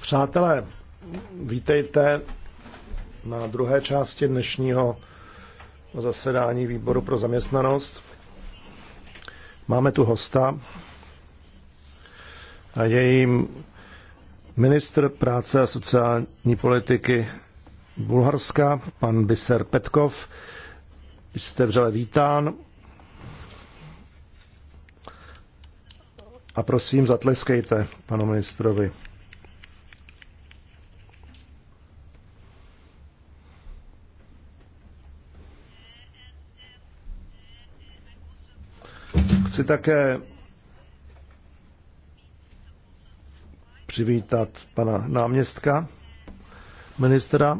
Přátelé, vítejte na druhé části dnešního zasedání výboru pro zaměstnanost. Máme tu hosta a jejím ministr práce a sociální politiky Bulharska, pan Biser Petkov. Jste vřele vítán. A prosím, zatleskejte panu ministrovi. Chci také přivítat pana náměstka, ministra,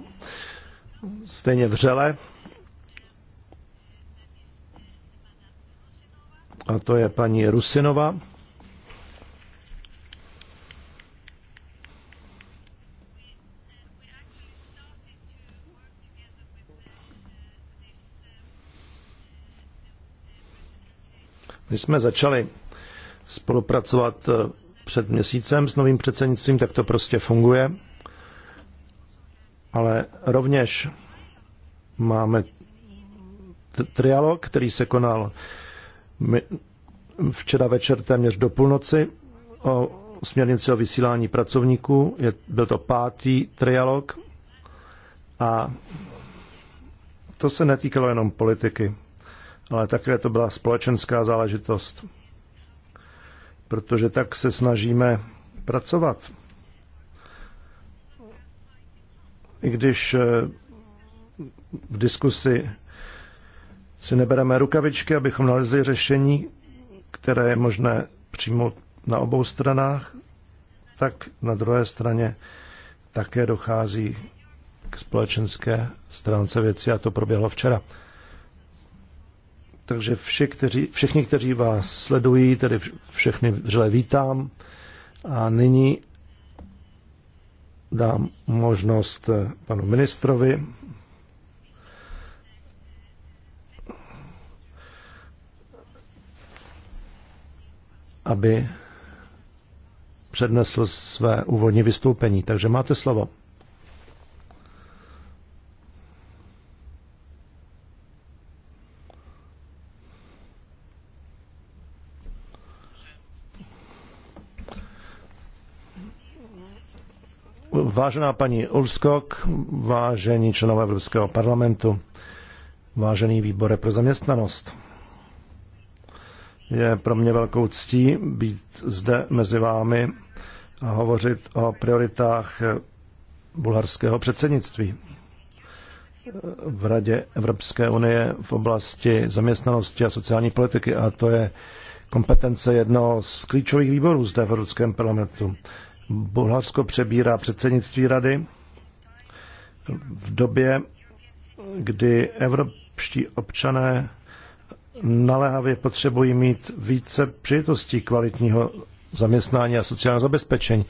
stejně vřele. A to je paní Rusinova. My jsme začali spolupracovat eh, před měsícem s novým předsednictvím, tak to prostě funguje. Ale rovněž máme trialog, který se konal včera večer téměř do půlnoci o směrnici o vysílání pracovníků. Je, byl to pátý trialog a to se netýkalo jenom politiky, ale také to byla společenská záležitost protože tak se snažíme pracovat. I když eh, v diskusi si nebereme rukavičky, abychom nalezli řešení, které je možné přijmout na obou stranách, tak na druhé straně také dochází k společenské stránce věci a to proběhlo včera. Takže vše, kteří, všichni, kteří vás sledují, tedy všechny vřele vítám. A nyní dám možnost eh, panu ministrovi. aby přednesl své úvodní vystoupení. Takže máte slovo. Vážená paní Ulskok, vážení členové Evropského parlamentu, vážený výbore pro zaměstnanost, je pro mě velkou ctí být zde mezi vámi a hovořit o prioritách bulharského předsednictví v Radě Evropské unie v oblasti zaměstnanosti a sociální politiky a to je kompetence jednoho z klíčových výborů zde v Evropském parlamentu. Bulharsko přebírá předsednictví rady v době, kdy evropští občané naléhavě potřebují mít více přijetostí kvalitního zaměstnání a sociálního zabezpečení.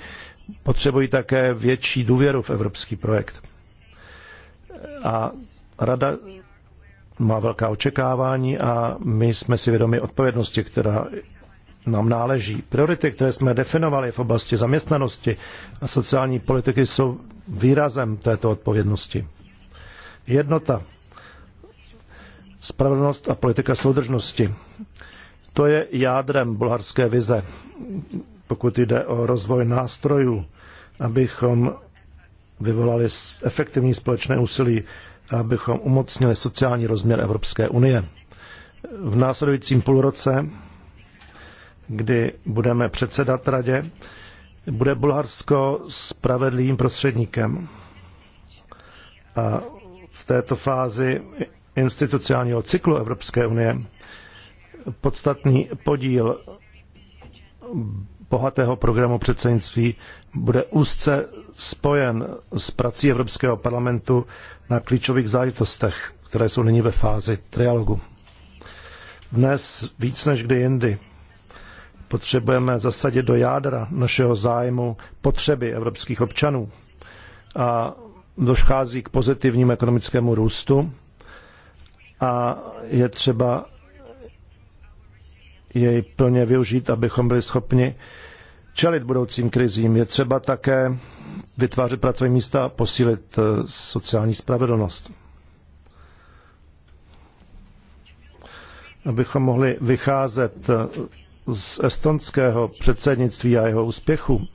Potřebují také větší důvěru v evropský projekt. A rada má velká očekávání a my jsme si vědomi odpovědnosti, která nám náleží. Priority, které jsme definovali v oblasti zaměstnanosti a sociální politiky, jsou výrazem této odpovědnosti. Jednota, spravedlnost a politika soudržnosti. To je jádrem bulharské vize, pokud jde o rozvoj nástrojů, abychom vyvolali efektivní společné úsilí, abychom umocnili sociální rozměr Evropské unie. V následujícím půlroce kdy budeme předsedat radě, bude Bulharsko spravedlivým prostředníkem. A v této fázi institucionálního cyklu Evropské unie podstatný podíl bohatého programu předsednictví bude úzce spojen s prací Evropského parlamentu na klíčových záležitostech, které jsou nyní ve fázi trialogu. Dnes víc než kdy jindy potřebujeme zasadit do jádra našeho zájmu potřeby evropských občanů. A dochází k pozitivnímu ekonomickému růstu a je třeba jej plně využít, abychom byli schopni čelit budoucím krizím. Je třeba také vytvářet pracovní místa a posílit eh, sociální spravedlnost. Abychom mohli vycházet eh, z estonského předsednictví a jeho úspěchu,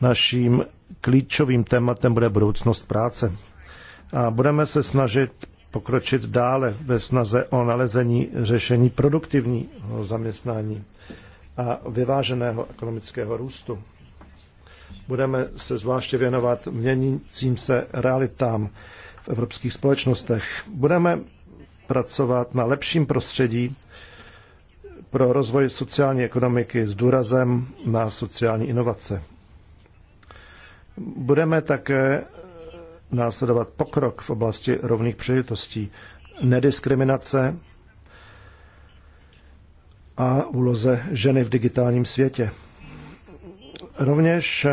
naším klíčovým tématem bude budoucnost práce. A budeme se snažit pokročit dále ve snaze o nalezení řešení produktivního zaměstnání a vyváženého ekonomického růstu. Budeme se zvláště věnovat měnícím se realitám v evropských společnostech. Budeme pracovat na lepším prostředí pro rozvoj sociální ekonomiky s důrazem na sociální inovace. Budeme také následovat pokrok v oblasti rovných příležitostí, nediskriminace a úloze ženy v digitálním světě. Rovněž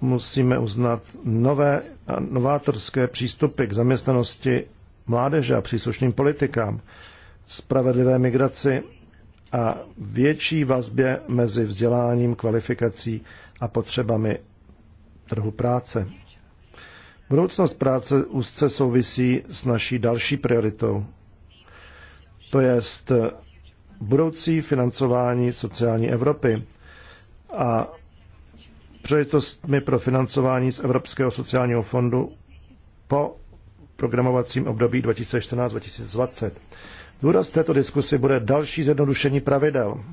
musíme uznat nové a novátorské přístupy k zaměstnanosti mládeže a příslušným politikám, spravedlivé migraci a větší vazbě mezi vzděláním, kvalifikací a potřebami trhu práce. Budoucnost práce úzce souvisí s naší další prioritou, to je budoucí financování sociální Evropy a příležitostmi pro financování z Evropského sociálního fondu po programovacím období 2014-2020. Důraz této diskusy bude další zjednodušení pravidel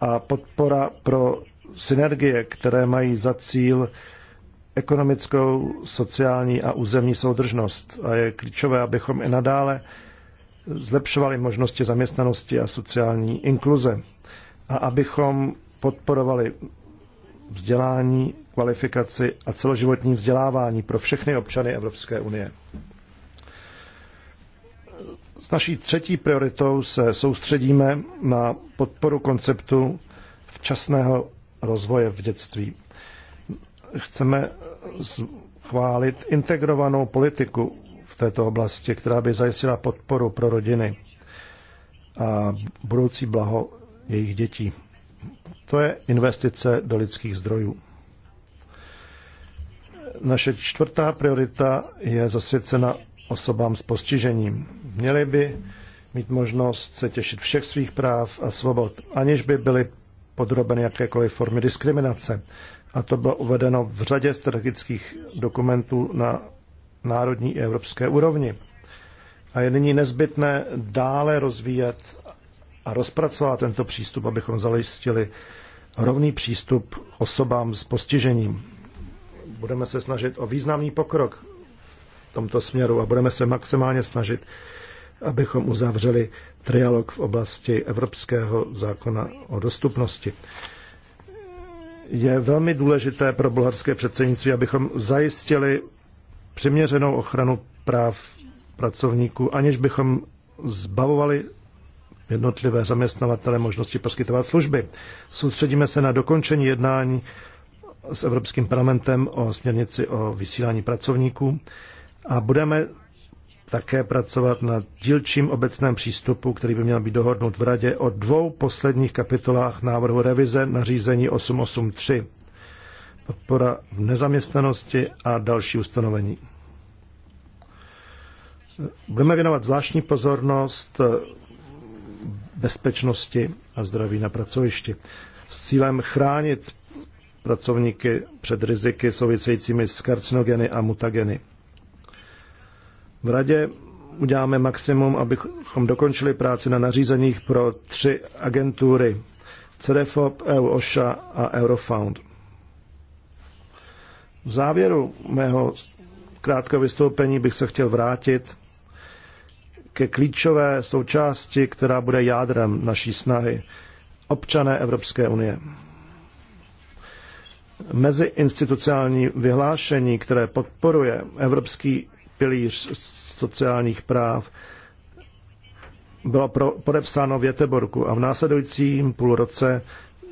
a podpora pro synergie, které mají za cíl ekonomickou, sociální a územní soudržnost. A je klíčové, abychom i nadále zlepšovali možnosti zaměstnanosti a sociální inkluze a abychom podporovali vzdělání, kvalifikaci a celoživotní vzdělávání pro všechny občany Evropské unie. S naší třetí prioritou se soustředíme na podporu konceptu včasného rozvoje v dětství. Chceme schválit integrovanou politiku v této oblasti, která by zajistila podporu pro rodiny a budoucí blaho jejich dětí. To je investice do lidských zdrojů. Naše čtvrtá priorita je zasvěcena osobám s postižením. Měli by mít možnost se těšit všech svých práv a svobod, aniž by byly podrobeny jakékoliv formy diskriminace. A to bylo uvedeno v řadě strategických dokumentů na národní i evropské úrovni. A je nyní nezbytné dále rozvíjet a rozpracovat tento přístup, abychom zajistili rovný přístup osobám s postižením. Budeme se snažit o významný pokrok tomto směru a budeme se maximálně snažit, abychom uzavřeli trialog v oblasti Evropského zákona o dostupnosti. Je velmi důležité pro bulharské předsednictví, abychom zajistili přiměřenou ochranu práv pracovníků, aniž bychom zbavovali jednotlivé zaměstnavatele možnosti poskytovat služby. Soustředíme se na dokončení jednání s Evropským parlamentem o směrnici o vysílání pracovníků a budeme také pracovat na dílčím obecném přístupu, který by měl být dohodnut v Radě o dvou posledních kapitolách návrhu revize nařízení 883. Podpora v nezaměstnanosti a další ustanovení. Budeme věnovat zvláštní pozornost bezpečnosti a zdraví na pracovišti s cílem chránit pracovníky před riziky souvisejícími s karcinogeny a mutageny. V radě uděláme maximum, abychom dokončili práci na nařízeních pro tři agentury. CDFOP, EU OSHA a Eurofound. V závěru mého krátkého vystoupení bych se chtěl vrátit ke klíčové součásti, která bude jádrem naší snahy. Občané Evropské unie. mezi institucionální vyhlášení, které podporuje Evropský pilíř sociálních práv bylo pro, podepsáno v Jeteborku a v následujícím roce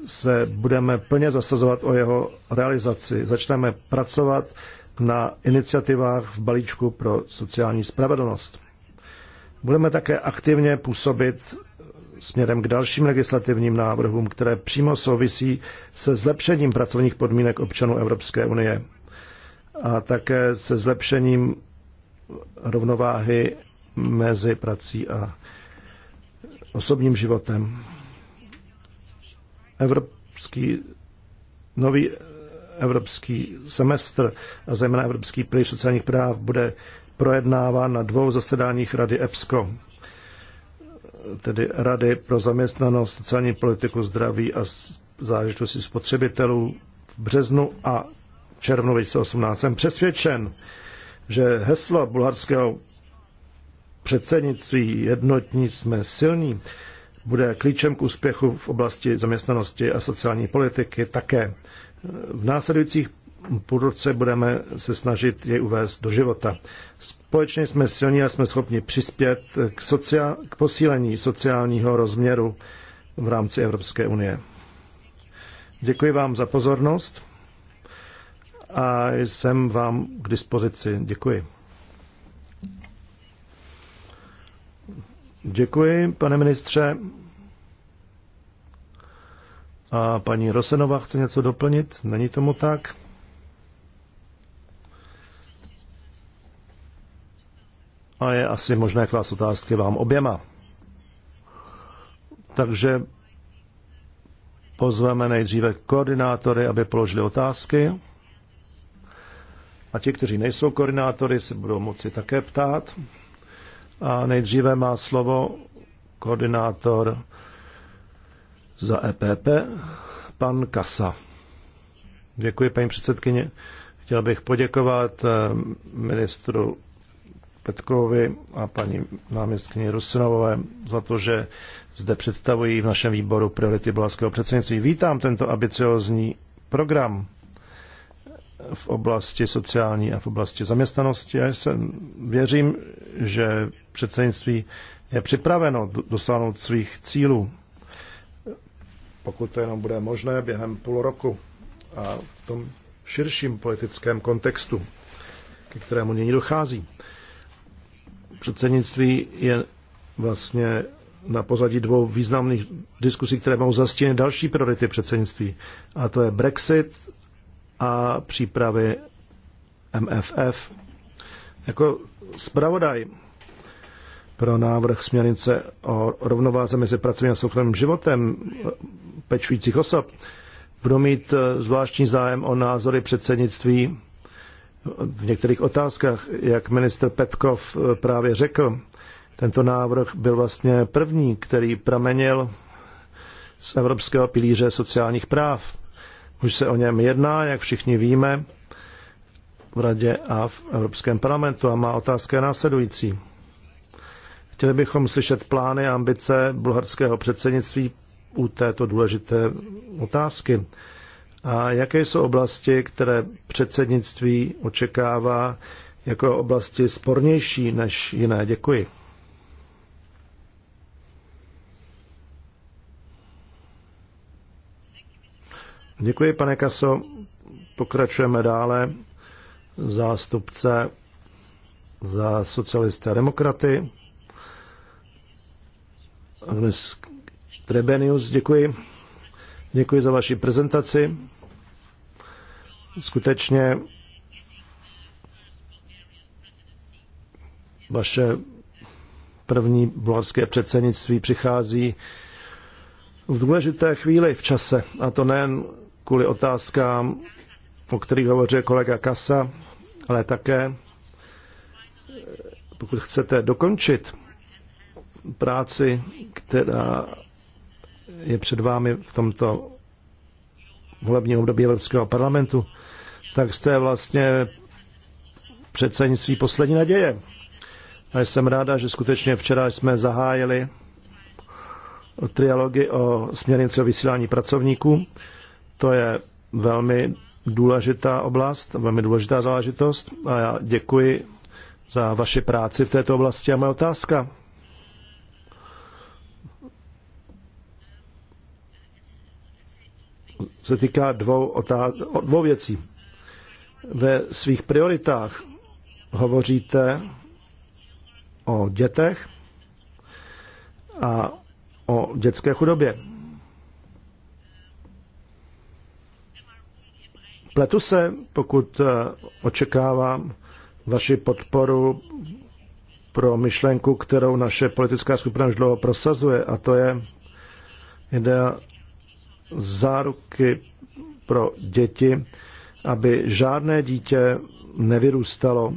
se budeme plně zasazovat o jeho realizaci. Začneme pracovat na iniciativách v balíčku pro sociální spravedlnost. Budeme také aktivně působit směrem k dalším legislativním návrhům, které přímo souvisí se zlepšením pracovních podmínek občanů Evropské unie a také se zlepšením rovnováhy mezi prací a osobním životem. Evropský, nový evropský semestr a zejména evropský pilíř sociálních práv bude projednáván na dvou zasedáních Rady EPSCO, tedy Rady pro zaměstnanost, sociální politiku, zdraví a záležitosti spotřebitelů v březnu a červnu 2018. Jsem přesvědčen, že heslo bulharského předsednictví jednotní jsme silní bude klíčem k úspěchu v oblasti zaměstnanosti a sociální politiky také. V následujících půlroce budeme se snažit jej uvést do života. Společně jsme silní a jsme schopni přispět k, socia- k posílení sociálního rozměru v rámci Evropské unie. Děkuji vám za pozornost a jsem vám k dispozici. Děkuji. Děkuji, pane ministře. A paní Rosenová chce něco doplnit? Není tomu tak? A je asi možné klás otázky vám oběma. Takže pozveme nejdříve koordinátory, aby položili otázky. A ti, kteří nejsou koordinátory, se budou moci také ptát. A nejdříve má slovo koordinátor za EPP, pan Kasa. Děkuji, paní předsedkyně. Chtěl bych poděkovat eh, ministru Petkovi a paní náměstkyni Rusinovové za to, že zde představují v našem výboru priority Bulharského předsednictví. Vítám tento ambiciozní program v oblasti sociální a v oblasti zaměstnanosti. Já jsem, věřím, že předsednictví je připraveno dosáhnout svých cílů, pokud to jenom bude možné, během půl roku a v tom širším politickém kontextu, ke kterému nyní dochází. Předsednictví je vlastně na pozadí dvou významných diskusí, které mohou zastínit další priority předsednictví. A to je Brexit a přípravy MFF. Jako zpravodaj pro návrh směrnice o rovnováze mezi pracovním a soukromým životem pečujících osob budu mít eh, zvláštní zájem o názory předsednictví v některých otázkách, jak minister Petkov eh, právě řekl. Tento návrh byl vlastně první, který pramenil z Evropského pilíře sociálních práv. Už se o něm jedná, jak všichni víme, v Radě a v Evropském parlamentu a má otázka následující. Chtěli bychom slyšet plány a ambice bulharského předsednictví u této důležité otázky. A jaké jsou oblasti, které předsednictví očekává jako oblasti spornější než jiné? Děkuji. Děkuji, pane Kaso. Pokračujeme dále. Zástupce za socialisté a demokraty. Agnes Trebenius, děkuji. Děkuji za vaši prezentaci. Skutečně vaše první bulharské předsednictví přichází v důležité chvíli v čase, a to nejen kvůli otázkám, o kterých hovořil kolega Kasa, ale také, pokud chcete dokončit práci, která je před vámi v tomto volebním období Evropského parlamentu, tak jste vlastně předsednictví poslední naděje. A jsem ráda, že skutečně včera jsme zahájili trialogy o směrnici o vysílání pracovníků to je velmi důležitá oblast, velmi důležitá záležitost a já děkuji za vaši práci v této oblasti a moje otázka. se týká dvou, otáz dvou věcí. Ve svých prioritách hovoříte o dětech a o dětské chudobě. Pletu se, pokud eh, očekávám vaši podporu pro myšlenku, kterou naše politická skupina už dlouho prosazuje, a to je idea záruky pro děti, aby žádné dítě nevyrůstalo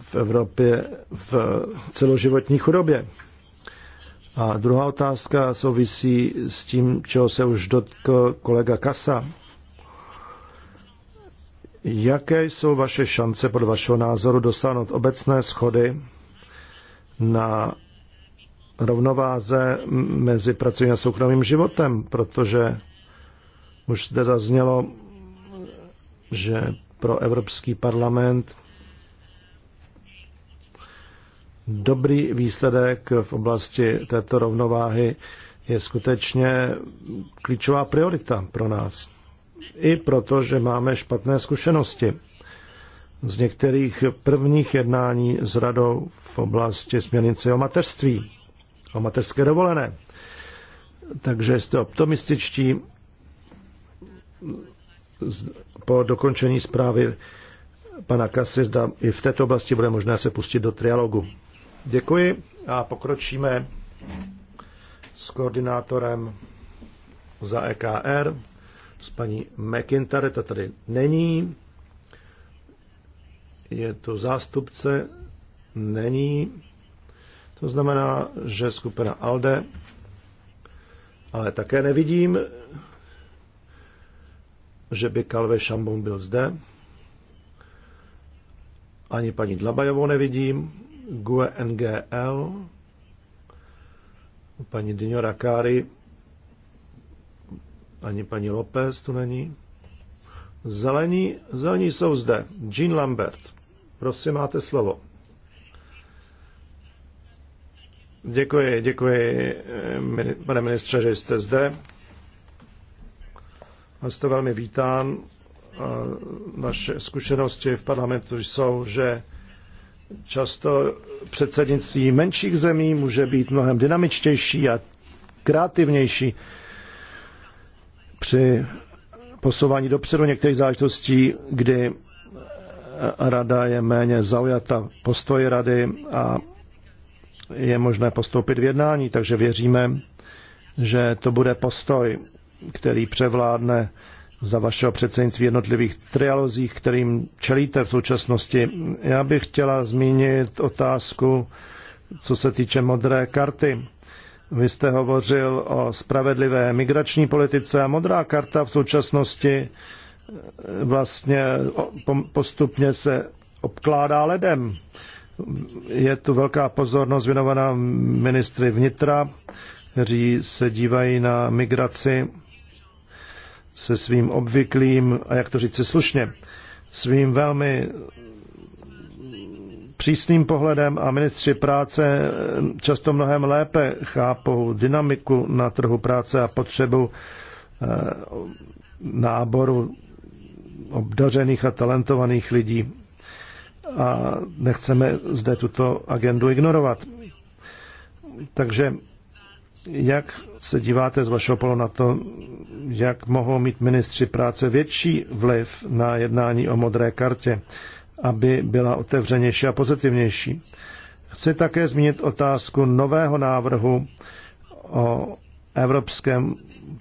v Evropě v celoživotní chudobě. A druhá otázka souvisí s tím, čeho se už dotkl kolega Kasa. Jaké jsou vaše šance, pod vašeho názoru, dosáhnout obecné schody na rovnováze mezi pracovním a soukromým životem? Protože už zde zaznělo, že pro Evropský parlament dobrý výsledek v oblasti této rovnováhy je skutečně klíčová priorita pro nás. I proto, že máme špatné zkušenosti z některých prvních jednání s radou v oblasti směrnice o mateřství, o mateřské dovolené. Takže jste optimističtí po dokončení zprávy pana Kasy, zda i v této oblasti bude možné se pustit do trialogu. Děkuji a pokročíme s koordinátorem za EKR, s paní McIntyre, ta tady není. Je to zástupce, není. To znamená, že skupina ALDE, ale také nevidím, že by Kalve Šambon byl zde. Ani paní Dlabajovou nevidím. GUE NGL, paní Dňora Kári ani paní López tu není. Zelení, zelení jsou zde. Jean Lambert, prosím, máte slovo. Děkuji, děkuji, pane ministře, že jste zde. A jste velmi vítán. Naše zkušenosti v parlamentu jsou, že Často předsednictví menších zemí může být mnohem dynamičtější a kreativnější při posouvání dopředu některých záležitostí, kdy rada je méně zaujata postoj rady a je možné postoupit v jednání, takže věříme, že to bude postoj, který převládne za vašeho předsednictví jednotlivých trialozích, kterým čelíte v současnosti. Já bych chtěla zmínit otázku, co se týče modré karty. Vy jste hovořil o spravedlivé migrační politice a modrá karta v současnosti eh, vlastně postupně se obkládá ledem. Je tu velká pozornost věnovaná ministry vnitra, kteří se dívají na migraci se svým obvyklým, a jak to říci slušně, svým velmi přísným pohledem a ministři práce často mnohem lépe chápou dynamiku na trhu práce a potřebu eh, náboru obdařených a talentovaných lidí. A nechceme zde tuto agendu ignorovat. Takže jak se díváte z vašeho polu na to, jak mohou mít ministři práce větší vliv na jednání o modré kartě, aby byla otevřenější a pozitivnější. Chci také zmínit otázku nového návrhu o Evropském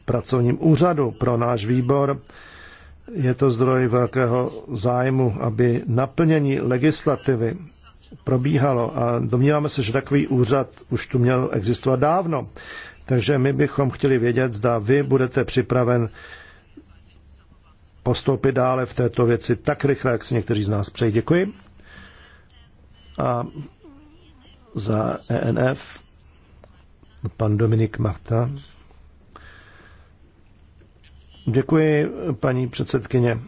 pracovním úřadu pro náš výbor. Je to zdroj velkého zájmu, aby naplnění legislativy probíhalo a domníváme se, že takový úřad už tu měl existovat dávno. Takže my bychom chtěli vědět, zda vy budete připraven postoupit dále v této věci tak rychle, jak si někteří z nás přejí. Děkuji. A za ENF pan Dominik Machta. Děkuji, paní předsedkyně.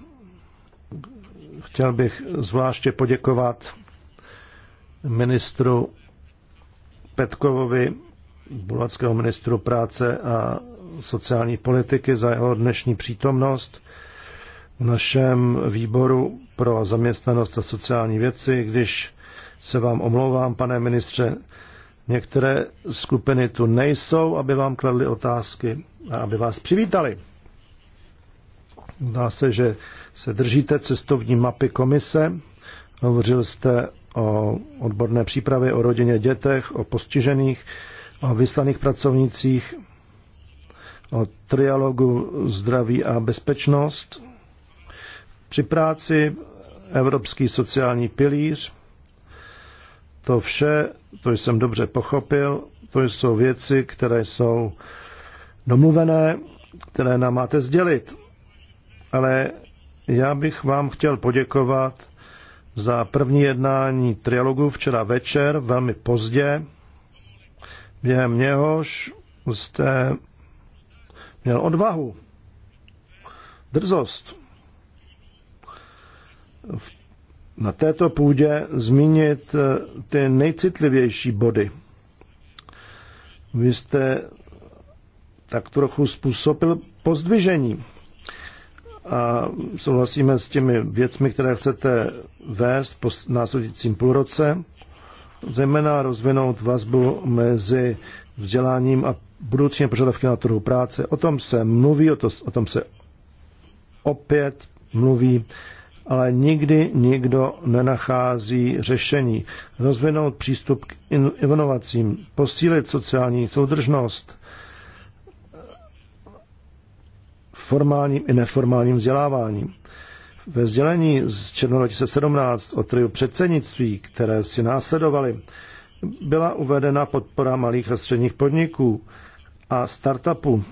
Chtěl bych zvláště poděkovat ministru Petkovovi bulharského ministru práce a sociální politiky za jeho dnešní přítomnost v našem výboru pro zaměstnanost a sociální věci, když se vám omlouvám, pane ministře, některé skupiny tu nejsou, aby vám kladly otázky a aby vás přivítali. Zdá se, že se držíte cestovní mapy komise. Hovořil jste o odborné přípravě, o rodině dětech, o postižených o vyslaných pracovnicích, o trialogu zdraví a bezpečnost, při práci Evropský sociální pilíř. To vše, to jsem dobře pochopil, to jsou věci, které jsou domluvené, které nám máte sdělit. Ale já bych vám chtěl poděkovat za první jednání trialogu včera večer, velmi pozdě, během něhož jste měl odvahu, drzost na této půdě zmínit eh, ty nejcitlivější body. Vy jste tak trochu způsobil pozdvižení. A souhlasíme s těmi věcmi, které chcete vést po následujícím půlroce zejména rozvinout vazbu mezi vzděláním a budoucím požadavky na trhu práce. O tom se mluví, o, to, o tom se opět mluví, ale nikdy nikdo nenachází řešení. Rozvinout přístup k inovacím, posílit sociální soudržnost formálním i neformálním vzděláváním. Ve sdělení z června 2017 o triu předsednictví, které si následovaly, byla uvedena podpora malých a středních podniků a startupů,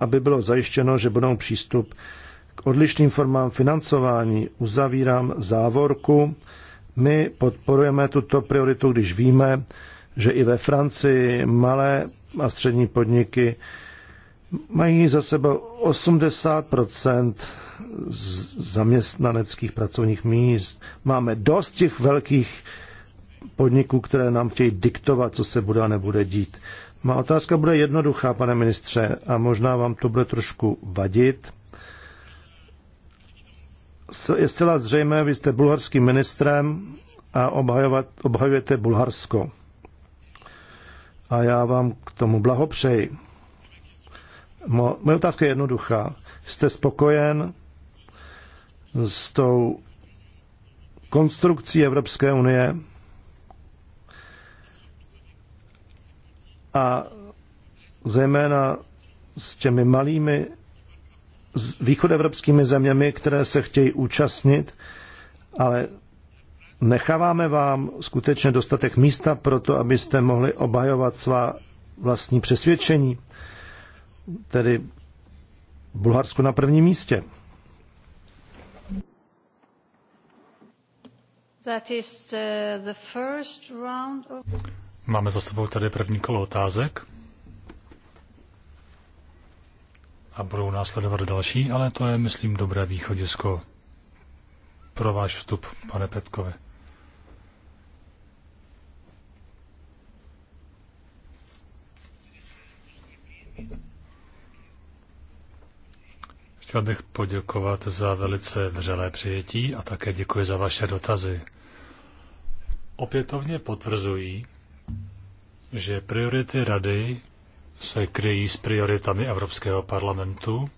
aby bylo zajištěno, že budou přístup k odlišným formám financování. Uzavírám závorku. My podporujeme tuto prioritu, když víme, že i ve Francii malé a střední podniky mají za sebou 80 zaměstnaneckých pracovních míst. Máme dost těch velkých podniků, které nám chtějí diktovat, co se bude a nebude dít. Má otázka bude jednoduchá, pane ministře, a možná vám to bude trošku vadit. Je zcela zřejmé, vy jste bulharským ministrem a obhajovat, obhajujete Bulharsko. A já vám k tomu blahopřeji moje otázka je jednoduchá. Jste spokojen s tou konstrukcí Evropské unie a zejména s těmi malými východevropskými zeměmi, které se chtějí účastnit, ale necháváme vám skutečně dostatek místa pro to, abyste mohli obhajovat svá vlastní přesvědčení tedy Bulharsko na prvním místě. Uh, Máme za sebou tady první kolo otázek. A budou následovat další, ale to je, myslím, dobré východisko pro váš vstup, pane Petkové. Chtěl bych poděkovat za velice vřelé přijetí a také děkuji za vaše dotazy. Opětovně potvrzují, že priority Rady se kryjí s prioritami Evropského parlamentu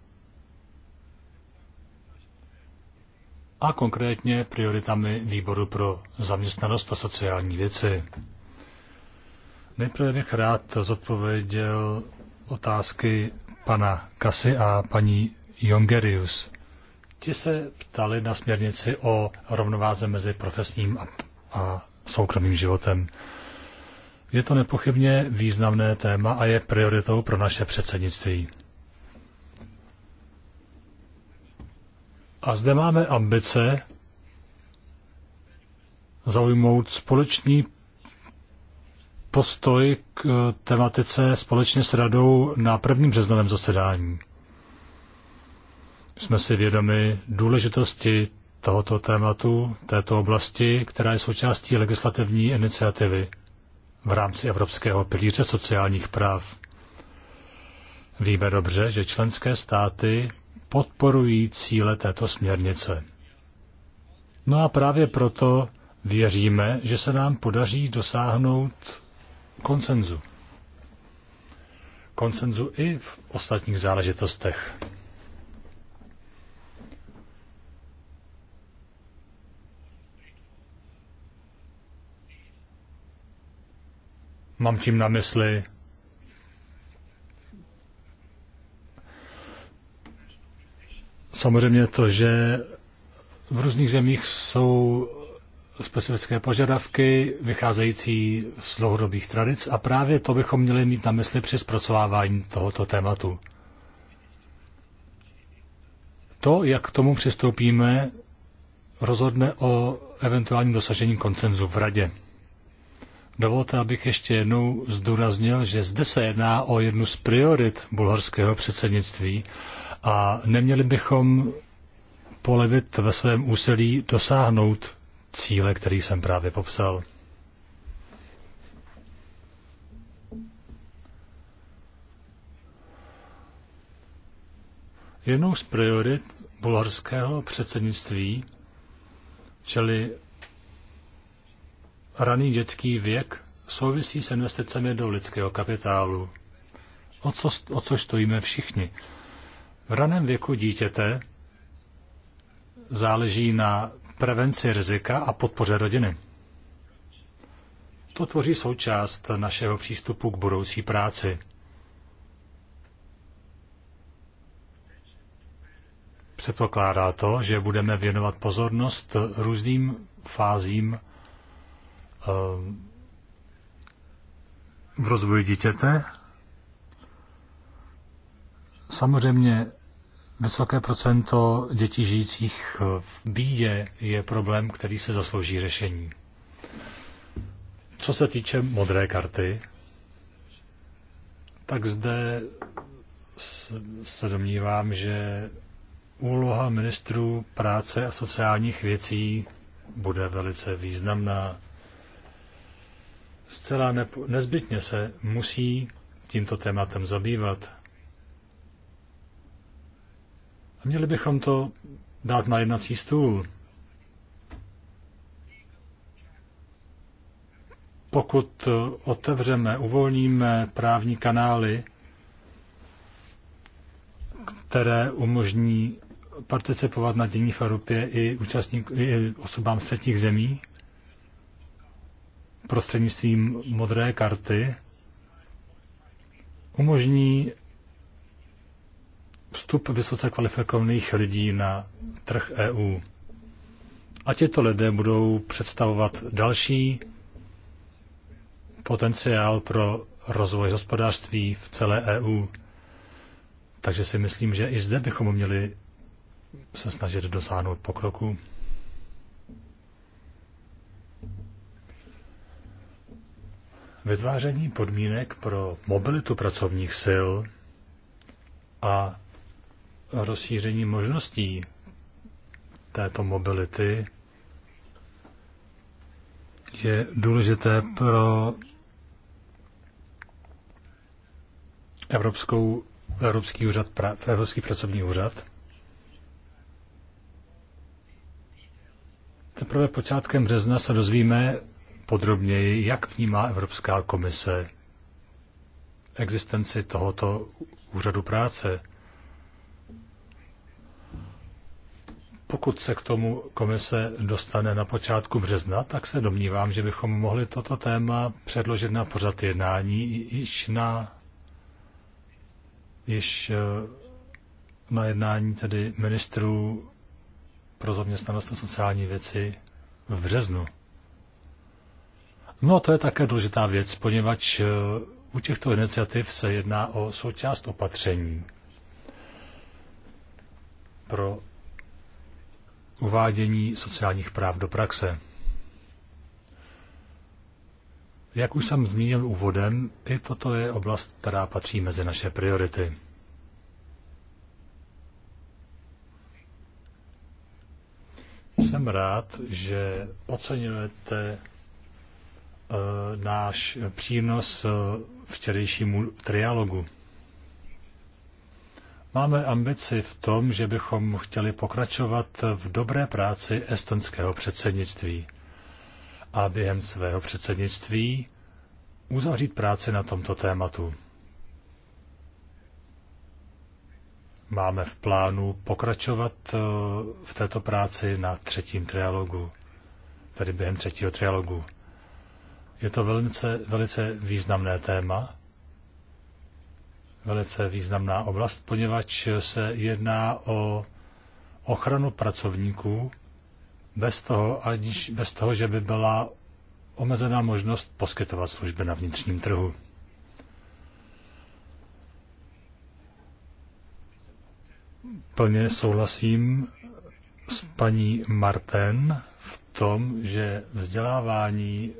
a konkrétně prioritami Výboru pro zaměstnanost a sociální věci. Nejprve bych rád zodpověděl otázky pana Kasy a paní Jongerius. Ti se ptali na směrnici o rovnováze mezi profesním a, a soukromým životem. Je to nepochybně významné téma a je prioritou pro naše předsednictví. A zde máme ambice zaujmout společný postoj k eh, tematice společně s radou na prvním březnovém zasedání jsme si vědomi důležitosti tohoto tématu, této oblasti, která je součástí legislativní iniciativy v rámci Evropského pilíře sociálních práv. Víme dobře, že členské státy podporují cíle této směrnice. No a právě proto věříme, že se nám podaří dosáhnout koncenzu. Koncenzu i v ostatních záležitostech. Mám tím na mysli samozřejmě to, že v různých zemích jsou specifické požadavky vycházející z dlouhodobých tradic a právě to bychom měli mít na mysli při zpracovávání tohoto tématu. To, jak k tomu přistoupíme, rozhodne o eventuálním dosažení koncenzu v Radě. Dovolte, abych ještě jednou zdůraznil, že zde se jedná o jednu z priorit bulharského předsednictví a neměli bychom polevit ve svém úsilí dosáhnout cíle, který jsem právě popsal. Jednou z priorit bulharského předsednictví, čili raný dětský věk souvisí s investicemi do lidského kapitálu. O co, o což stojíme všichni? V raném věku dítěte záleží na prevenci rizika a podpoře rodiny. To tvoří součást našeho přístupu k budoucí práci. Předpokládá to, že budeme věnovat pozornost různým fázím Ehm, v rozvoji dítěte. Samozřejmě vysoké procento dětí žijících v bídě je problém, který se zaslouží řešení. Co se týče modré karty, tak zde se domnívám, že úloha ministrů práce a sociálních věcí bude velice významná. Zcela nezbytně se musí tímto tématem zabývat. A měli bychom to dát na jednací stůl. Pokud otevřeme, uvolníme právní kanály, které umožní participovat na dění v Evropě i, účastník, i osobám z třetích zemí, prostřednictvím modré karty umožní vstup vysoce kvalifikovaných lidí na trh EU. A těto lidé budou představovat další potenciál pro rozvoj hospodářství v celé EU. Takže si myslím, že i zde bychom měli se snažit dosáhnout pokroku. vytváření podmínek pro mobilitu pracovních sil a rozšíření možností této mobility je důležité pro Evropskou, Evropský, úřad, Evropský pracovní úřad. Teprve počátkem března se dozvíme podrobněji, jak vnímá Evropská komise existenci tohoto úřadu práce. Pokud se k tomu komise dostane na počátku března, tak se domnívám, že bychom mohli toto téma předložit na pořad jednání již na, již eh, na jednání tedy ministrů pro zaměstnanost a sociální věci v březnu. No to je také důležitá věc, poněvadž eh, u těchto iniciativ se jedná o součást opatření pro uvádění sociálních práv do praxe. Jak už jsem zmínil úvodem, i toto je oblast, která patří mezi naše priority. Jsem rád, že oceňujete Eh, náš přínos eh, včerejšímu trialogu. Máme ambici v tom, že bychom chtěli pokračovat v dobré práci estonského předsednictví a během svého předsednictví uzavřít práci na tomto tématu. Máme v plánu pokračovat eh, v této práci na třetím trialogu, tedy během třetího trialogu. Je to velice, velice významné téma, velice významná oblast, poněvadž se jedná o ochranu pracovníků bez toho, aniž, bez toho že by byla omezená možnost poskytovat služby na vnitřním trhu. Plně souhlasím s paní Marten v tom, že vzdělávání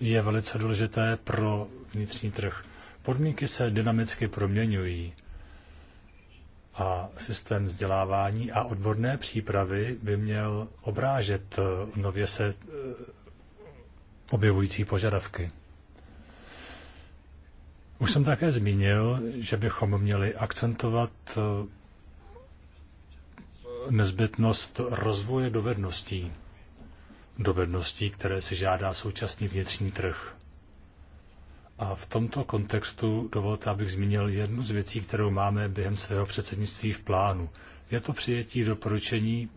je velice důležité pro vnitřní trh. Podmínky se dynamicky proměňují a systém vzdělávání a odborné přípravy by měl obrážet eh, nově se eh, objevující požadavky. Už jsem také zmínil, že bychom měli akcentovat eh, nezbytnost rozvoje dovedností dovedností, které si žádá současný vnitřní trh. A v tomto kontextu dovolte, abych zmínil jednu z věcí, kterou máme během svého předsednictví v plánu. Je to přijetí doporučení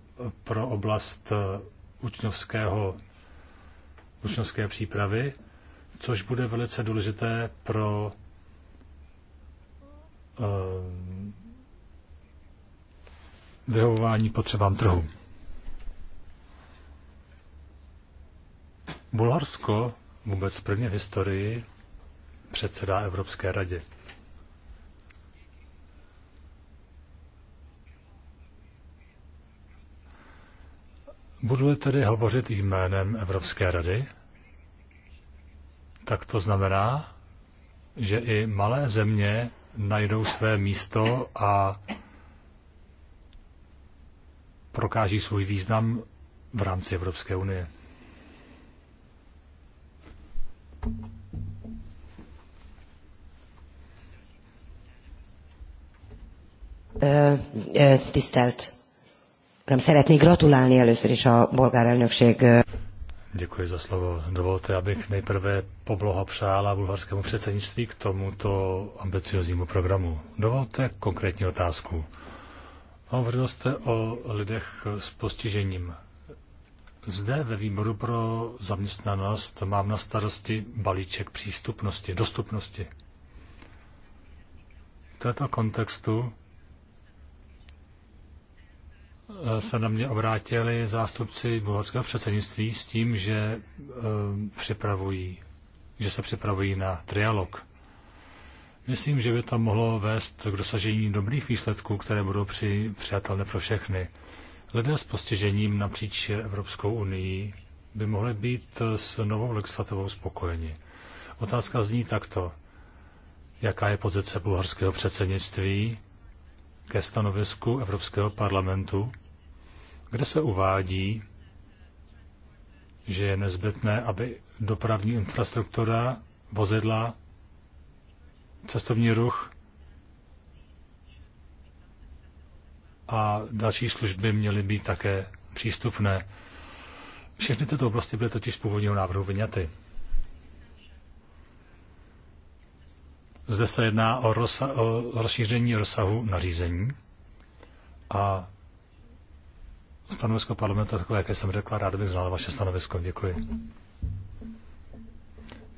pro oblast eh, učňovského, učňovské přípravy, což bude velice důležité pro eh, vyhovování potřebám trhu. Bulharsko vůbec prvně v historii předsedá Evropské radě. Budu tedy hovořit jménem Evropské rady, tak to znamená, že i malé země najdou své místo a prokáží svůj význam v rámci Evropské unie. tisztelt. Nem szeretnék gratulálni először is a bolgár elnökség. Děkuji za slovo. Dovolte, abych nejprve poblahopřála bulharskému předsednictví k tomuto ambicioznímu programu. Dovolte konkrétní otázku. Hovořil jste o lidech s postižením. Zde ve výboru pro zaměstnanost mám na starosti balíček přístupnosti, dostupnosti. V této kontextu Eh, se na mě obrátili zástupci bulharského předsednictví s tím, že eh, připravují, že se připravují na trialog. Myslím, že by to mohlo vést k dosažení dobrých výsledků, které budou při, přijatelné pro všechny. Lidé s postižením napříč Evropskou unii by mohli být s novou legislativou spokojeni. Otázka zní takto. Jaká je pozice bulharského předsednictví? ke stanovisku Evropského parlamentu, kde se uvádí, že je nezbytné, aby dopravní infrastruktura, vozidla, cestovní ruch a další služby měly být také přístupné. Všechny tyto oblasti byly totiž z původního návrhu vyňaty. Zde se jedná o, rozsa- o rozšíření rozsahu nařízení a stanovisko parlamentu, takové, jaké jsem řekla, rád bych znal vaše stanovisko. Děkuji.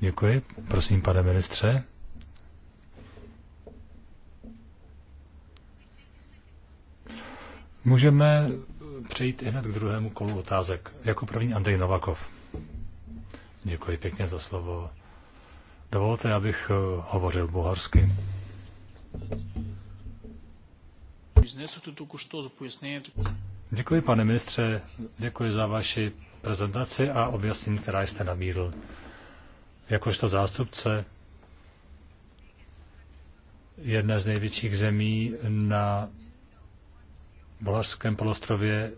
Děkuji. Prosím, pane ministře. Můžeme přejít hned k druhému kolu otázek. Jako první Andrej Novakov. Děkuji pěkně za slovo. Dovolte, abych eh, hovořil bulharsky. Děkuji, pane ministře, děkuji za vaši prezentaci a objasnění, která jste namířil. Jakožto zástupce jedné z největších zemí na Bulharském polostrově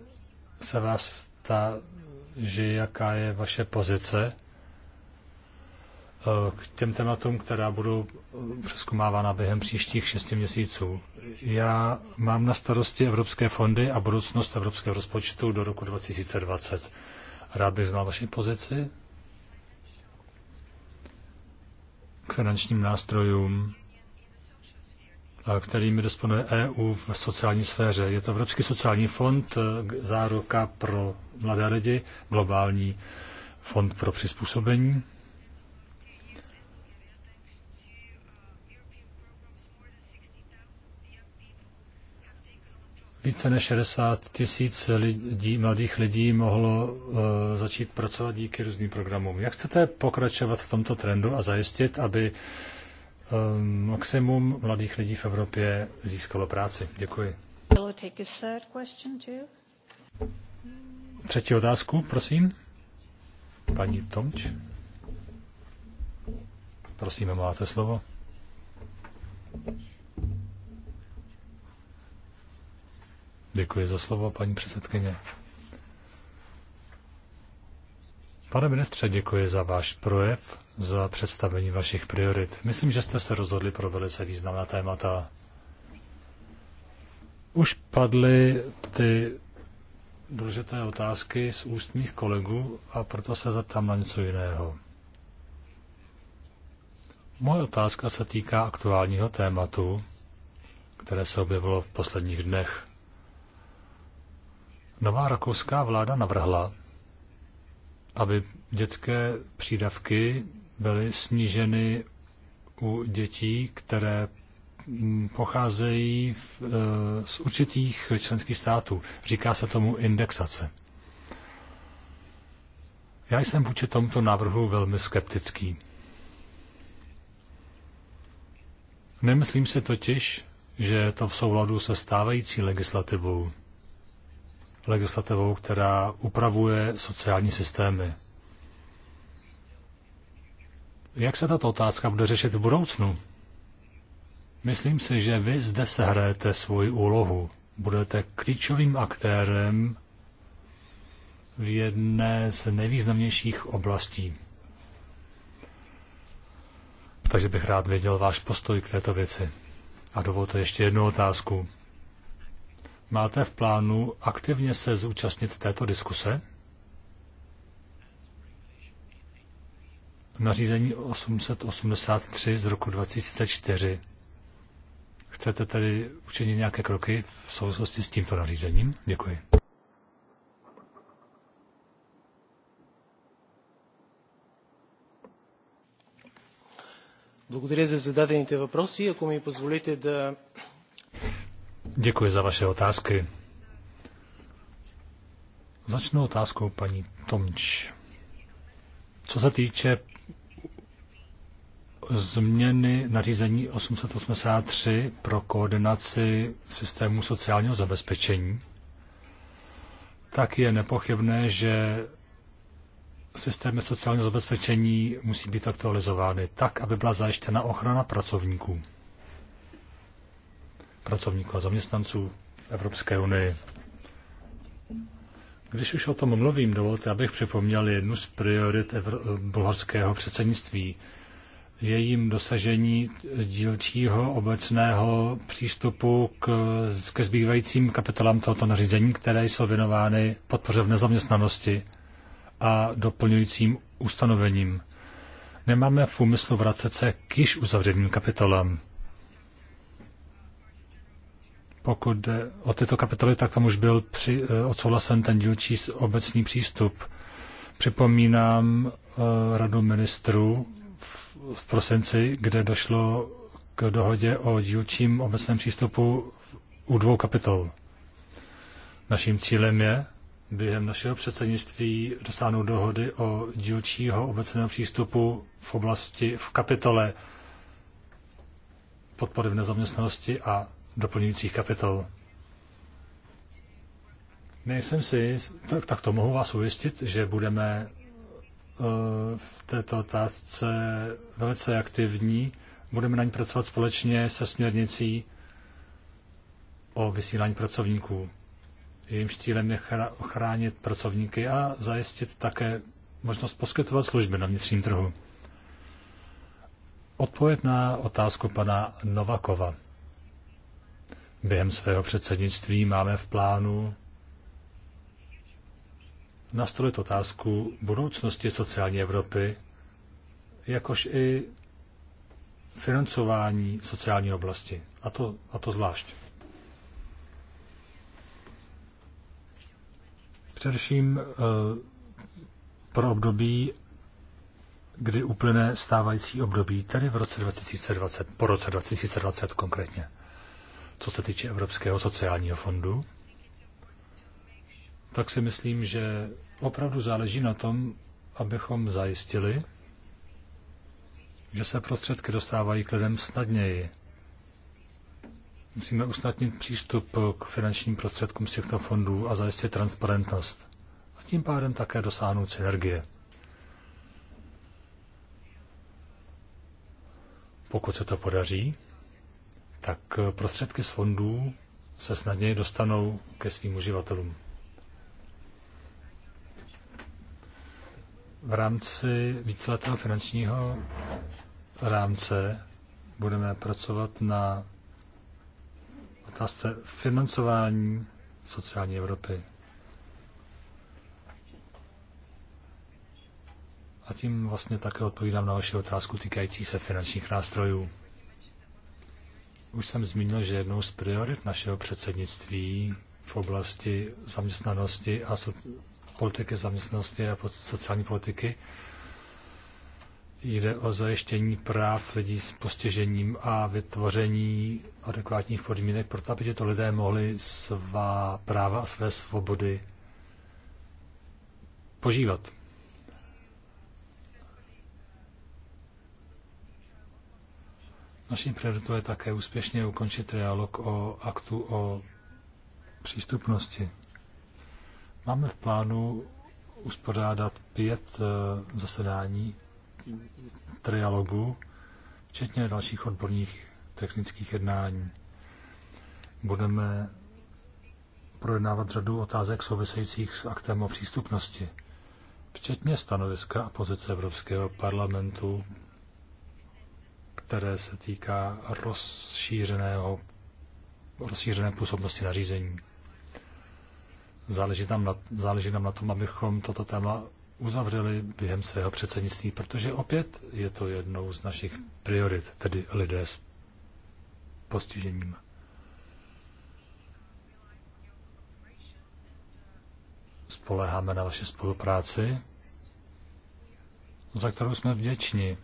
se vás ptá, že jaká je vaše pozice k těm tématům, která budou eh, přeskumávána během příštích šesti měsíců. Já mám na starosti evropské fondy a budoucnost evropského rozpočtu do roku 2020. Rád bych znal vaši pozici k finančním nástrojům, kterými disponuje EU v sociální sféře. Je to Evropský sociální fond, eh, záruka pro mladé lidi, globální fond pro přizpůsobení více než 60 tisíc lidí, mladých lidí mohlo uh, začít pracovat díky různým programům. Jak chcete pokračovat v tomto trendu a zajistit, aby um, maximum mladých lidí v Evropě získalo práci? Děkuji. Třetí otázku, prosím. Paní Tomč. Prosím, máte slovo. Děkuji za slovo, paní předsedkyně. Pane ministře, děkuji za váš projev, za představení vašich priorit. Myslím, že jste se rozhodli pro velice významná témata. Už padly ty důležité otázky z úst mých kolegů a proto se zeptám na něco jiného. Moje otázka se týká aktuálního tématu, které se objevilo v posledních dnech. Nová rakouská vláda navrhla, aby dětské přídavky byly sníženy u dětí, které pocházejí v, e, z určitých členských států. Říká se tomu indexace. Já jsem vůči tomuto návrhu velmi skeptický. Nemyslím si totiž, že je to v souladu se stávající legislativou legislativou, která upravuje sociální systémy. Jak se tato otázka bude řešit v budoucnu? Myslím si, že vy zde sehráte svoji úlohu. Budete klíčovým aktérem v jedné z nejvýznamnějších oblastí. Takže bych rád věděl váš postoj k této věci. A dovolte ještě jednu otázku. Máte v plánu aktivně se zúčastnit této diskuse? Nařízení 883 z roku 2004. Chcete tedy učinit nějaké kroky v souvislosti s tímto nařízením? Děkuji. Благодаря за зададените въпроси. Ако ми позволите да Děkuji za vaše otázky. Začnu otázkou paní Tomč. Co se týče změny nařízení 883 pro koordinaci systému sociálního zabezpečení, tak je nepochybné, že systémy sociálního zabezpečení musí být aktualizovány tak, aby byla zajištěna ochrana pracovníků pracovníků a zaměstnanců v Evropské unii. Když už o tom mluvím, dovolte, abych připomněl jednu z priorit Evro- bulharského předsednictví. Jejím dosažení dílčího obecného přístupu k, ke zbývajícím kapitolám tohoto nařízení, které jsou věnovány podpoře v nezaměstnanosti a doplňujícím ustanovením. Nemáme v úmyslu vracet se k již uzavřeným kapitolám. Pokud jde o tyto kapitoly, tak tam už byl při, eh, odsouhlasen ten dílčí obecný přístup. Připomínám eh, radu ministrů v, v prosinci, kde došlo k dohodě o dílčím obecném přístupu u dvou kapitol. Naším cílem je během našeho předsednictví dosáhnout dohody o dílčího obecného přístupu v oblasti v kapitole podpory v nezaměstnanosti a doplňujících kapitol. Nejsem si, tak, tak to mohu vás ujistit, že budeme eh, v této otázce velice aktivní. Budeme na ní pracovat společně se směrnicí o vysílání pracovníků. Jejímž cílem je ochránit pracovníky a zajistit také možnost poskytovat služby na vnitřním trhu. Odpověď na otázku pana Novakova během svého předsednictví máme v plánu nastolit otázku budoucnosti sociální Evropy, jakož i financování sociální oblasti. A to, a to zvlášť. Především eh, pro období, kdy uplyne stávající období, tedy v roce 2020, po roce 2020 konkrétně. Co se týče Evropského sociálního fondu, tak si myslím, že opravdu záleží na tom, abychom zajistili, že se prostředky dostávají k lidem snadněji. Musíme usnadnit přístup k finančním prostředkům z těchto fondů a zajistit transparentnost. A tím pádem také dosáhnout synergie. Pokud se to podaří, tak prostředky z fondů se snadněji dostanou ke svým uživatelům. V rámci víceletého finančního rámce budeme pracovat na otázce financování sociální Evropy. A tím vlastně také odpovídám na vaši otázku týkající se finančních nástrojů. Už jsem zmínil, že jednou z priorit našeho předsednictví v oblasti zaměstnanosti a so, politiky zaměstnanosti a sociální politiky jde o zajištění práv lidí s postižením a vytvoření adekvátních podmínek pro to, aby tyto lidé mohli svá práva a své svobody požívat. Naší prioritou je také úspěšně ukončit dialog o aktu o přístupnosti. Máme v plánu uspořádat pět eh, zasedání trialogu, včetně dalších odborných technických jednání. Budeme projednávat řadu otázek souvisejících s aktem o přístupnosti, včetně stanoviska a pozice Evropského parlamentu které se týká rozšířeného, rozšířené působnosti nařízení. Záleží, tam na, záleží nám na tom, abychom toto téma uzavřeli během svého předsednictví, protože opět je to jednou z našich priorit, tedy lidé s postižením. Spoleháme na vaši spolupráci, za kterou jsme vděční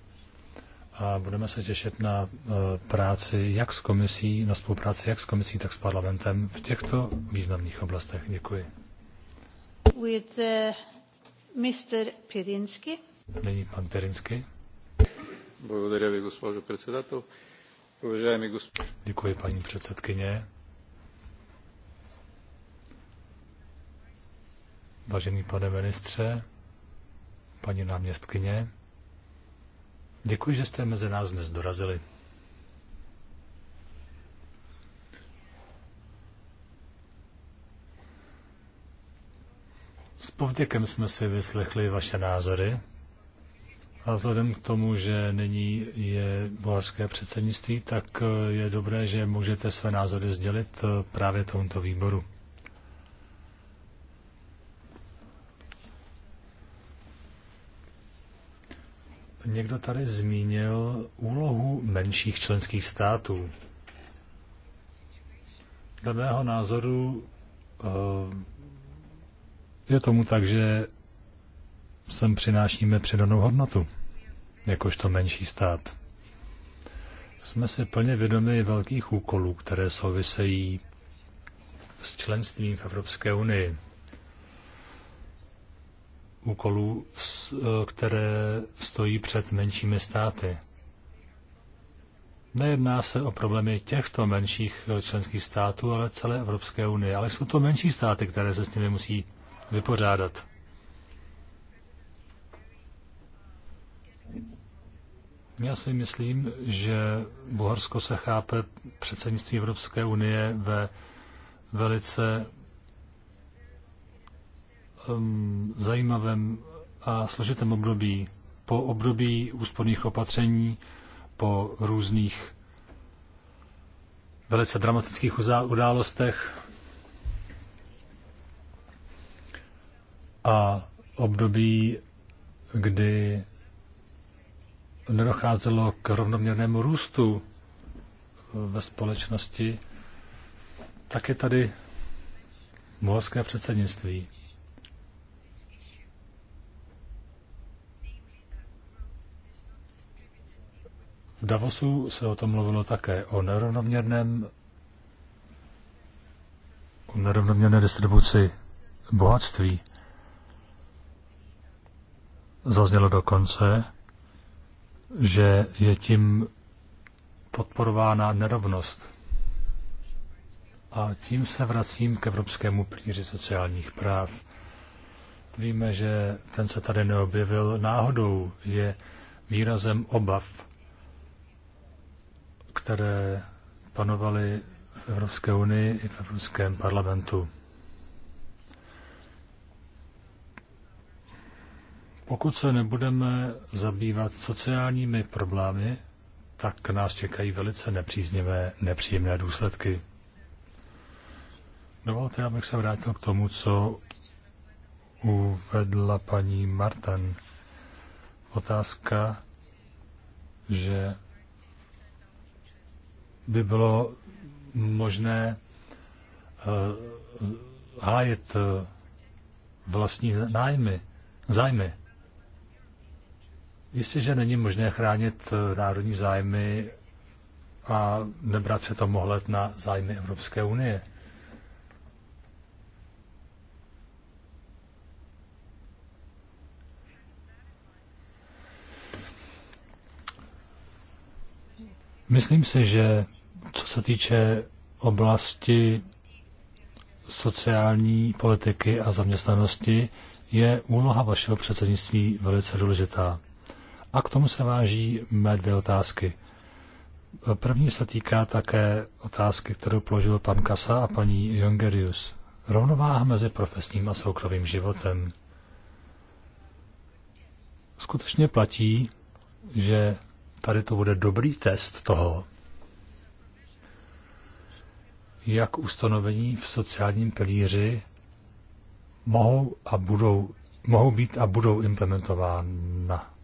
a budeme se těšit na eh, práci jak s komisí, na spolupráci jak s komisí, tak s parlamentem v těchto významných oblastech. Děkuji. With, uh, eh, Mr. Pirinsky. Nyní pan Pirinsky. Děkuji, paní předsedkyně. Vážený pane ministře, paní náměstkyně, Děkuji, že jste mezi nás dnes dorazili. S povděkem jsme si vyslechli vaše názory a vzhledem k tomu, že nyní je bulharské předsednictví, tak je dobré, že můžete své názory sdělit eh, právě tomuto výboru. Někdo tady zmínil úlohu menších členských států. Dle mého názoru eh, je tomu tak, že sem přinášíme přidanou hodnotu, jakožto menší stát. Jsme si plně vědomi velkých úkolů, které souvisejí s členstvím v Evropské unii úkolů, eh, které stojí před menšími státy. Nejedná se o problémy těchto menších eh, členských států, ale celé Evropské unie. Ale jsou to menší státy, které se s nimi musí vypořádat. Já si myslím, že Bohorsko se chápe předsednictví Evropské unie ve velice um, zajímavém a složitém období, po období úsporných opatření, po různých velice dramatických událostech a období, kdy nedocházelo k rovnoměrnému růstu uh, ve společnosti, tak je tady mohorské předsednictví. V Davosu se o tom mluvilo také, o nerovnoměrném o nerovnoměrné distribuci bohatství. Zaznělo dokonce, že je tím podporována nerovnost. A tím se vracím k Evropskému plíři sociálních práv. Víme, že ten se tady neobjevil náhodou, je výrazem obav které panovaly v Evropské unii i v Evropském parlamentu. Pokud se nebudeme zabývat sociálními problémy, tak nás čekají velice nepříznivé, nepříjemné důsledky. Dovolte, abych se vrátil k tomu, co uvedla paní Martin. Otázka, že by bylo možné eh, hájet eh, vlastní nájmy, zájmy. Jistě, že není možné chránit eh, národní zájmy a nebrat se to ohled na zájmy Evropské unie. Myslím si, že co se týče oblasti sociální politiky a zaměstnanosti, je úloha vašeho předsednictví velice důležitá. A k tomu se váží mé dvě otázky. První se týká také otázky, kterou položil pan Kasa a paní Jongerius. Rovnováha mezi profesním a soukromým životem. Skutečně platí, že tady to bude dobrý test toho, jak ustanovení v sociálním pilíři mohou a budou, mohou být a budou implementována.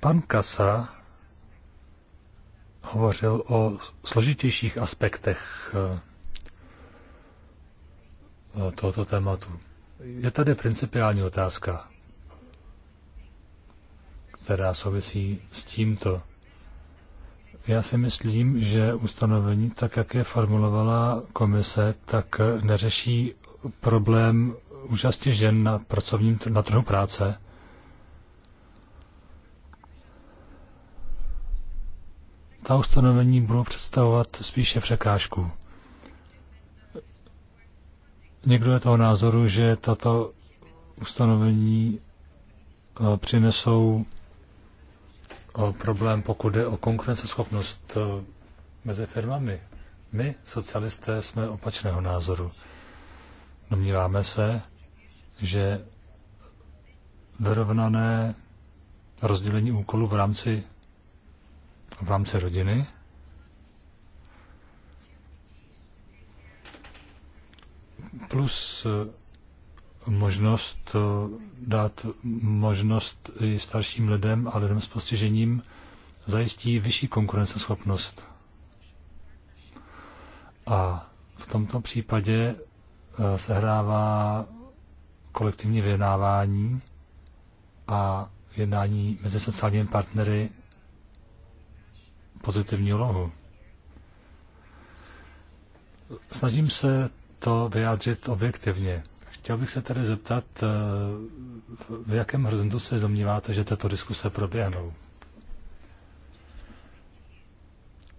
Pan Kasa hovořil o složitějších aspektech eh, tohoto tématu. Je tady principiální otázka, která souvisí s tímto. Já si myslím, že ustanovení, tak jak je formulovala komise, tak neřeší problém účasti žen na pracovním na trhu práce. Ta ustanovení budou představovat spíše překážku. Někdo je toho názoru, že tato ustanovení eh, přinesou problém, pokud jde o konkurenceschopnost e, mezi firmami. My, socialisté, jsme opačného názoru. Domníváme se, že vyrovnané rozdělení úkolů v rámci, v rámci rodiny plus možnost eh, dát možnost i starším lidem a lidem s postižením zajistí vyšší konkurenceschopnost. A v tomto případě eh, sehrává kolektivní vyjednávání a jednání mezi sociálními partnery pozitivní lohu. Snažím se to vyjádřit objektivně. Chtěl bych se tedy zeptat, eh, v jakém horizontu se domníváte, že tato diskuse proběhnou?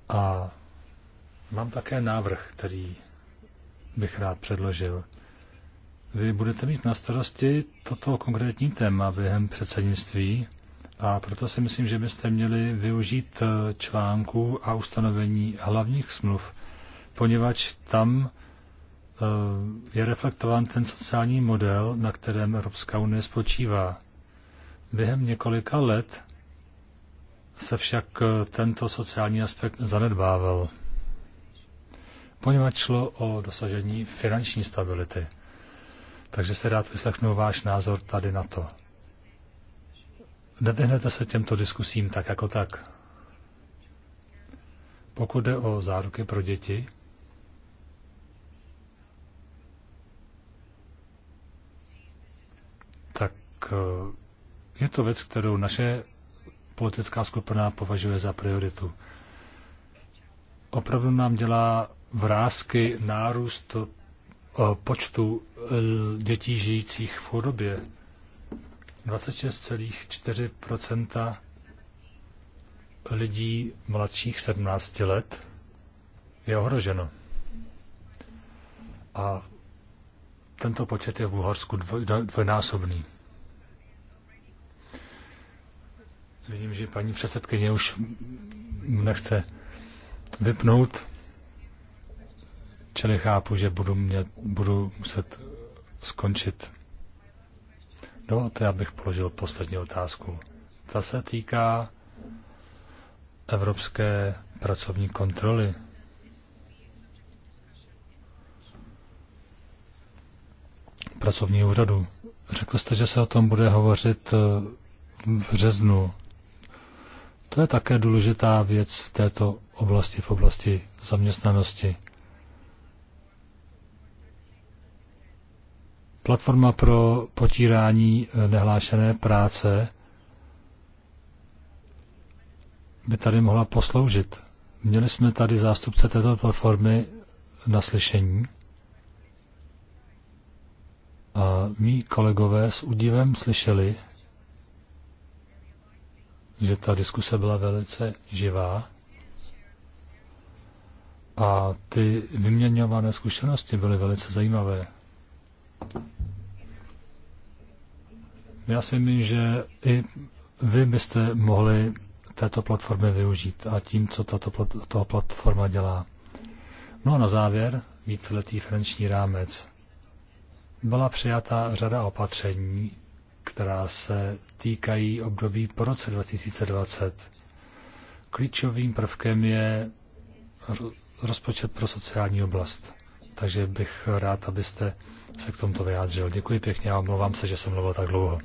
A mám také návrh, který bych rád předložil. Vy budete mít na starosti toto konkrétní téma během předsednictví a proto si myslím, že byste měli využít eh, článku a ustanovení hlavních smluv, poněvadž tam Eh, je reflektován ten sociální model, na kterém Evropská unie spočívá. Během několika let se však eh, tento sociální aspekt zanedbával, poněvadž šlo o dosažení finanční stability. Takže se rád vyslechnu váš názor tady na to. Nevyhnete se těmto diskusím tak jako tak. Pokud jde o záruky pro děti, Eh, je to věc, kterou naše politická skupina považuje za prioritu. Opravdu nám dělá vrázky nárůst eh, počtu eh, dětí žijících v chudobě. 26,4 lidí mladších 17 let je ohroženo. A tento počet je v Bulharsku dvojnásobný. Vidím, že paní předsedkyně už nechce vypnout, čili chápu, že budu, mě, budu muset skončit. Dovolte, abych položil poslední otázku. Ta se týká evropské pracovní kontroly. Pracovní úřadu. Řekl jste, že se o tom bude hovořit v březnu to je také důležitá věc v této oblasti, v oblasti zaměstnanosti. Platforma pro potírání eh, nehlášené práce by tady mohla posloužit. Měli jsme tady zástupce této platformy na slyšení a mý kolegové s údivem slyšeli, že ta diskuse byla velice živá a ty vyměňované zkušenosti byly velice zajímavé. Já si myslím, že i vy byste mohli této platformy využít a tím, co tato plat, toho platforma dělá. No a na závěr víceletý finanční rámec. Byla přijata řada opatření která se týkají období po roce 2020. Klíčovým prvkem je rozpočet pro sociální oblast. Takže bych rád, abyste se k tomuto vyjádřil. Děkuji pěkně a omlouvám se, že jsem mluvil tak dlouho.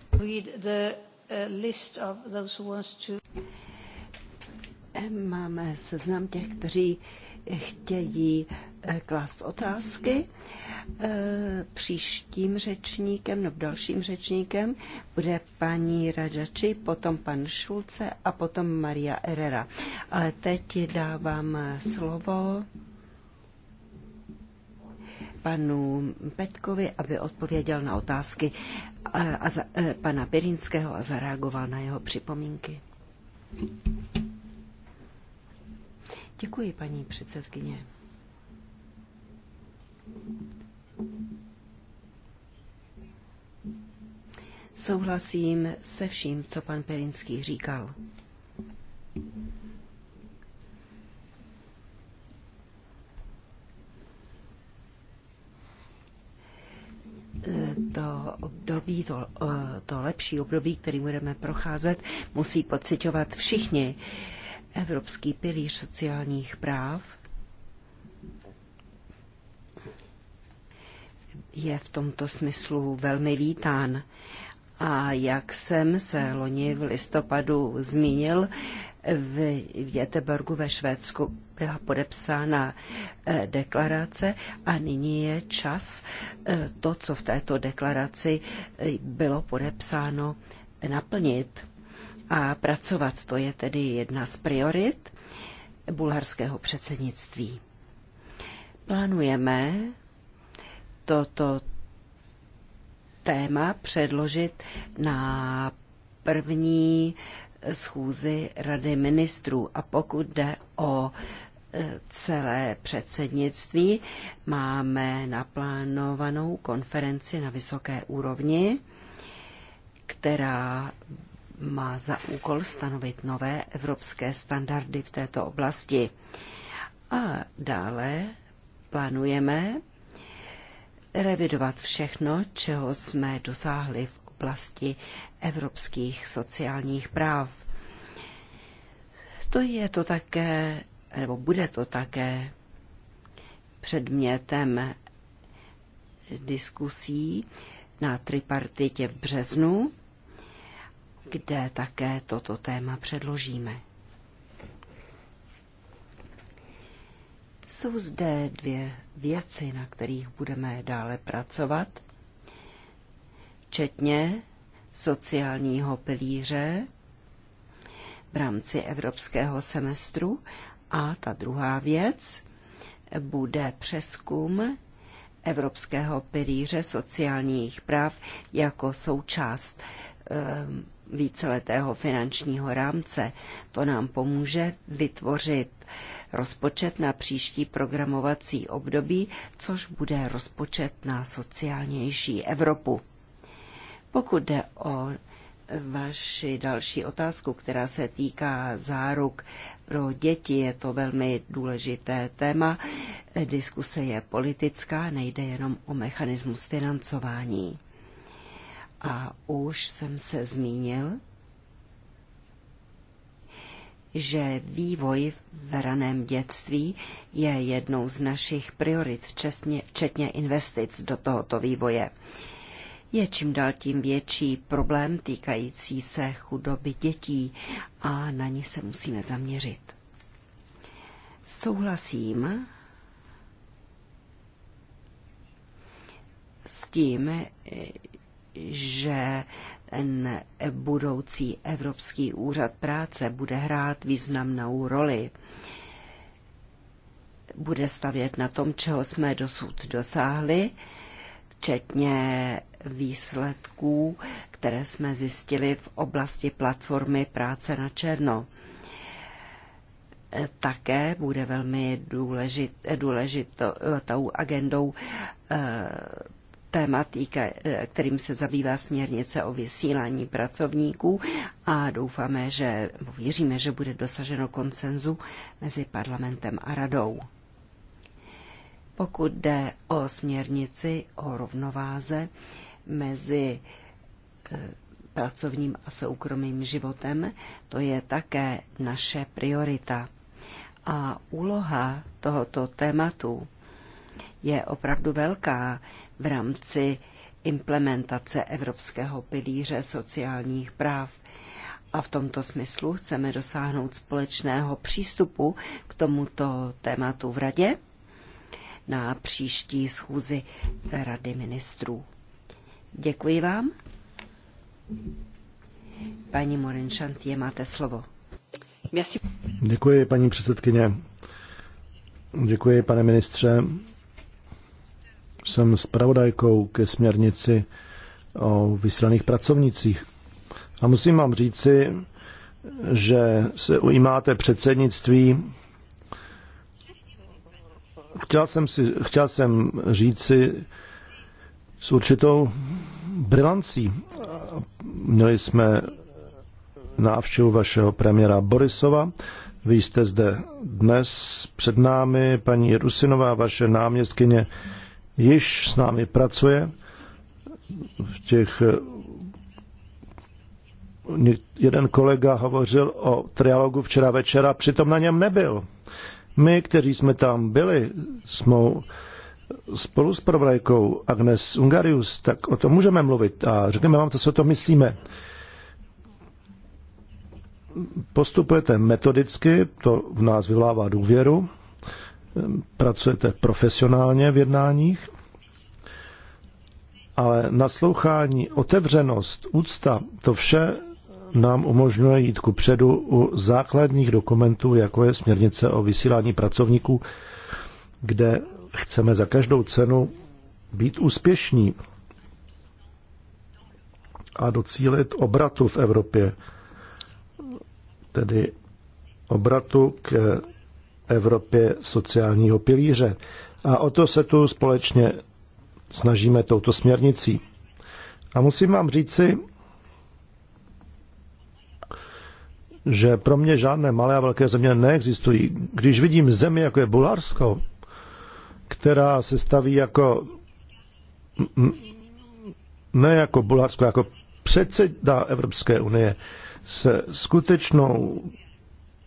Uh, máme seznam těch, kteří chtějí Eh, klást otázky. Eh, příštím řečníkem, no dalším řečníkem bude paní Radžači, potom pan Šulce a potom Maria Herrera. Ale teď dávám slovo panu Petkovi, aby odpověděl na otázky eh, a, za, a, pana Pirinského a zareagoval na jeho připomínky. Děkuji, paní předsedkyně. Souhlasím se vším, co pan Perinský říkal. to období, to, eh, to lepší období, který budeme procházet, musí pocitovat všichni. Evropský pilíř sociálních práv – je v tomto smyslu velmi vítán. A jak jsem se loni v listopadu zmínil, v Věteborgu ve Švédsku byla podepsána eh, deklarace a nyní je čas eh, to, co v této deklaraci eh, bylo podepsáno, naplnit a pracovat. To je tedy jedna z priorit bulharského předsednictví. Plánujeme toto téma předložit na první schůzi Rady ministrů. A pokud jde o e, celé předsednictví, máme naplánovanou konferenci na vysoké úrovni, která má za úkol stanovit nové evropské standardy v této oblasti. A dále plánujeme revidovat všechno, čeho jsme dosáhli v oblasti evropských sociálních práv. To je to také, nebo bude to také předmětem diskusí na tripartitě v březnu, kde také toto téma předložíme. Jsou zde dvě věci, na kterých budeme dále pracovat, včetně sociálního pilíře v rámci evropského semestru. A ta druhá věc bude přeskum evropského pilíře sociálních práv jako součást ehm, víceletého finančního rámce. To nám pomůže vytvořit rozpočet na příští programovací období, což bude rozpočet na sociálnější Evropu. Pokud jde o vaši další otázku, která se týká záruk pro děti, je to velmi důležité téma. Diskuse je politická, nejde jenom o mechanismus financování. A už jsem se zmínil, že vývoj v raném dětství je jednou z našich priorit, včetně, včetně investic do tohoto vývoje. Je čím dál tím větší problém týkající se chudoby dětí a na ní se musíme zaměřit. Souhlasím s tím, že ten budoucí Evropský úřad práce bude hrát významnou roli. Bude stavět na tom, čeho jsme dosud dosáhli, včetně výsledků, které jsme zjistili v oblasti platformy práce na černo. Také bude velmi důležit, důležitou agendou eh, témat, e, kterým se zabývá směrnice o vysílání pracovníků a doufáme, že, věříme, že bude dosaženo konsenzu mezi parlamentem a radou. Pokud jde o směrnici o rovnováze mezi e, pracovním a soukromým životem, to je také naše priorita. A úloha tohoto tématu je opravdu velká v rámci implementace Evropského pilíře sociálních práv. A v tomto smyslu chceme dosáhnout společného přístupu k tomuto tématu v Radě na příští schůzi Rady ministrů. Děkuji vám. Paní Morin Šantie, máte slovo. Děkuji, paní předsedkyně. Děkuji, pane ministře, jsem zpravodajkou ke směrnici o vysílaných pracovnicích. A musím vám říci, že se ujímáte předsednictví. Chtěl jsem, si, chtěl jsem říci s určitou brilancí. Měli jsme návštěvu vašeho premiéra Borisova. Vy jste zde dnes před námi, paní Rusinová, vaše náměstkyně již s námi pracuje v těch eh, jeden kolega hovořil o trialogu včera večera, přitom na něm nebyl. My, kteří jsme tam byli, jsme spolu s provrajkou Agnes Ungarius, tak o tom můžeme mluvit a řekneme vám, co si o tom myslíme. Postupujete metodicky, to v nás vyvolává důvěru pracujete profesionálně v jednáních, ale naslouchání, otevřenost, úcta, to vše nám umožňuje jít ku předu u základních dokumentů, jako je směrnice o vysílání pracovníků, kde chceme za každou cenu být úspěšní a docílit obratu v Evropě, tedy obratu k Evropě sociálního pilíře. A o to se tu společně snažíme touto směrnicí. A musím vám říci, že pro mě žádné malé a velké země neexistují. Když vidím zemi, jako je Bulharsko, která se staví jako ne jako Bulharsko, jako předseda Evropské unie, se skutečnou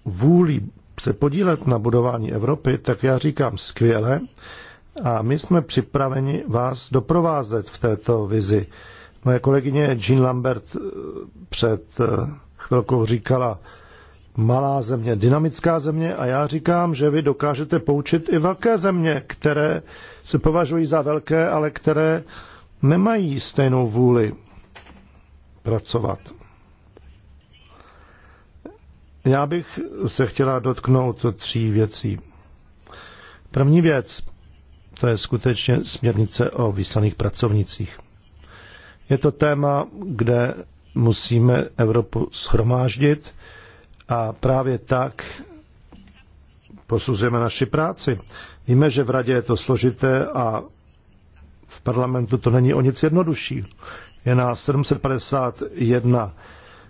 vůlí se podílet na budování Evropy, tak já říkám skvěle a my jsme připraveni vás doprovázet v této vizi. Moje kolegyně Jean Lambert eh, před eh, chvilkou říkala, malá země, dynamická země a já říkám, že vy dokážete poučit i velké země, které se považují za velké, ale které nemají stejnou vůli pracovat. Já bych se chtěla dotknout tří věcí. První věc, to je skutečně směrnice o vyslaných pracovnicích. Je to téma, kde musíme Evropu schromáždit a právě tak posuzujeme naši práci. Víme, že v radě je to složité a v parlamentu to není o nic jednodušší. Je nás 751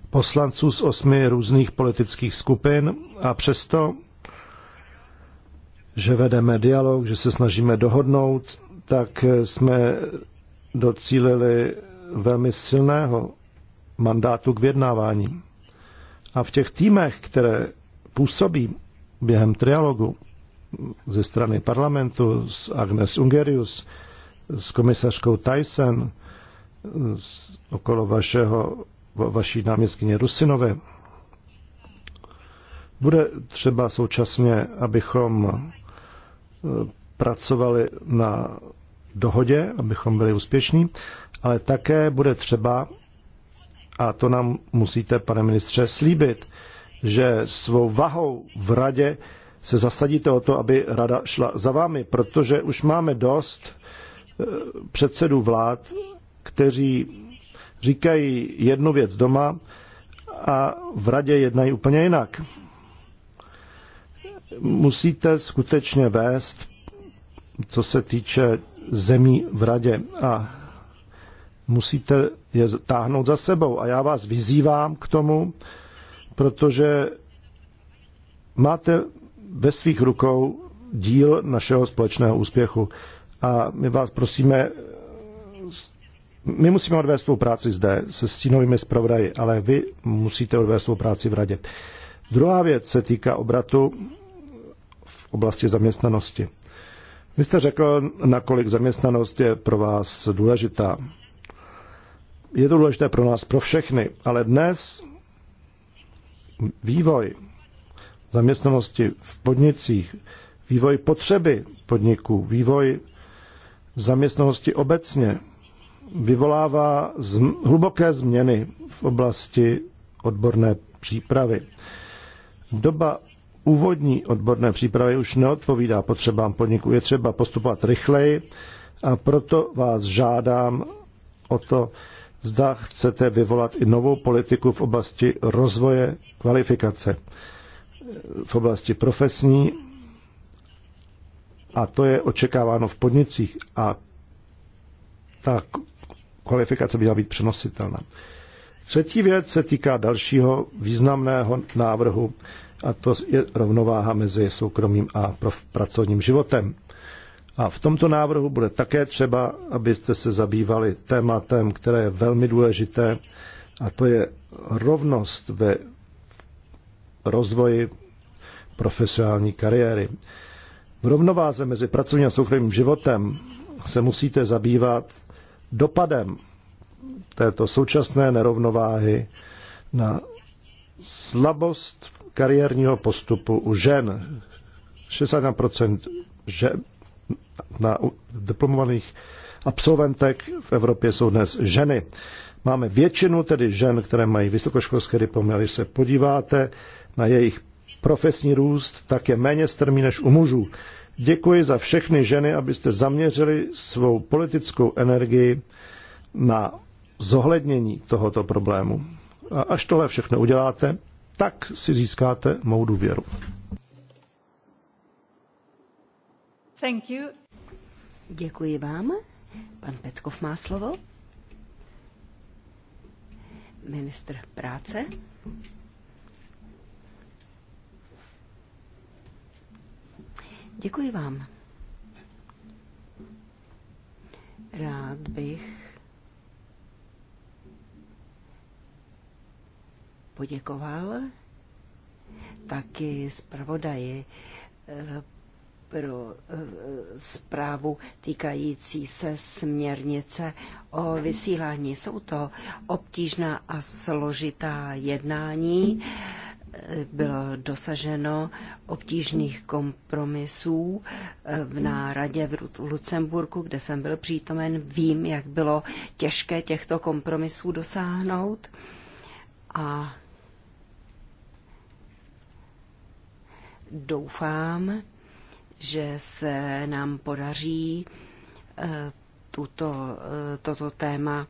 poslanců z osmi různých politických skupin a přesto, že vedeme dialog, že se snažíme dohodnout, tak jsme docílili velmi silného mandátu k vyjednávání. A v těch týmech, které působí během trialogu ze strany parlamentu s Agnes Ungerius, s komisařkou Tyson, s okolo vašeho vaší náměstkyně Rusinové. Bude třeba současně, abychom e, pracovali na dohodě, abychom byli úspěšní, ale také bude třeba, a to nám musíte, pane ministře, slíbit, že svou vahou v radě se zasadíte o to, aby rada šla za vámi, protože už máme dost e, předsedů vlád, kteří říkají jednu věc doma a v radě jednají úplně jinak. Musíte skutečně vést, co se týče zemí v radě a musíte je táhnout za sebou. A já vás vyzývám k tomu, protože máte ve svých rukou díl našeho společného úspěchu. A my vás prosíme, my musíme odvést svou práci zde se stínovými zpravodaji, ale vy musíte odvést svou práci v radě. Druhá věc se týká obratu v oblasti zaměstnanosti. Vy jste řekl, nakolik zaměstnanost je pro vás důležitá. Je to důležité pro nás, pro všechny, ale dnes vývoj zaměstnanosti v podnicích, vývoj potřeby podniků, vývoj zaměstnanosti obecně vyvolává hluboké změny v oblasti odborné přípravy. Doba úvodní odborné přípravy už neodpovídá potřebám podniku. Je třeba postupovat rychleji a proto vás žádám o to, zda chcete vyvolat i novou politiku v oblasti rozvoje kvalifikace, v oblasti profesní a to je očekáváno v podnicích a ta kvalifikace by měla být přenositelná. Třetí věc se týká dalšího významného návrhu, a to je rovnováha mezi soukromým a pracovním životem. A v tomto návrhu bude také třeba, abyste se zabývali tématem, které je velmi důležité, a to je rovnost ve rozvoji profesionální kariéry. V rovnováze mezi pracovním a soukromým životem se musíte zabývat dopadem této současné nerovnováhy na slabost kariérního postupu u žen. 61% žen na diplomovaných absolventek v Evropě jsou dnes ženy. Máme většinu tedy žen, které mají vysokoškolské diplomy. Když se podíváte na jejich profesní růst, tak je méně strmý než u mužů. Děkuji za všechny ženy, abyste zaměřili svou politickou energii na zohlednění tohoto problému. A až tohle všechno uděláte, tak si získáte mou důvěru. Thank you. Děkuji vám. Pan Petkov má slovo. Ministr práce. Děkuji vám. Rád bych poděkoval taky zpravodaji eh, pro eh, zprávu týkající se směrnice o vysílání. Jsou to obtížná a složitá jednání. Hmm bylo dosaženo obtížných kompromisů eh, v náradě v Lucemburku, kde jsem byl přítomen. Vím, jak bylo těžké těchto kompromisů dosáhnout. A doufám, že se nám podaří eh, tuto, eh, toto téma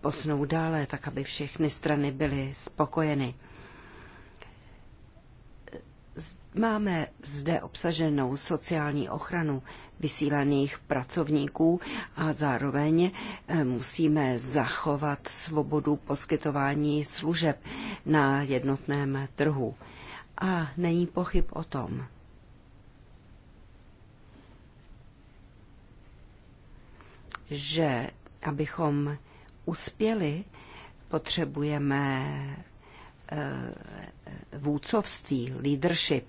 posunout dále, tak aby všechny strany byly spokojeny. Máme zde obsaženou sociální ochranu vysílaných pracovníků a zároveň eh, musíme zachovat svobodu poskytování služeb na jednotném trhu. A není pochyb o tom. že abychom uspěli, potřebujeme eh, vůcovství, leadership.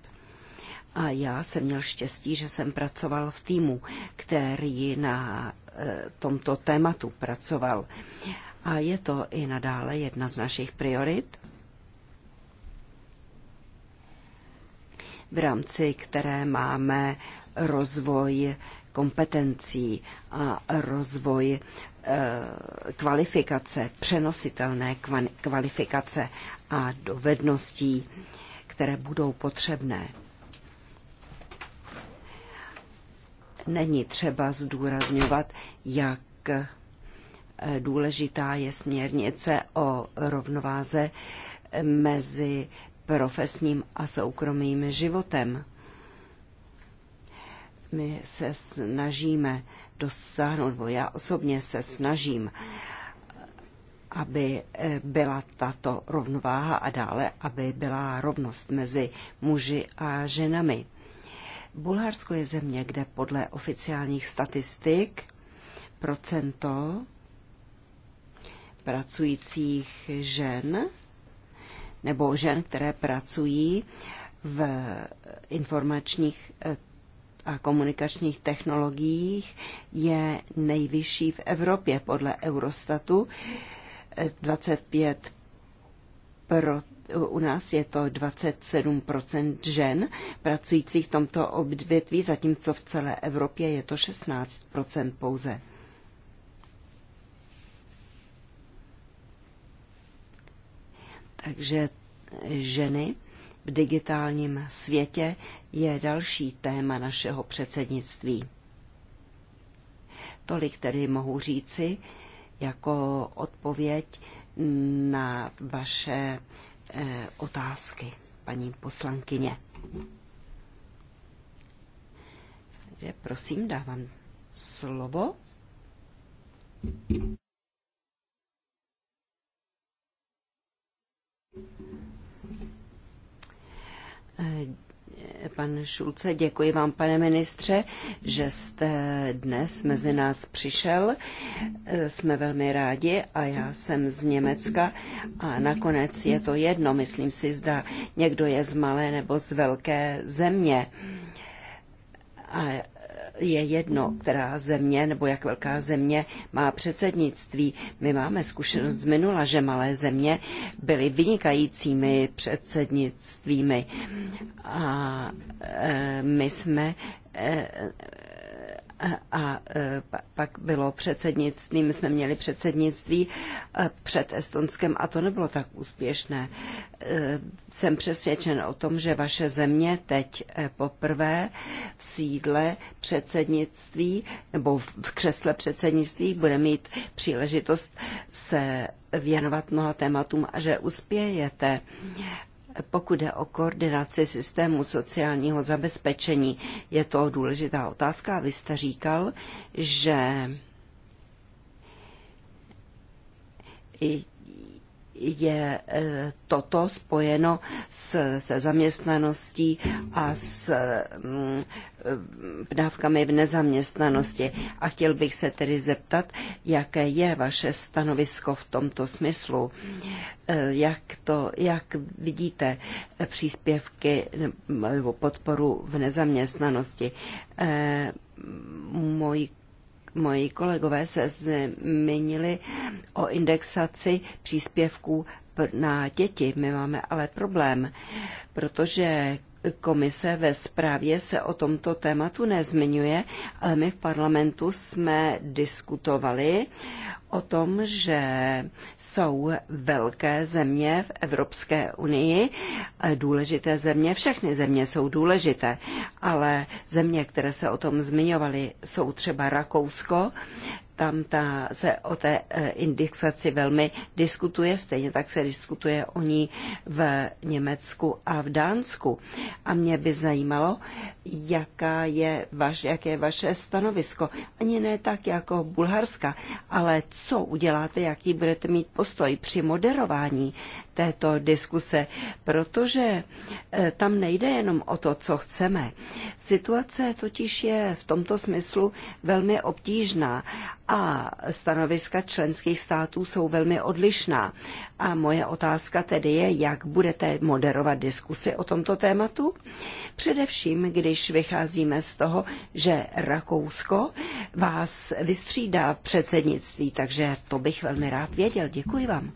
A já jsem měl štěstí, že jsem pracoval v týmu, který na e, tomto tématu pracoval. A je to i nadále jedna z našich priorit, v rámci které máme rozvoj kompetencí a rozvoj e, kvalifikace, přenositelné kvalifikace a dovedností, které budou potřebné. Není třeba zdůrazňovat, jak eh, důležitá je směrnice o rovnováze eh, mezi profesním a soukromým životem. My se snažíme dosáhnout, nebo já osobně se snažím aby eh, byla tato rovnováha a dále, aby byla rovnost mezi muži a ženami. Bulharsko je země, kde podle oficiálních statistik procento pracujících žen nebo žen, které pracují v informačních eh, a komunikačních technologiích je nejvyšší v Evropě podle Eurostatu 25 pro, u nás je to 27 žen pracujících v tomto odvětví, zatímco v celé Evropě je to 16 pouze. Takže ženy v digitálním světě je další téma našeho předsednictví. Tolik tedy mohu říci jako odpověď na vaše eh, otázky, paní poslankyně. Takže prosím, dávám slovo. Eh, Pan Šulce, děkuji vám, pane ministře, že jste dnes mezi nás přišel. Jsme velmi rádi a já jsem z Německa a nakonec je to jedno, myslím si, zda někdo je z malé nebo z velké země. A je jedno, která země nebo jak velká země má předsednictví. My máme zkušenost z minula, že malé země byly vynikajícími předsednictvími a e, my jsme e, a pak bylo předsednictví, my jsme měli předsednictví e, před Estonskem a to nebylo tak úspěšné. E, jsem přesvědčen o tom, že vaše země teď e, poprvé v sídle předsednictví nebo v křesle předsednictví bude mít příležitost se věnovat mnoha tématům a že uspějete. Pokud jde o koordinaci systému sociálního zabezpečení, je to důležitá otázka. Vy jste říkal, že je eh, toto spojeno s, se zaměstnaností a s mm, Eh, dávkami v nezaměstnanosti. A chtěl bych se tedy zeptat, jaké je vaše stanovisko v tomto smyslu. Eh, jak, to, jak vidíte eh, příspěvky nebo podporu v nezaměstnanosti? Moji moji kolegové se zmínili o indexaci příspěvků na děti. My máme ale problém, protože Komise ve zprávě se o tomto tématu nezmiňuje, ale my v parlamentu jsme diskutovali o tom, že jsou velké země v Evropské unii, důležité země, všechny země jsou důležité, ale země, které se o tom zmiňovaly, jsou třeba Rakousko, tam ta, se o té eh, indexaci velmi diskutuje, stejně tak se diskutuje o ní v Německu a v Dánsku. A mě by zajímalo, jaká je vaš, jaké je vaše stanovisko. Ani ne tak jako Bulharska, ale co uděláte, jaký budete mít postoj při moderování této diskuse, protože eh, tam nejde jenom o to, co chceme. Situace totiž je v tomto smyslu velmi obtížná a stanoviska členských států jsou velmi odlišná. A moje otázka tedy je, jak budete moderovat diskusy o tomto tématu? Především, když vycházíme z toho, že Rakousko vás vystřídá v předsednictví, takže to bych velmi rád věděl. Děkuji vám.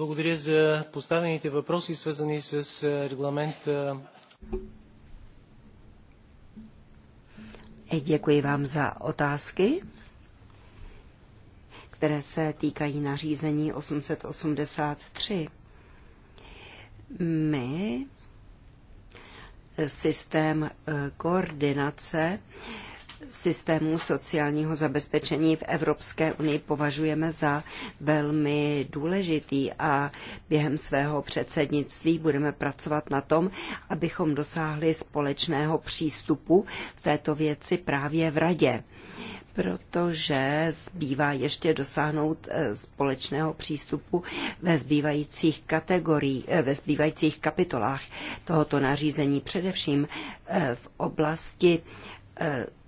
Благодаря за поставените въпроси, свързани с регламент. Děkuji vám za otázky, které se týkají nařízení 883. My systém e, koordinace systému sociálního zabezpečení v Evropské unii považujeme za velmi důležitý a během svého předsednictví budeme pracovat na tom, abychom dosáhli společného přístupu v této věci právě v Radě protože zbývá ještě dosáhnout eh, společného přístupu ve zbývajících kategorií, eh, ve zbývajících kapitolách tohoto nařízení, především eh, v oblasti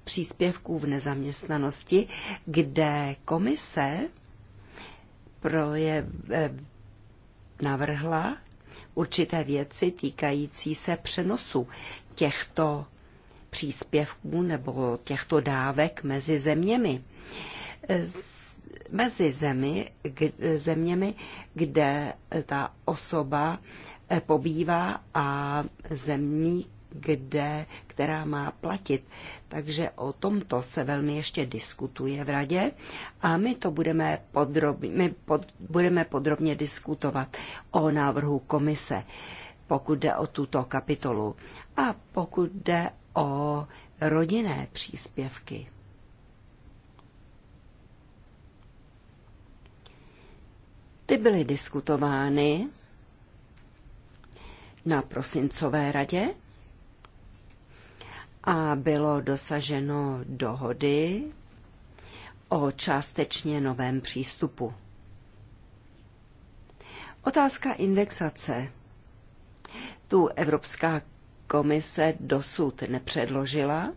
příspěvků v nezaměstnanosti, kde komise projev, e, navrhla určité věci týkající se přenosu těchto příspěvků nebo těchto dávek mezi zeměmi. E, mezi zemi, k, zeměmi, kde ta osoba e, pobývá a zemí, kde, která má platit. Takže o tomto se velmi ještě diskutuje v radě a my to budeme podrobně, my pod, budeme podrobně diskutovat o návrhu komise, pokud jde o tuto kapitolu a pokud jde o rodinné příspěvky. Ty byly diskutovány na prosincové radě a bylo dosaženo dohody o částečně novém přístupu. Otázka indexace. Tu Evropská komise dosud nepředložila.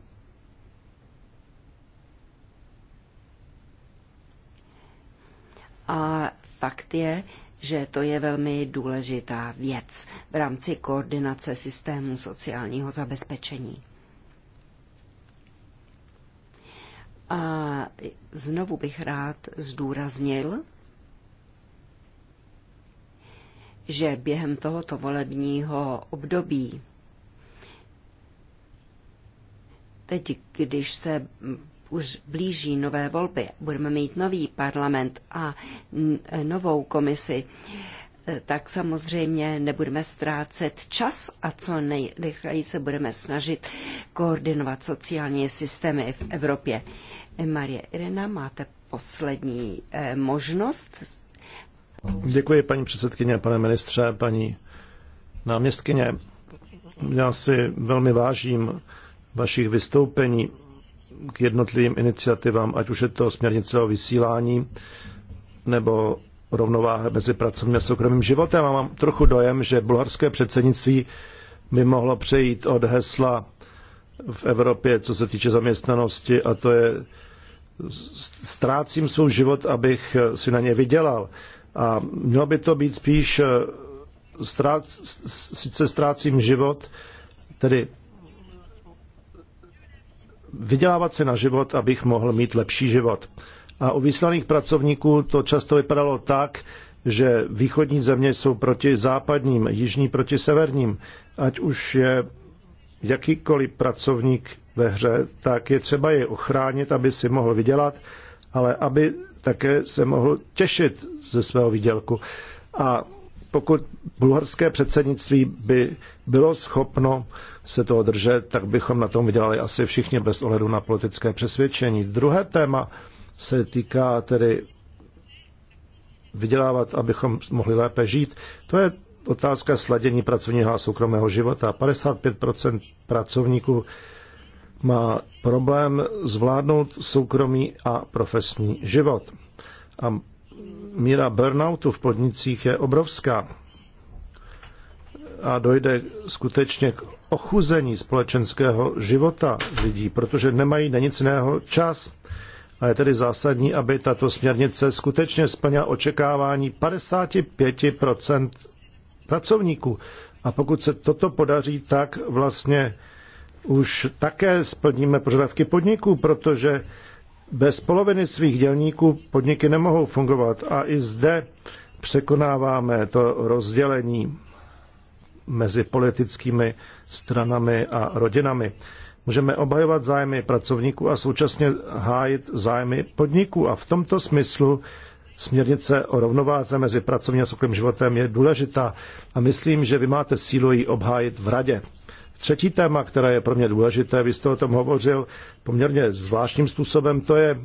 A fakt je, že to je velmi důležitá věc v rámci koordinace systému sociálního zabezpečení. A znovu bych rád zdůraznil, že během tohoto volebního období, teď, když se už blíží nové volby, budeme mít nový parlament a novou komisi, tak samozřejmě nebudeme ztrácet čas a co nejrychleji se budeme snažit koordinovat sociální systémy v Evropě. Marie Irena, máte poslední eh, možnost. Děkuji, paní předsedkyně, pane ministře, paní náměstkyně. Já si velmi vážím vašich vystoupení k jednotlivým iniciativám, ať už je to směrnice o vysílání nebo rovnováhy mezi pracovním a soukromým životem a mám trochu dojem, že bulharské předsednictví by mohlo přejít od hesla v Evropě, co se týče zaměstnanosti, a to je ztrácím svůj život, abych si na ně vydělal. A mělo by to být spíš eh, ztrác, sice ztrácím život, tedy vydělávat si na život, abych mohl mít lepší život. A u vyslaných pracovníků to často vypadalo tak, že východní země jsou proti západním, jižní proti severním. Ať už je jakýkoliv pracovník ve hře, tak je třeba je ochránit, aby si mohl vydělat, ale aby také se mohl těšit ze svého výdělku. A pokud bulharské předsednictví by bylo schopno se toho držet, tak bychom na tom vydělali asi všichni bez ohledu na politické přesvědčení. Druhé téma, se týká tedy vydělávat, abychom mohli lépe žít. To je otázka sladění pracovního a soukromého života. 55% pracovníků má problém zvládnout soukromý a profesní život. A míra burnoutu v podnicích je obrovská. A dojde skutečně k ochuzení společenského života lidí, protože nemají na nic jiného čas a je tedy zásadní, aby tato směrnice skutečně splnila očekávání 55 pracovníků. A pokud se toto podaří, tak vlastně už také splníme požadavky podniků, protože bez poloviny svých dělníků podniky nemohou fungovat. A i zde překonáváme to rozdělení mezi politickými stranami a rodinami. Můžeme obhajovat zájmy pracovníků a současně hájit zájmy podniků. A v tomto smyslu směrnice o rovnováze mezi pracovním a soukromým životem je důležitá a myslím, že vy máte sílu ji obhájit v radě. Třetí téma, které je pro mě důležité, vy jste o tom hovořil poměrně zvláštním způsobem, to je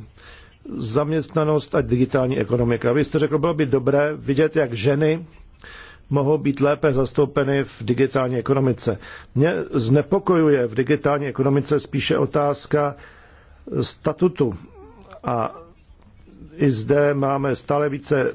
zaměstnanost a digitální ekonomika. Vy jste řekl, bylo by dobré vidět, jak ženy mohou být lépe zastoupeny v digitální ekonomice. Mě znepokojuje v digitální ekonomice spíše otázka statutu. A i zde máme stále více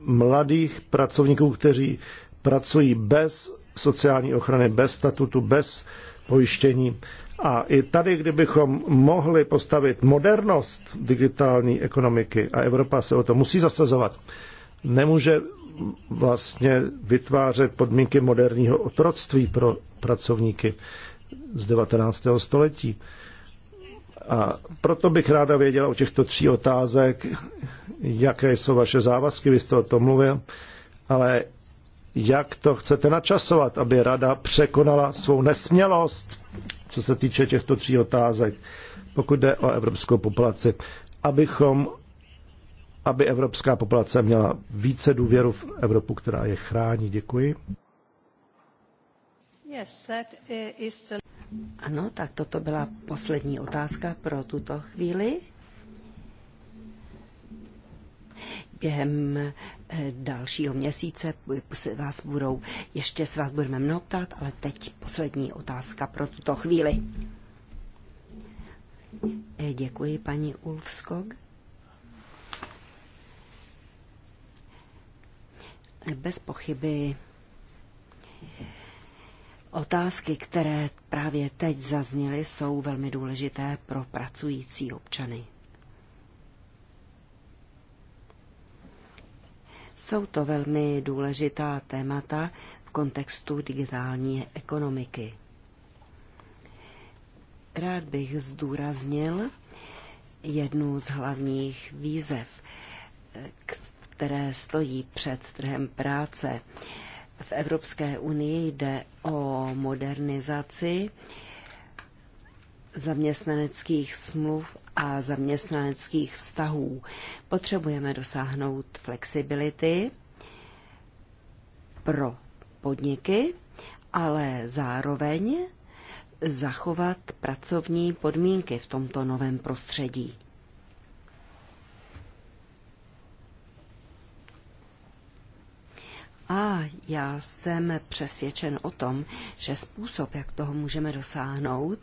mladých pracovníků, kteří pracují bez sociální ochrany, bez statutu, bez pojištění. A i tady, kdybychom mohli postavit modernost digitální ekonomiky, a Evropa se o to musí zasazovat, nemůže vlastně vytvářet podmínky moderního otroctví pro pracovníky z 19. století. A proto bych ráda věděla o těchto tří otázek, jaké jsou vaše závazky, vy jste o tom mluvil, ale jak to chcete načasovat, aby rada překonala svou nesmělost, co se týče těchto tří otázek, pokud jde o evropskou populaci, abychom aby evropská populace měla více důvěru v Evropu, která je chrání. Děkuji. Ano, tak toto byla poslední otázka pro tuto chvíli. Během eh, dalšího měsíce vás budou, ještě s vás budeme mnoho ptát, ale teď poslední otázka pro tuto chvíli. Eh, děkuji, paní Ulfskog. bez pochyby otázky, které právě teď zazněly, jsou velmi důležité pro pracující občany. Jsou to velmi důležitá témata v kontextu digitální ekonomiky. Rád bych zdůraznil jednu z hlavních výzev, které stojí před trhem práce. V Evropské unii jde o modernizaci zaměstnaneckých smluv a zaměstnaneckých vztahů. Potřebujeme dosáhnout flexibility pro podniky, ale zároveň zachovat pracovní podmínky v tomto novém prostředí. A já jsem přesvědčen o tom, že způsob, jak toho můžeme dosáhnout,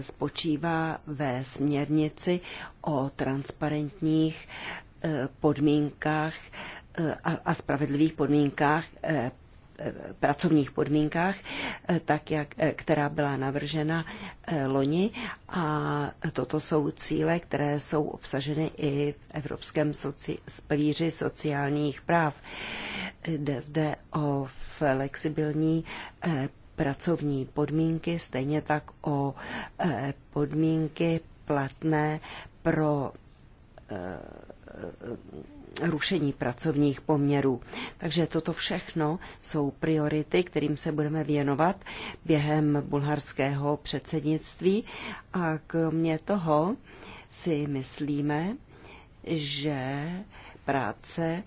spočívá ve směrnici o transparentních eh, podmínkách eh, a spravedlivých podmínkách eh, Eh, pracovních podmínkách, eh, tak jak, eh, která byla navržena loni. A toto jsou cíle, které jsou obsaženy i v Evropském soci, pilíři sociálních práv. Jde zde o flexibilní pracovní podmínky, stejně tak o podmínky platné pro rušení pracovních poměrů. Takže toto všechno jsou priority, kterým se budeme věnovat během bulharského předsednictví. A kromě toho si myslíme, že práce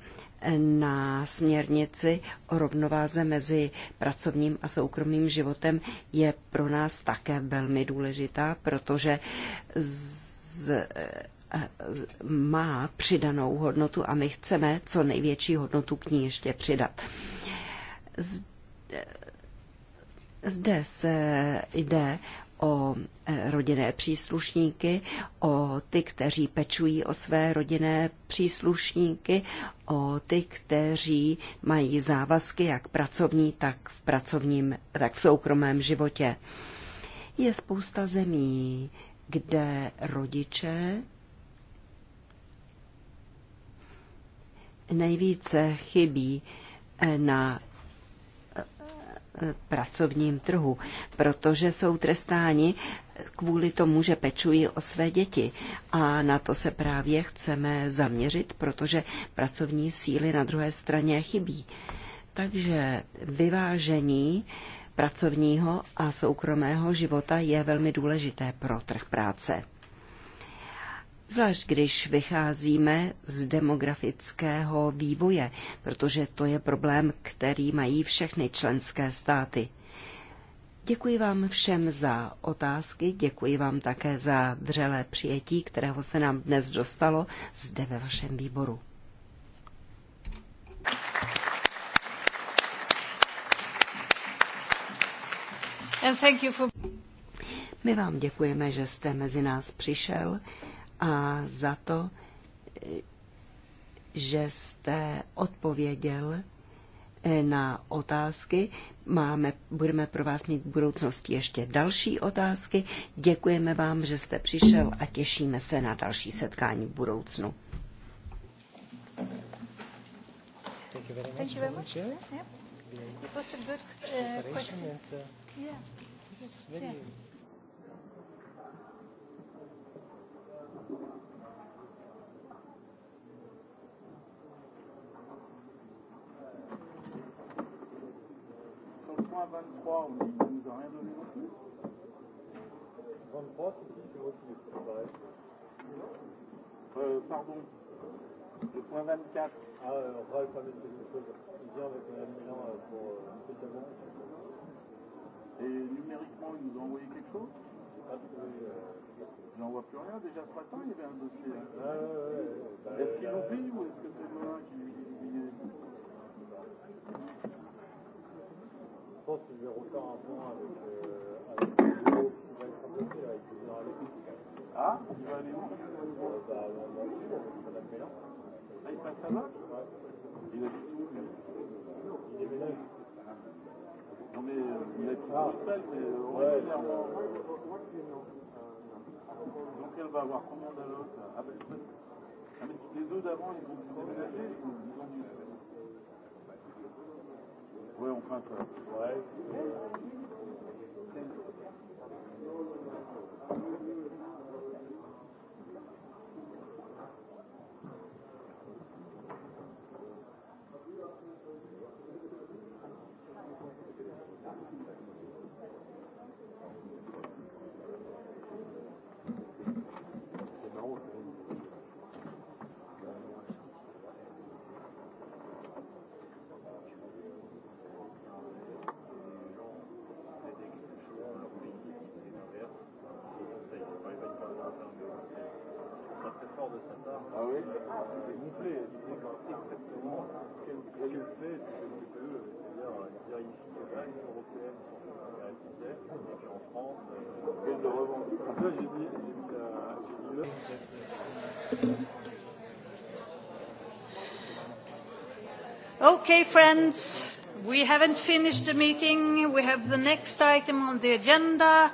na směrnici o rovnováze mezi pracovním a soukromým životem je pro nás také velmi důležitá, protože z, má přidanou hodnotu a my chceme co největší hodnotu k ní ještě přidat. Zde se jde o eh, rodinné příslušníky, o ty, kteří pečují o své rodinné příslušníky, o ty, kteří mají závazky jak pracovní, tak v pracovním, tak v soukromém životě. Je spousta zemí, kde rodiče nejvíce chybí eh, na eh, pracovním trhu, protože jsou trestáni kvůli tomu, že pečují o své děti. A na to se právě chceme zaměřit, protože pracovní síly na druhé straně chybí. Takže vyvážení pracovního a soukromého života je velmi důležité pro trh práce zvlášť když vycházíme z demografického vývoje, protože to je problém, který mají všechny členské státy. Děkuji vám všem za otázky, děkuji vám také za vřelé přijetí, kterého se nám dnes dostalo zde ve vašem výboru. And thank you for... My vám děkujeme, že jste mezi nás přišel a za to, že jste odpověděl eh, na otázky. Máme, budeme pro vás mít v budoucnosti ještě další otázky. Děkujeme vám, že jste přišel a těšíme se na další setkání v budoucnu. Thank you very much. Thank you very much. Yeah. Uh, uh, yeah. 3 mais il ne nous a rien donné non plus. 23, tu dis Euh, pardon. Le point 24. Ah, euh, Ralph a mis quelque chose. Il vient avec un Milan euh, pour euh, spécialement. Et numériquement, il nous a envoyé quelque chose ah, oui, euh... Je n'en vois plus rien. Déjà ce matin, il y avait un dossier. Hein. Ah, ouais, ouais, ouais. est-ce qu'ils euh, l'ont euh, ou est-ce que c'est Melun qui pense qu'il devait refaire un point avec, euh, avec le duo qui va être bloqué avec le ah, ah, il va aller où euh, Bah, dans, dans avec Madame Mélin. Ah, il passe là Ouais. Il habite où Il déménage. Non mais euh, il habite ah. Bruxelles, mais euh, ouais, régulièrement. Euh, donc elle va avoir combien d'allocs Ah ben, je sais Ah mais les deux d'avant, ils ont déménagé, ils ils ont dû... Oui, on um craint ça. Okay, friends, we haven't finished the meeting. We have the next item on the agenda.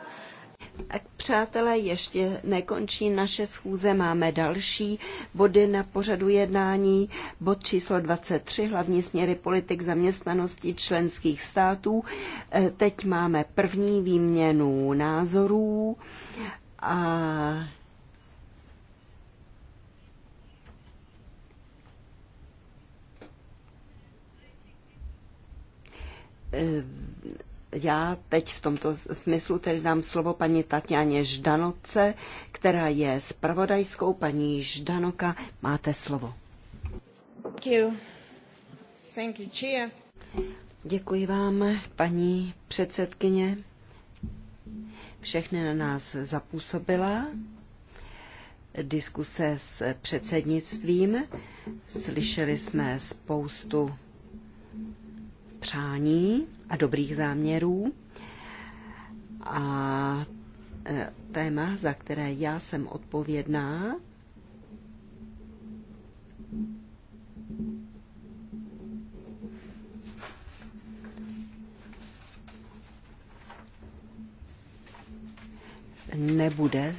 Přátelé, ještě nekončí naše schůze, máme další body na pořadu jednání. Bod číslo 23, hlavní směry politik zaměstnanosti členských států. E, teď máme první výměnu názorů a Uh já teď v tomto smyslu tedy dám slovo paní Tatianě Ždanoce, která je spravodajskou. Paní Ždanoka, máte slovo. Thank you. Thank you, Chia. Děkuji vám, paní předsedkyně. Všechny na nás zapůsobila. Diskuse s předsednictvím. Slyšeli jsme spoustu přání a dobrých záměrů. A e, téma, za které já jsem odpovědná, nebude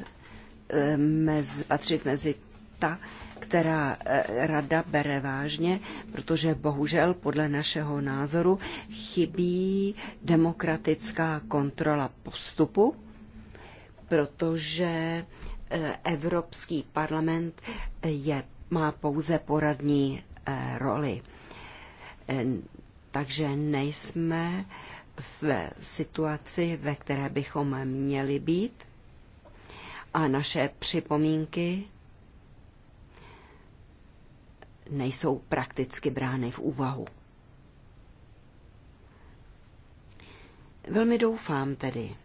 e, mezi, patřit mezi ta která eh, rada bere vážně, protože bohužel podle našeho názoru chybí demokratická kontrola postupu, protože eh, Evropský parlament eh, je, má pouze poradní roli. Takže nejsme v situaci, ve které bychom měli být. A naše připomínky nejsou prakticky brány v úvahu. Velmi doufám tedy,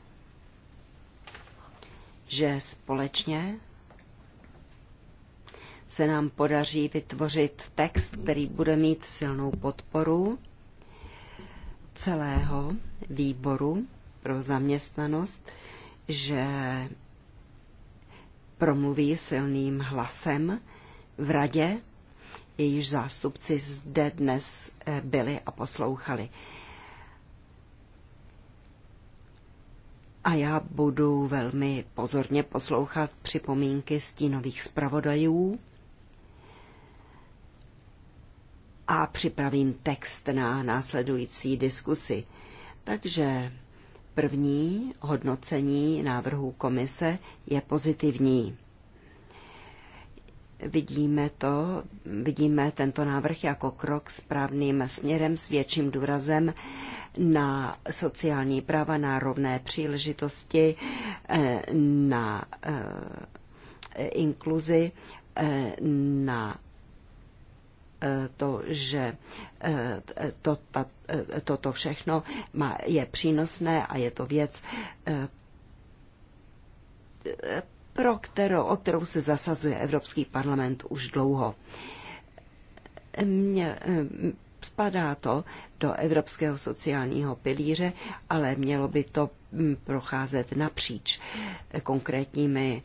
že společně se nám podaří vytvořit text, který bude mít silnou podporu celého výboru pro zaměstnanost, že promluví silným hlasem v radě jejíž zástupci zde dnes eh, byli a poslouchali. A já budu velmi pozorně poslouchat připomínky stínových zpravodajů a připravím text na následující diskusi. Takže první hodnocení návrhu komise je pozitivní. Vidíme to, vidíme tento návrh jako krok správným směrem s větším důrazem na sociální práva, na rovné příležitosti, eh, na eh, inkluzi, eh, na to, že to, ta, toto všechno má, je přínosné a je to věc pro kterou, o kterou se zasazuje Evropský parlament už dlouho. Mě, eh, spadá to do Evropského sociálního pilíře, ale mělo by to hm, procházet napříč konkrétními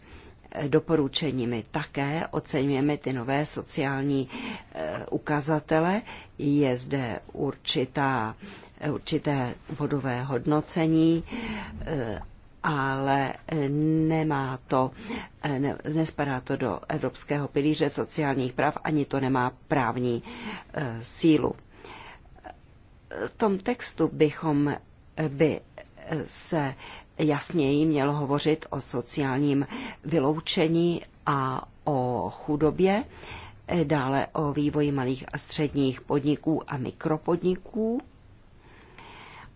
eh, doporučeními. Také oceňujeme ty nové sociální eh, ukazatele. Je zde určitá, určité vodové hodnocení ale eh, nemá to, eh, ne, nespadá to do Evropského pilíře sociálních práv, ani to nemá právní e, sílu. V tom textu bychom by se jasněji mělo hovořit o sociálním vyloučení a o chudobě, dále o vývoji malých a středních podniků a mikropodniků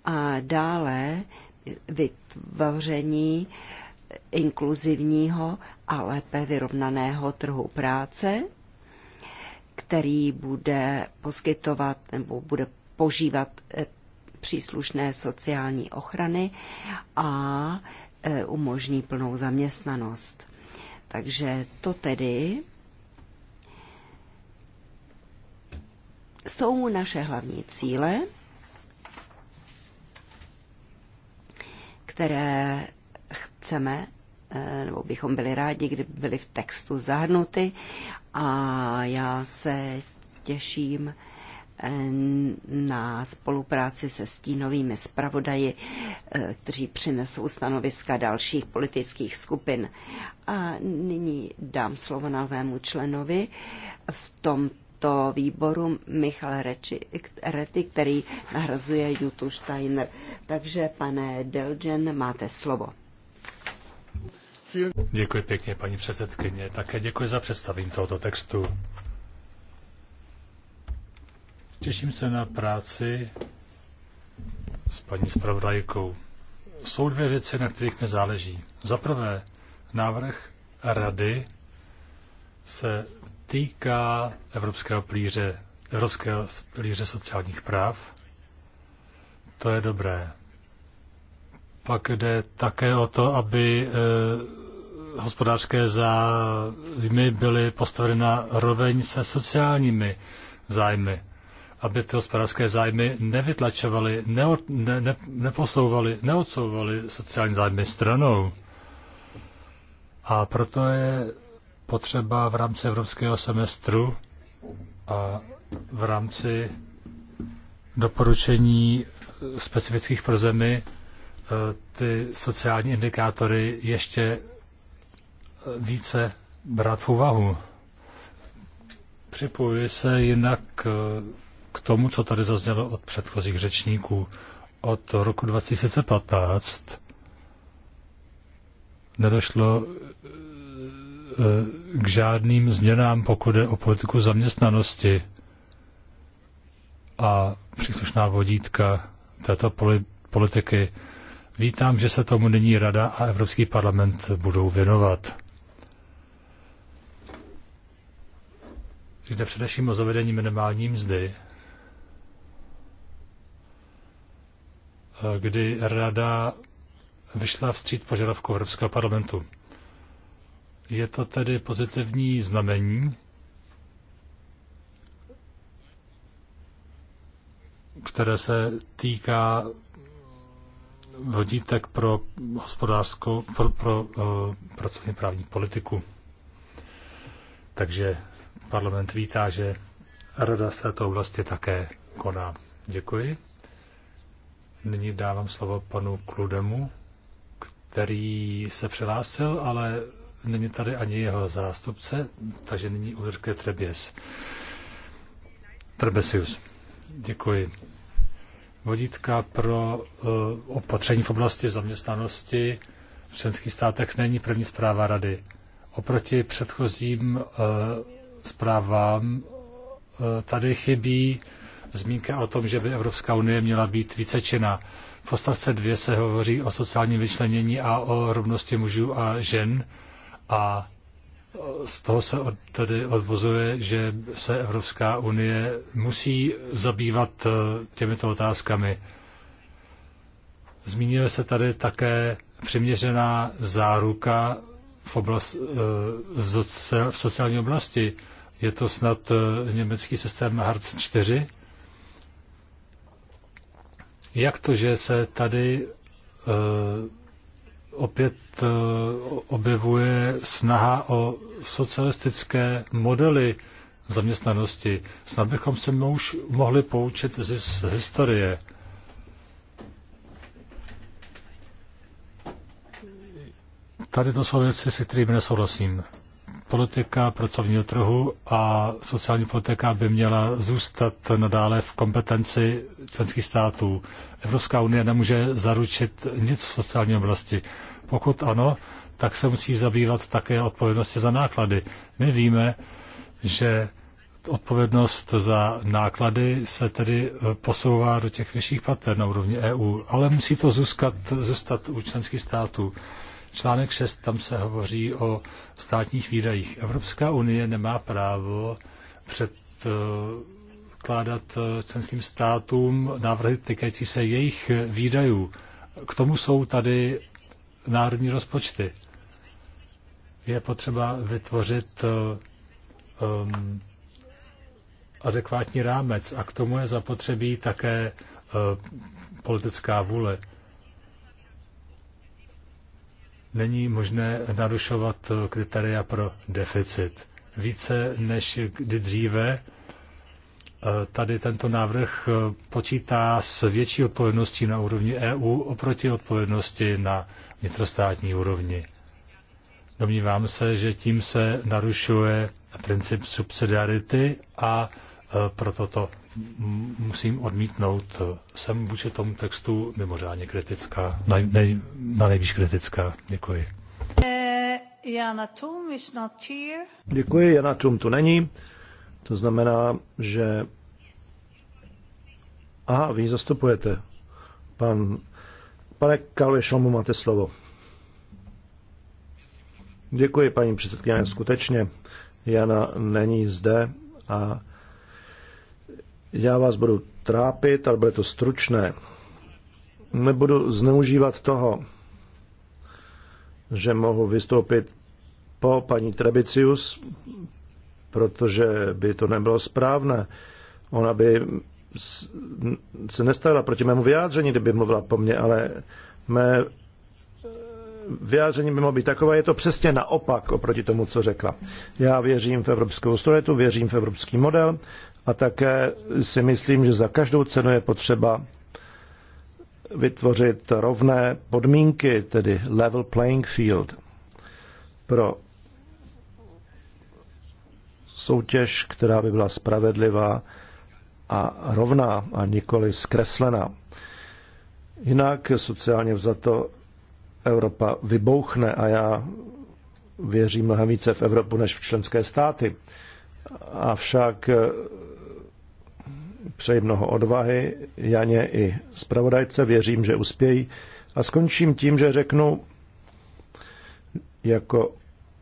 a dále vytvoření inkluzivního a lépe vyrovnaného trhu práce, který bude poskytovat nebo bude požívat eh, příslušné sociální ochrany a eh, umožní plnou zaměstnanost. Takže to tedy jsou naše hlavní cíle které chceme, eh, nebo bychom byli rádi, kdyby byly v textu zahrnuty a já se těším eh, na spolupráci se stínovými zpravodaji, eh, kteří přinesou stanoviska dalších politických skupin. A nyní dám slovo novému členovi v tom tomuto výboru Michal Reči, Rety, který nahrazuje Jutu Steiner. Takže, pane Delgen, máte slovo. Děkuji pěkně, paní předsedkyně. Také děkuji za představení tohoto textu. Těším se na práci s paní zpravodajkou. Jsou dvě věci, na kterých mi záleží. Za prvé, návrh rady se týká Evropského plíře, Evropského plíře sociálních práv. To je dobré. Pak jde také o to, aby e, hospodářské zájmy byly postaveny na roveň se sociálními zájmy. Aby ty hospodářské zájmy nevytlačovaly, ne, ne, neposouvaly, neodsouvaly sociální zájmy stranou. A proto je potřeba v rámci evropského semestru a v rámci doporučení specifických pro zemi e, ty sociální indikátory ještě e, více brát v úvahu. Připojuji se jinak e, k tomu, co tady zaznělo od předchozích řečníků. Od roku 2015 nedošlo Eh, k žádným změnám, pokud jde o politiku zaměstnanosti a příslušná vodítka této politiky. Vítám, že se tomu nyní Rada a Evropský parlament budou věnovat. Jde především o zavedení minimální mzdy, eh, kdy Rada vyšla vstříc požadavku Evropského parlamentu. Je to tedy pozitivní znamení, které se týká vodítek pro hospodářskou, pro, pro uh, pracovně právní politiku. Takže parlament vítá, že Rada v této oblasti také koná. Děkuji. Nyní dávám slovo panu Kludemu, který se přihlásil, ale Není tady ani jeho zástupce, takže nyní Ulrike Treběs. Trebesius. Děkuji. Vodítka pro uh, opatření v oblasti zaměstnanosti v členských státech není první zpráva rady. Oproti předchozím uh, zprávám uh, tady chybí zmínka o tom, že by Evropská unie měla být více činná. V ostavce 2 se hovoří o sociálním vyčlenění a o rovnosti mužů a žen. Uh, a z toho se od, tedy odvozuje, že se Evropská unie musí zabývat eh, těmito otázkami. Zmínil se tady také přiměřená záruka v, oblast, eh, v sociální oblasti. Je to snad eh, německý systém Hartz 4? Jak to, že se tady opět eh, objevuje snaha o socialistické modely zaměstnanosti. Snad bychom se už mohli poučit z historie. Tady to jsou věci, se kterými nesouhlasím politika pracovního trhu a sociální politika by měla zůstat nadále v kompetenci členských států. Evropská unie nemůže zaručit nic v sociální oblasti. Pokud ano, tak se musí zabývat také odpovědnosti za náklady. My víme, že odpovědnost za náklady se tedy eh, posouvá do těch vyšších pater na úrovni EU, ale musí to zůstat, zůstat u členských států. Článek 6, tam se hovoří o státních výdajích. Evropská unie nemá právo předkládat eh, členským státům návrhy týkající se jejich výdajů. K tomu jsou tady národní rozpočty. Je potřeba vytvořit um, adekvátní rámec a k tomu je zapotřebí také eh, politická vůle není možné narušovat kritéria pro deficit. Více než kdy dříve eh, tady tento návrh eh, počítá s větší odpovědností na úrovni EU oproti odpovědnosti na vnitrostátní úrovni. Domnívám se, že tím se narušuje princip subsidiarity a eh, proto to musím odmítnout. Eh, jsem vůči tomu textu mimořádně kritická, na, ne, na nejvíc kritická. Děkuji. Eh, Jana Tum is not here. Děkuji, Jana Tum tu není. To znamená, že... Aha, vy zastupujete. Pan... Pane Kalve Šomu, máte slovo. Děkuji, paní předsedkyně. Skutečně Jana není zde a já vás budu trápit, ale bude to stručné. Nebudu zneužívat toho, že mohu vystoupit po paní Trebicius, protože by to nebylo správné. Ona by se nestavila proti mému vyjádření, kdyby mluvila po mně, ale mé vyjádření by mohlo být takové, je to přesně naopak oproti tomu, co řekla. Já věřím v evropskou solidaritu, věřím v evropský model a také si myslím, že za každou cenu je potřeba vytvořit rovné podmínky, tedy level playing field, pro soutěž, která by byla spravedlivá a rovná a nikoli zkreslená. Jinak sociálně vzato Evropa vybouchne a já věřím mnohem více v Evropu než v členské státy. Avšak přeji mnoho odvahy, Janě i zpravodajce, věřím, že uspějí. A skončím tím, že řeknu, jako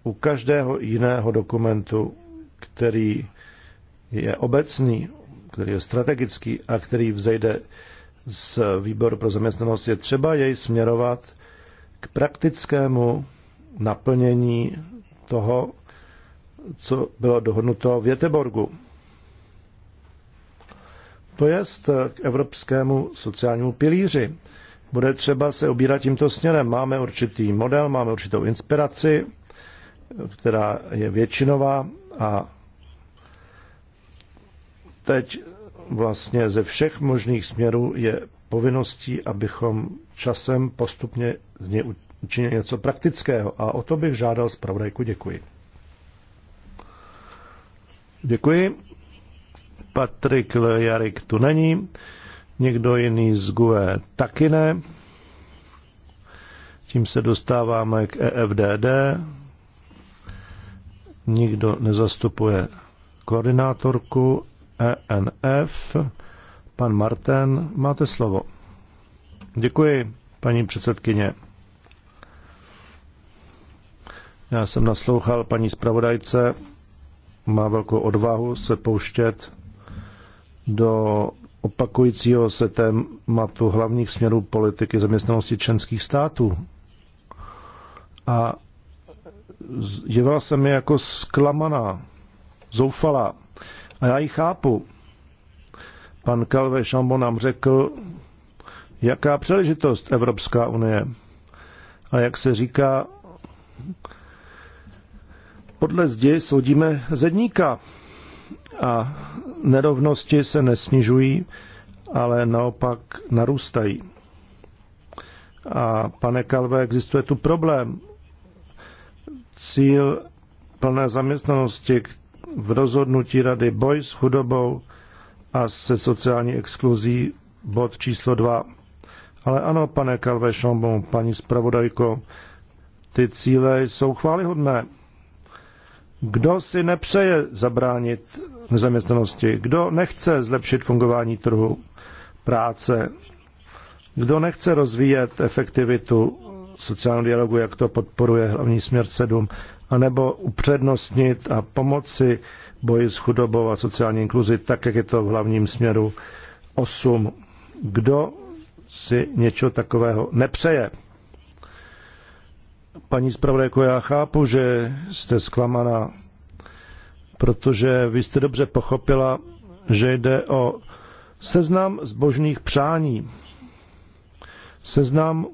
u každého jiného dokumentu, který je obecný, který je strategický a který vzejde z výboru pro zaměstnanost, je třeba jej směrovat k praktickému naplnění toho, co bylo dohodnuto v Jeteborgu to jest k evropskému sociálnímu pilíři. Bude třeba se obírat tímto směrem. Máme určitý model, máme určitou inspiraci, která je většinová a teď vlastně ze všech možných směrů je povinností, abychom časem postupně z něj učinili něco praktického. A o to bych žádal zpravodajku. Děkuji. Děkuji. Patrik Jarik tu není, někdo jiný z GUE taky ne. Tím se dostáváme k EFDD. Nikdo nezastupuje koordinátorku ENF. Pan Marten, máte slovo. Děkuji, paní předsedkyně. Já jsem naslouchal paní zpravodajce, má velkou odvahu se pouštět do opakujícího se tématu hlavních směrů politiky zaměstnanosti členských států. A jevila se mi jako zklamaná, zoufalá. A já ji chápu. Pan Calvé Šambo nám řekl, jaká příležitost Evropská unie. A jak se říká, podle zdi soudíme zedníka a nerovnosti se nesnižují, ale naopak narůstají. A pane Kalve, existuje tu problém. Cíl plné zaměstnanosti v rozhodnutí rady boj s chudobou a se sociální exkluzí bod číslo 2. Ale ano, pane Kalve Šombo, paní zpravodajko, ty cíle jsou chválihodné. Kdo si nepřeje zabránit nezaměstnanosti, kdo nechce zlepšit fungování trhu práce, kdo nechce rozvíjet efektivitu sociálního dialogu, jak to podporuje hlavní směr 7, anebo upřednostnit a pomoci boji s chudobou a sociální inkluzi, tak jak je to v hlavním směru 8. Kdo si něčeho takového nepřeje? Paní zpravodajko, já chápu, že jste zklamaná protože vy jste dobře pochopila, že jde o seznam zbožných přání. Seznam,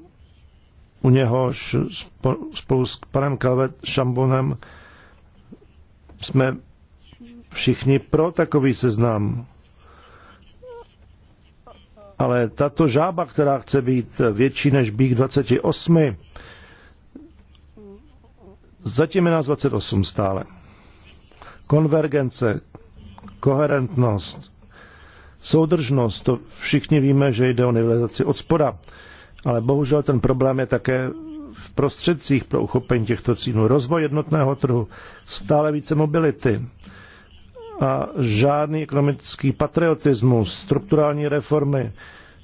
u něhož spolu s panem Kalvet Šambonem jsme všichni pro takový seznam. Ale tato žába, která chce být větší než bík 28, zatím je nás 28 stále konvergence, koherentnost, soudržnost, to všichni víme, že jde o nivelizaci od spoda. Ale bohužel ten problém je také v prostředcích pro uchopení těchto cílů. Rozvoj jednotného trhu, stále více mobility a žádný ekonomický patriotismus, strukturální reformy,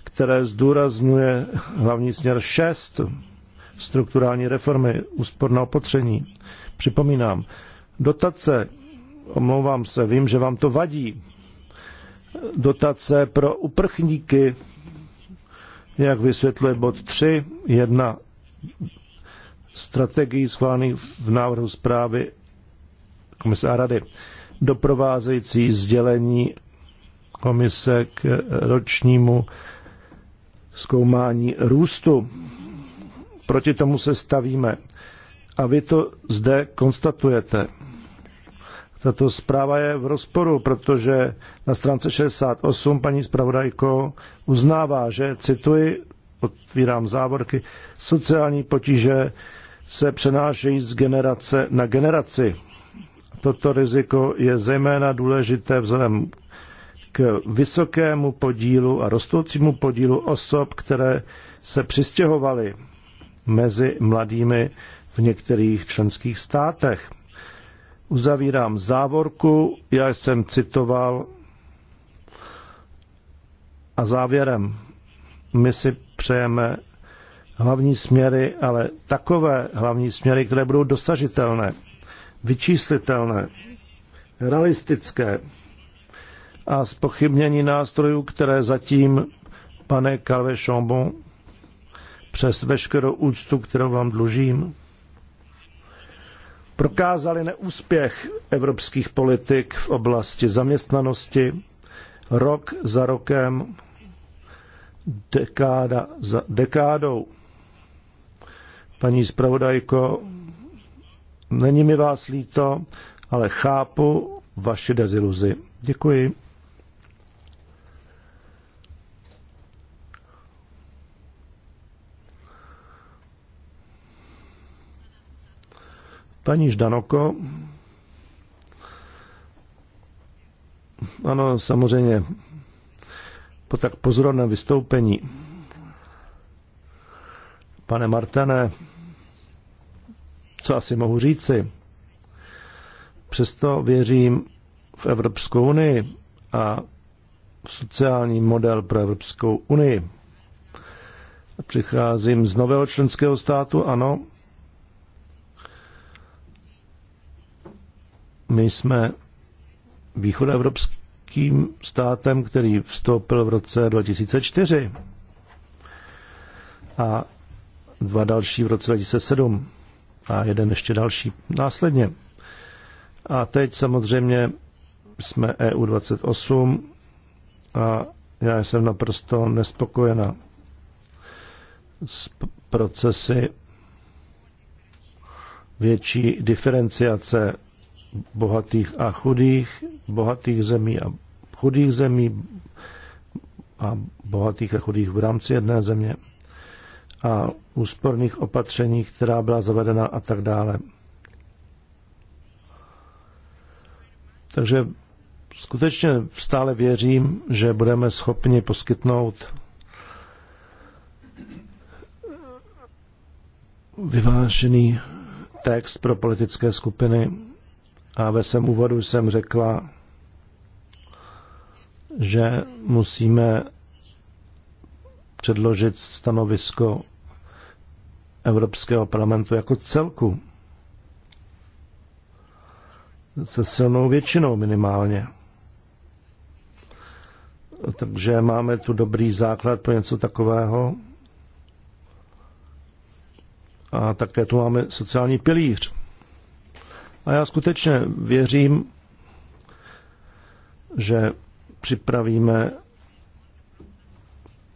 které zdůrazňuje hlavní směr 6, strukturální reformy, úsporná opatření. Připomínám, dotace Omlouvám se, vím, že vám to vadí. Dotace pro uprchlíky, jak vysvětluje bod 3, jedna strategií schválených v návrhu zprávy komise a rady. Doprovázející sdělení komise k ročnímu zkoumání růstu. Proti tomu se stavíme. A vy to zde konstatujete. Tato zpráva je v rozporu, protože na stránce 68 paní zpravodajko uznává, že, cituji, otvírám závorky, sociální potíže se přenášejí z generace na generaci. Toto riziko je zejména důležité vzhledem k vysokému podílu a rostoucímu podílu osob, které se přistěhovaly mezi mladými v některých členských státech. Uzavírám závorku, já jsem citoval a závěrem. My si přejeme hlavní směry, ale takové hlavní směry, které budou dosažitelné, vyčíslitelné, realistické a spochybnění nástrojů, které zatím, pane Calvé Chambon, přes veškerou úctu, kterou vám dlužím, prokázali neúspěch evropských politik v oblasti zaměstnanosti rok za rokem, dekáda za dekádou. Paní zpravodajko, není mi vás líto, ale chápu vaši deziluzi. Děkuji. Paní Ždanoko. Ano, samozřejmě. Po tak pozorovném vystoupení. Pane Martane, co asi mohu říci? Přesto věřím v Evropskou unii a v sociální model pro Evropskou unii. Přicházím z nového členského státu, ano, My jsme východoevropským státem, který vstoupil v roce 2004 a dva další v roce 2007 a jeden ještě další následně. A teď samozřejmě jsme EU28 a já jsem naprosto nespokojena s procesy větší diferenciace bohatých a chudých, bohatých zemí a chudých zemí a bohatých a chudých v rámci jedné země a úsporných opatření, která byla zavedena a tak dále. Takže skutečně stále věřím, že budeme schopni poskytnout vyvážený text pro politické skupiny a ve svém úvodu jsem řekla, že musíme předložit stanovisko Evropského parlamentu jako celku. Se silnou většinou minimálně. Takže máme tu dobrý základ pro něco takového. A také tu máme sociální pilíř. A já skutečně věřím, že připravíme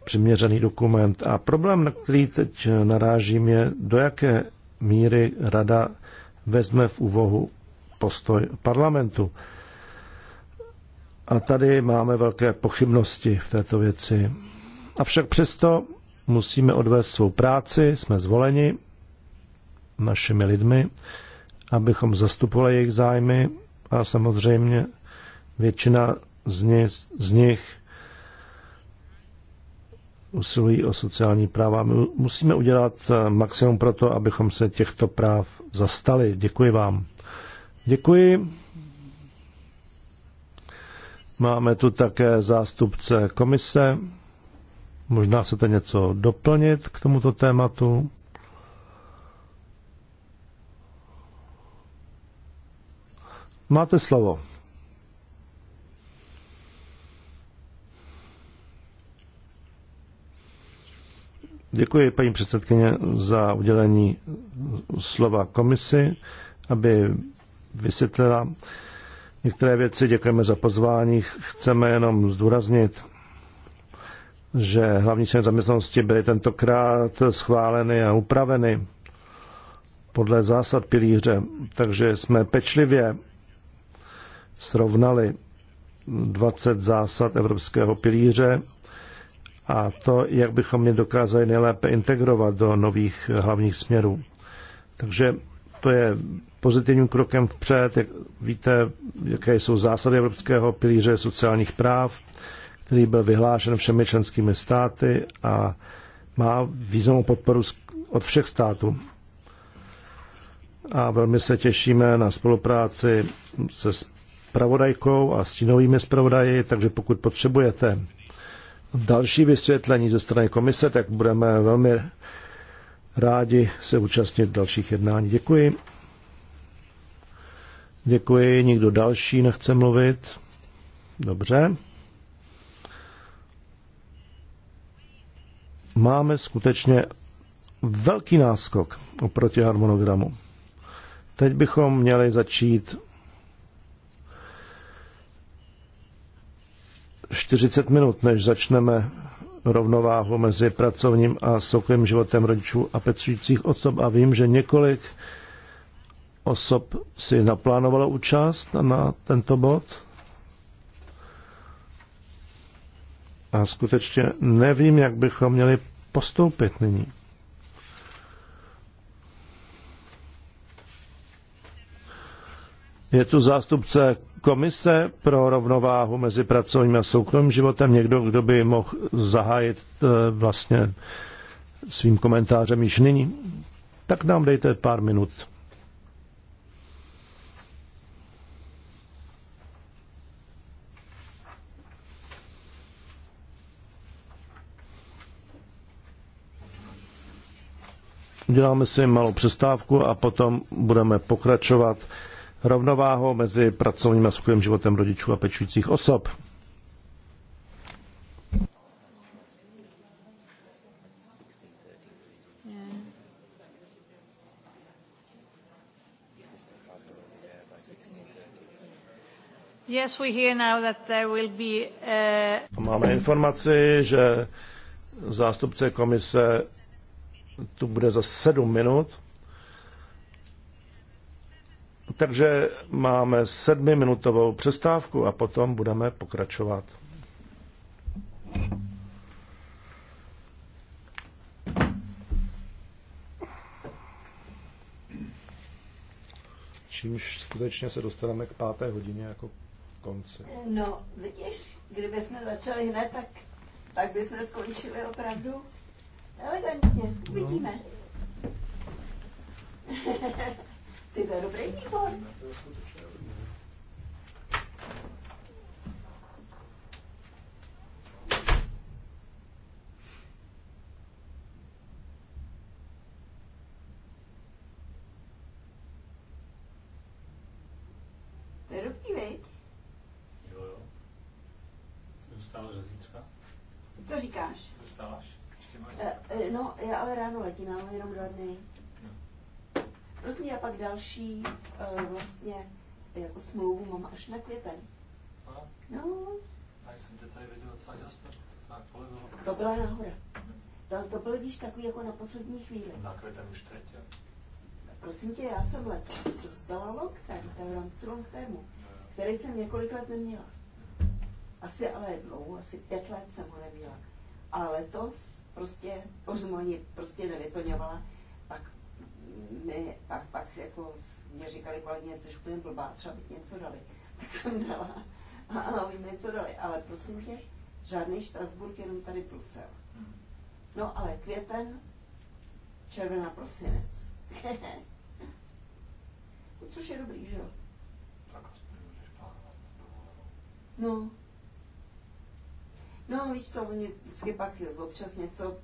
přiměřený dokument. A problém, na který teď narážím, je, do jaké míry rada vezme v úvahu postoj parlamentu. A tady máme velké pochybnosti v této věci. Avšak přesto musíme odvést svou práci, jsme zvoleni našimi lidmi abychom zastupovali jejich zájmy a samozřejmě většina z nich, z nich usilují o sociální práva. My musíme udělat eh, maximum pro to, abychom se těchto práv zastali. Děkuji vám. Děkuji. Máme tu také zástupce komise. Možná chcete něco doplnit k tomuto tématu? Máte slovo. Děkuji paní předsedkyně za udělení slova komisi, aby vysvětlila některé věci. Děkujeme za pozvání. Chceme jenom zdůraznit, že hlavní ceny zaměstnanosti byly tentokrát schváleny a upraveny podle zásad pilíře, takže jsme pečlivě srovnali 20 zásad evropského pilíře a to, jak bychom je dokázali nejlépe integrovat do nových hlavních směrů. Takže to je pozitivním krokem vpřed. Jak víte, jaké jsou zásady Evropského pilíře sociálních práv, který byl vyhlášen všemi členskými státy a má významnou podporu od všech států. A velmi se těšíme na spolupráci se zpravodajkou a stínovými zpravodaji, takže pokud potřebujete další vysvětlení ze strany komise, tak budeme velmi rádi se účastnit dalších jednání. Děkuji. Děkuji. Nikdo další nechce mluvit? Dobře. Máme skutečně velký náskok oproti harmonogramu. Teď bychom měli začít 40 minut, než začneme rovnováhu mezi pracovním a soukromým životem rodičů a pečujících osob a vím, že několik osob si naplánovalo účast na tento bod. A skutečně nevím, jak bychom měli postoupit nyní. Je tu zástupce komise pro rovnováhu mezi pracovním a soukromým životem, někdo, kdo by mohl zahájit eh, vlastně svým komentářem již nyní, tak nám dejte pár minut. Uděláme si malou přestávku a potom budeme pokračovat rovnováhou mezi pracovním a soukromým životem rodičů a pečujících osob. Yes, we hear now that there will be, uh... Máme informaci, že zástupce komise tu bude za sedm minut. Takže máme sedmiminutovou přestávku a potom budeme pokračovat. Čímž skutečně se dostaneme k páté hodině jako konci. No, vidíš, kdyby jsme začali hned, tak, tak bychom skončili opravdu elegantně. No. Uvidíme. No. Ty to je dobrý vývoj. Jo, jo. Co říkáš? Dostáváš? Ještě máš? E, no, já ale ráno letím, mám jenom dva dny. Prosím, a pak další eh, vlastně jako smlouvu mám až na květen. No. to byla náhoda. To, to byl, víš, takový jako na poslední chvíli. Na květem už teď, Prosím tě, já jsem letos dostala lokten, ten celou tému, který jsem několik let neměla. Asi ale dlouho, asi pět let jsem ho neměla. A letos prostě, už prostě nevyplňovala, pak my pak, pak jako mě říkali že jsi úplně blbá, třeba bych něco dali. Tak jsem dala a, a oni něco dali. Ale prosím tě, žádný Štrasburg, jenom tady Brusel. Hmm. No ale květen, červená prosinec. Což je dobrý, že jo? Tak aspoň No. No víš co, oni vždycky pak občas něco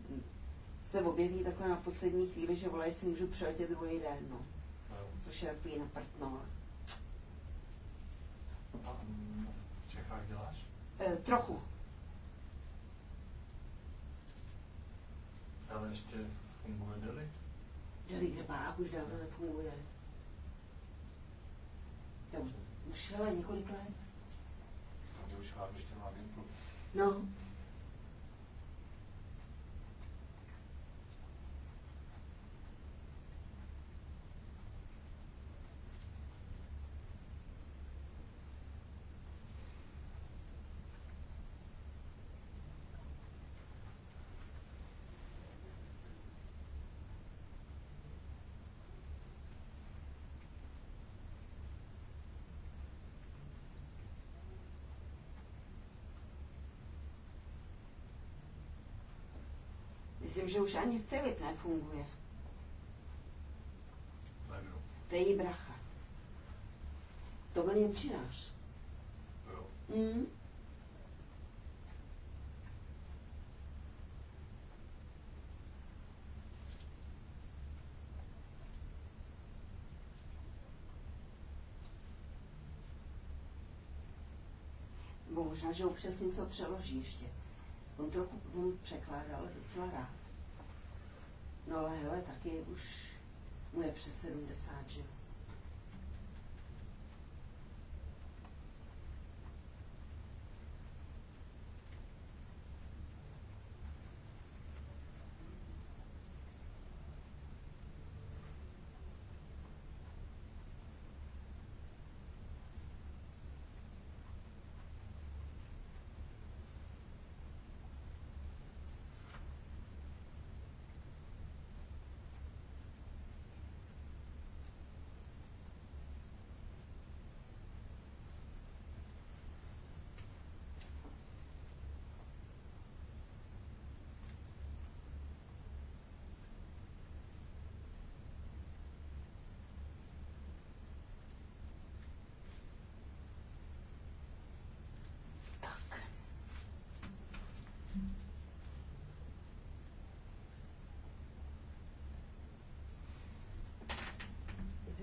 se objeví takhle na poslední chvíli, že volají si můžu přeletět druhý den, no. no. Což je takový naprtno. A mm, v Čechách děláš? E, trochu. Ale ještě funguje deli? Deli kde Grabák už dávno nefunguje. Tam už ale několik let. Tam je už vám ještě má No. Myslím, že už ani Filip nefunguje. To je bracha. To byl Němčinář. Jo. Mm. Bohužel, že občas něco přeloží ještě. On trochu on překládal docela rád. No ale hele, taky už mu je přes 70, že jo.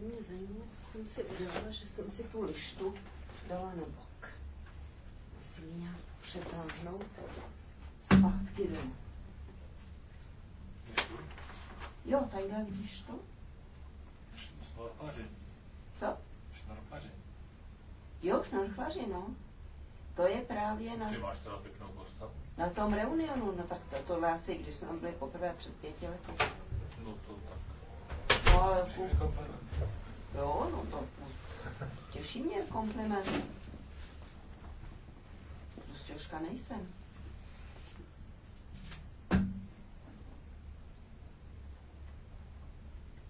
mě zajímá, co jsem si udělala, že jsem si tu lištu dala na bok. Musím ji nějak přetáhnout zpátky domů. Jo, tady vidíš to? Šnorchlaři. Co? Šnorchlaři. Jo, šnorchlaři, no. To je právě na... Ty máš teda pěknou postavu. Na tom reunionu, no tak to, tohle asi, když jsme byli poprvé před pěti lety. No to tak ale... Jo, no to těší mě kompliment. Dostěžka nejsem.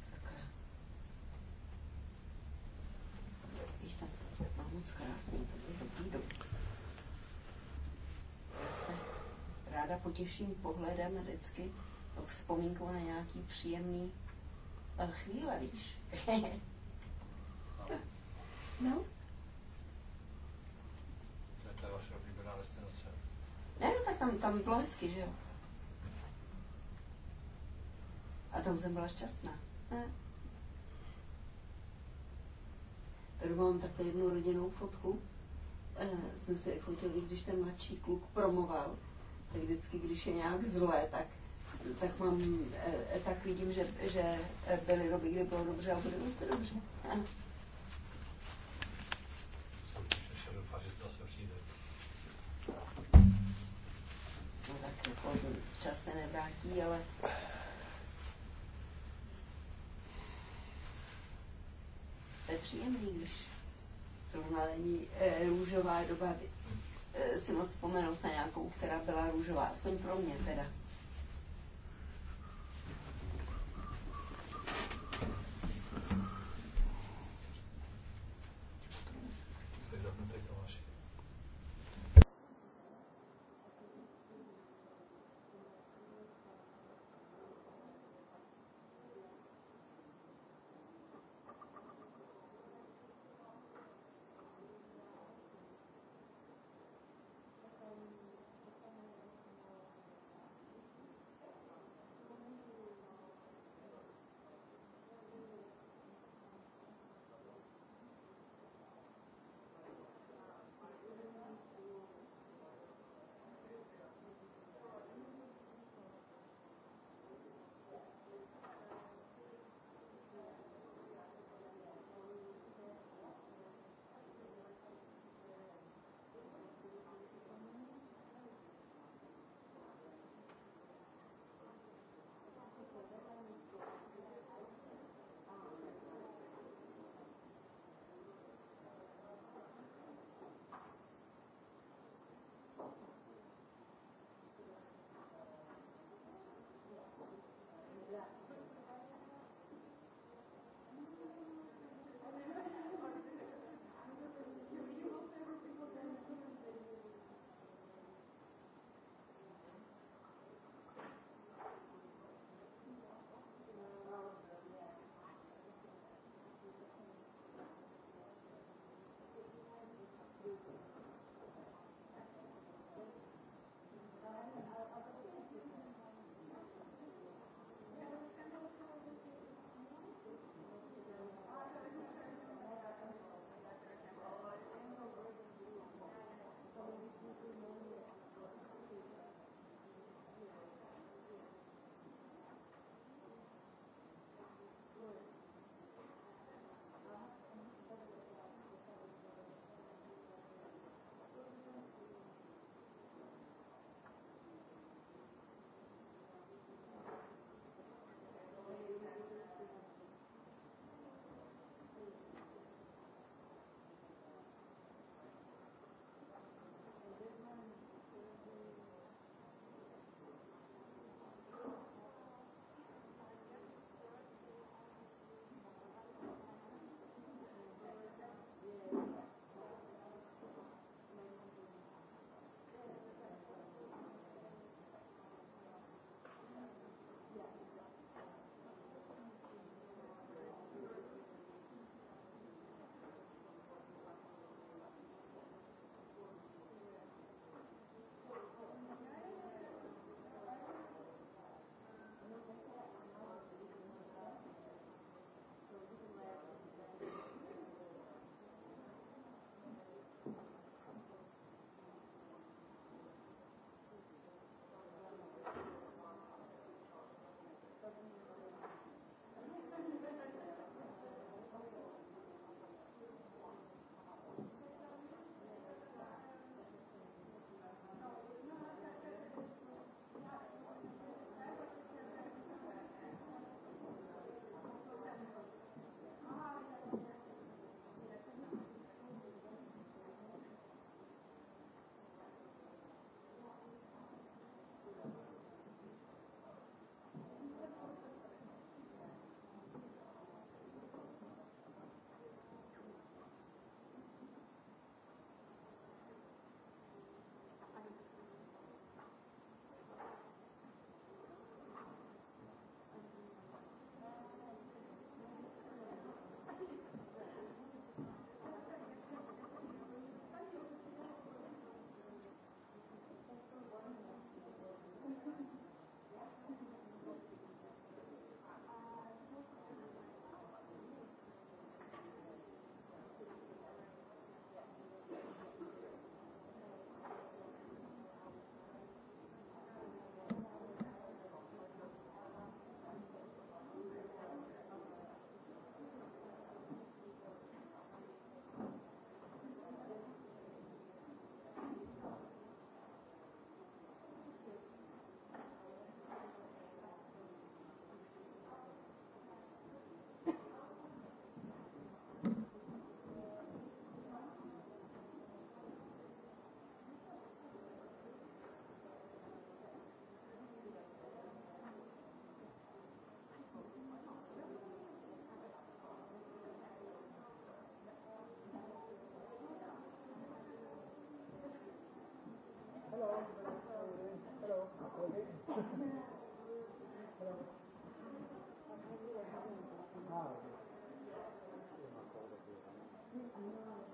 Sakra. Víš, tam má moc krásný, to bude dobrý dom. Se ráda potěším pohledem vždycky vzpomínkou na nějaký příjemný chvíle, víš. no. Co je ta vaše oblíbená destinace? Ne, no tak tam, tam bylo hezky, že jo. A tam jsem byla šťastná. Ne? Tady mám také jednu rodinnou fotku. E, jsme se fotili, když ten mladší kluk promoval. Tak vždycky, když je nějak zlé, tak tak mám, eh, eh, tak vidím, že, že eh, byly doby, kdy bylo dobře a bude zase dobře. No tak jako čas se nevrátí, ale to je příjemný, když zrovna není růžová doba si moc vzpomenout na nějakou, která byla růžová, aspoň pro mě teda. Ah,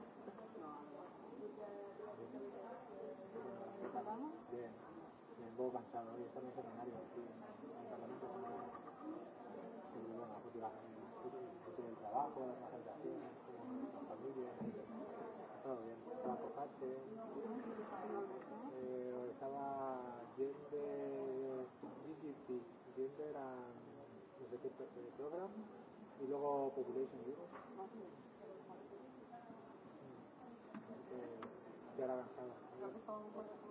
poco cansado hoy estar no en el seminario aquí en el Parlamento. Y bueno, pues iba el trabajo, las presentaciones, la familia, todo bien. Estaba por parte. Eh, estaba yendo GGP, yendo era no sé qué program y luego Population Europe. Mm. Eh, ya era cansado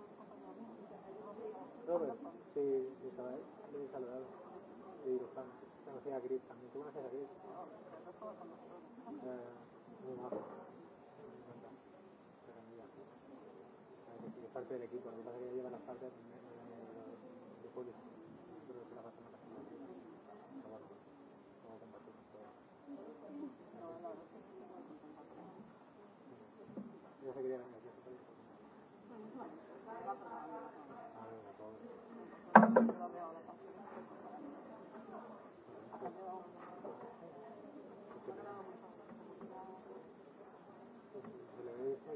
parte del equipo, lo que pasa es que lleva las partes de, de, de, de, de, de, de, de, de, de, de,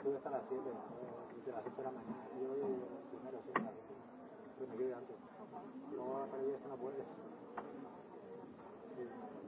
Estuve hasta las 7, ¿no? desde las 7 de la mañana. Yo voy primero, sí, a las 7. Pero me quedé antes. Luego a la pared ya está no puedes. Sí.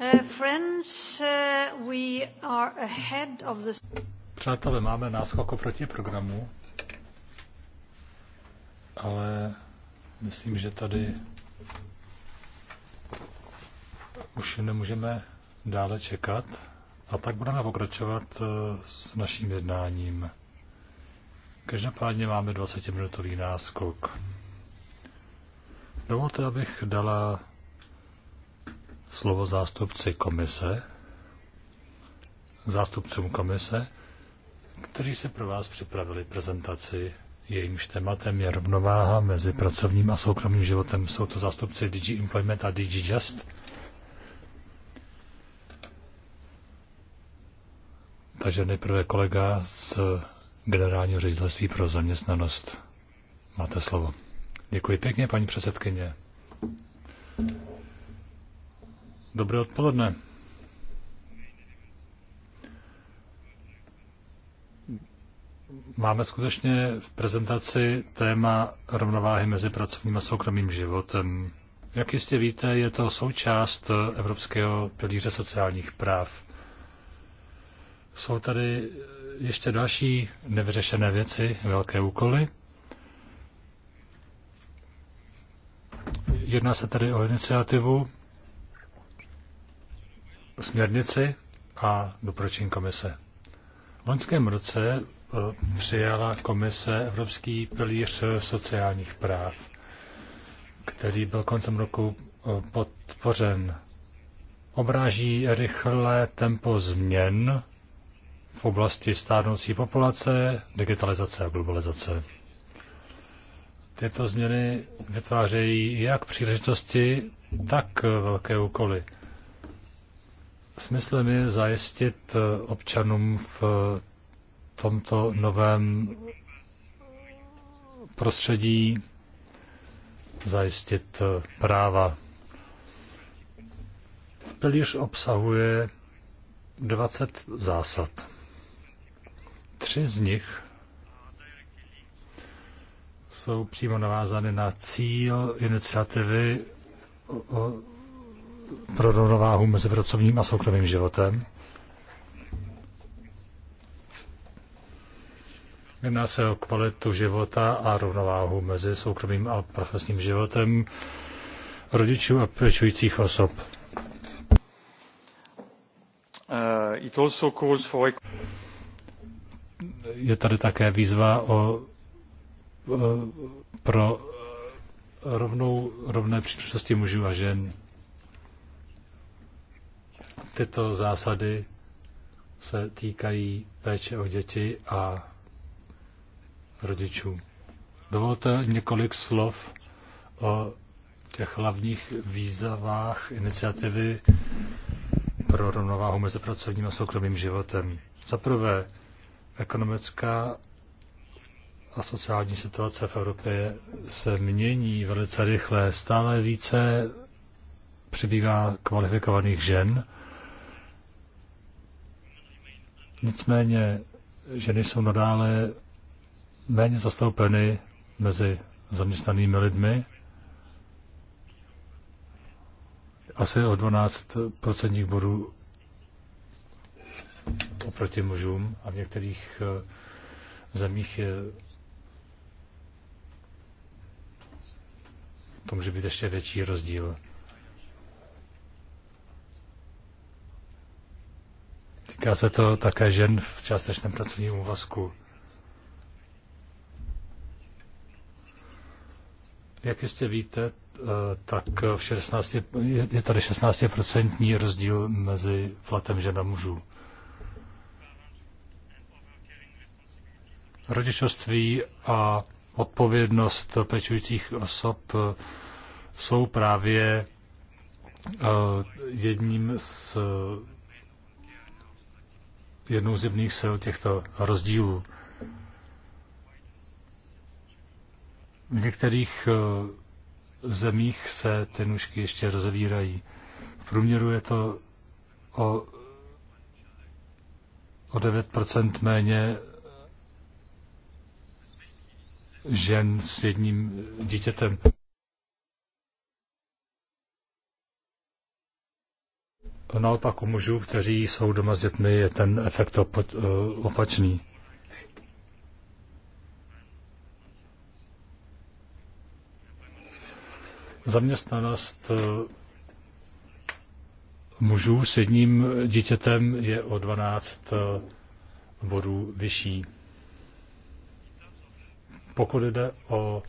Uh, uh, Přátelé, máme náskok oproti programu, ale myslím, že tady už nemůžeme dále čekat a tak budeme pokračovat uh, s naším jednáním. Každopádně máme 20-minutový náskok. Dovolte, abych dala slovo zástupci komise, zástupcům komise, kteří se pro vás připravili prezentaci. Jejímž tématem je rovnováha mezi pracovním a soukromým životem. Jsou to zástupci DG Employment a DG Just. Takže nejprve kolega z Generálního ředitelství pro zaměstnanost. Máte slovo. Děkuji pěkně, paní předsedkyně. Dobré odpoledne. Máme skutečně v prezentaci téma rovnováhy mezi pracovním a soukromým životem. Jak jistě víte, je to součást Evropského pilíře sociálních práv. Jsou tady ještě další nevyřešené věci, velké úkoly, Jedná se tady o iniciativu, směrnici a doporučení komise. V loňském roce eh, přijala komise Evropský pilíř sociálních práv, který byl koncem roku eh, podpořen. Obráží rychlé tempo změn v oblasti stárnoucí populace, digitalizace a globalizace. Tyto změny vytvářejí jak příležitosti, tak velké úkoly. Smyslem je zajistit občanům v tomto novém prostředí zajistit práva. Pilíř obsahuje 20 zásad. Tři z nich jsou přímo navázány na cíl iniciativy pro rovnováhu mezi pracovním a soukromým životem. Jedná se o kvalitu života a rovnováhu mezi soukromým a profesním životem rodičů a pečujících osob. Uh, it also calls for... Je tady také výzva o pro eh, rovnou, rovné příležitosti mužů a žen. Tyto zásady se týkají péče o děti a rodičů. Dovolte několik slov o těch hlavních výzavách iniciativy pro rovnováhu mezi pracovním a soukromým životem. Za prvé, ekonomická a sociální situace v Evropě se mění velice rychle. Stále více přibývá kvalifikovaných žen. Nicméně ženy jsou nadále méně zastoupeny mezi zaměstnanými lidmi. Asi o 12 procentních bodů oproti mužům a v některých eh, zemích je to může být ještě větší rozdíl. Týká se to také žen v částečném pracovním úvazku. Jak jistě víte, eh, tak v 16, je tady 16% rozdíl mezi platem žen a mužů. Rodičovství a odpovědnost pečujících osob jsou právě eh, jedním z jednou z jedných sil těchto rozdílů. V některých eh, zemích se ty nůžky ještě rozevírají. V průměru je to o, o 9% méně žen s jedním dítětem. Naopak u mužů, kteří jsou doma s dětmi, je ten efekt eh, opačný. Zaměstnanost eh, mužů s jedním dítětem je o 12 eh, bodů vyšší. Pokud jde o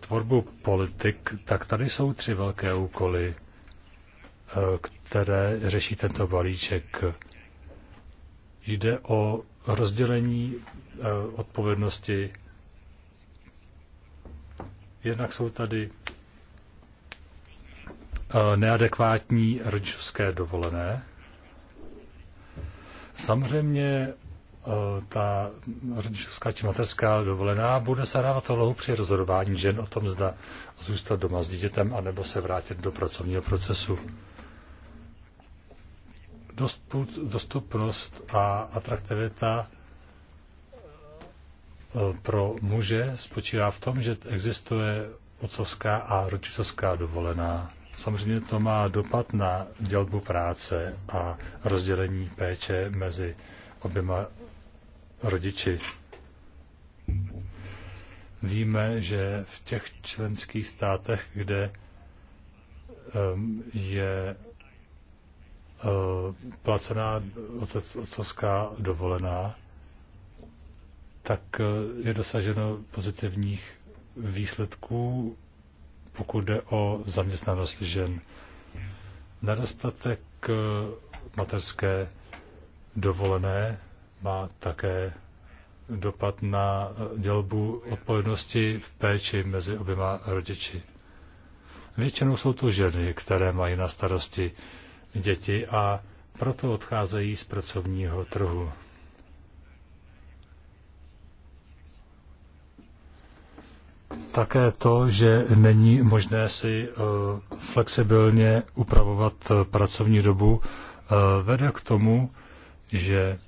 tvorbu politik, tak tady jsou tři velké úkoly, e, které řeší tento balíček. Jde o rozdělení e, odpovědnosti. Jednak jsou tady e, neadekvátní rodičovské dovolené. Samozřejmě Eh, ta rodičovská či mateřská dovolená bude sehrávat úlohu při rozhodování žen o tom, zda zůstat doma s dítětem anebo se vrátit do pracovního procesu. Dostupnost a atraktivita eh, pro muže spočívá v tom, že existuje otcovská a rodičovská dovolená. Samozřejmě to má dopad na dělbu práce a rozdělení péče mezi oběma rodiči. Víme, že v těch členských státech, kde je eh, placená otcovská dovolená, tak eh, je dosaženo pozitivních výsledků, pokud jde o zaměstnanost žen. Nedostatek eh, materské dovolené má také dopad na dělbu odpovědnosti v péči mezi oběma rodiči. Většinou jsou to ženy, které mají na starosti děti a proto odcházejí z pracovního trhu. Také to, že není možné si eh, flexibilně upravovat eh, pracovní dobu, eh, vede k tomu, že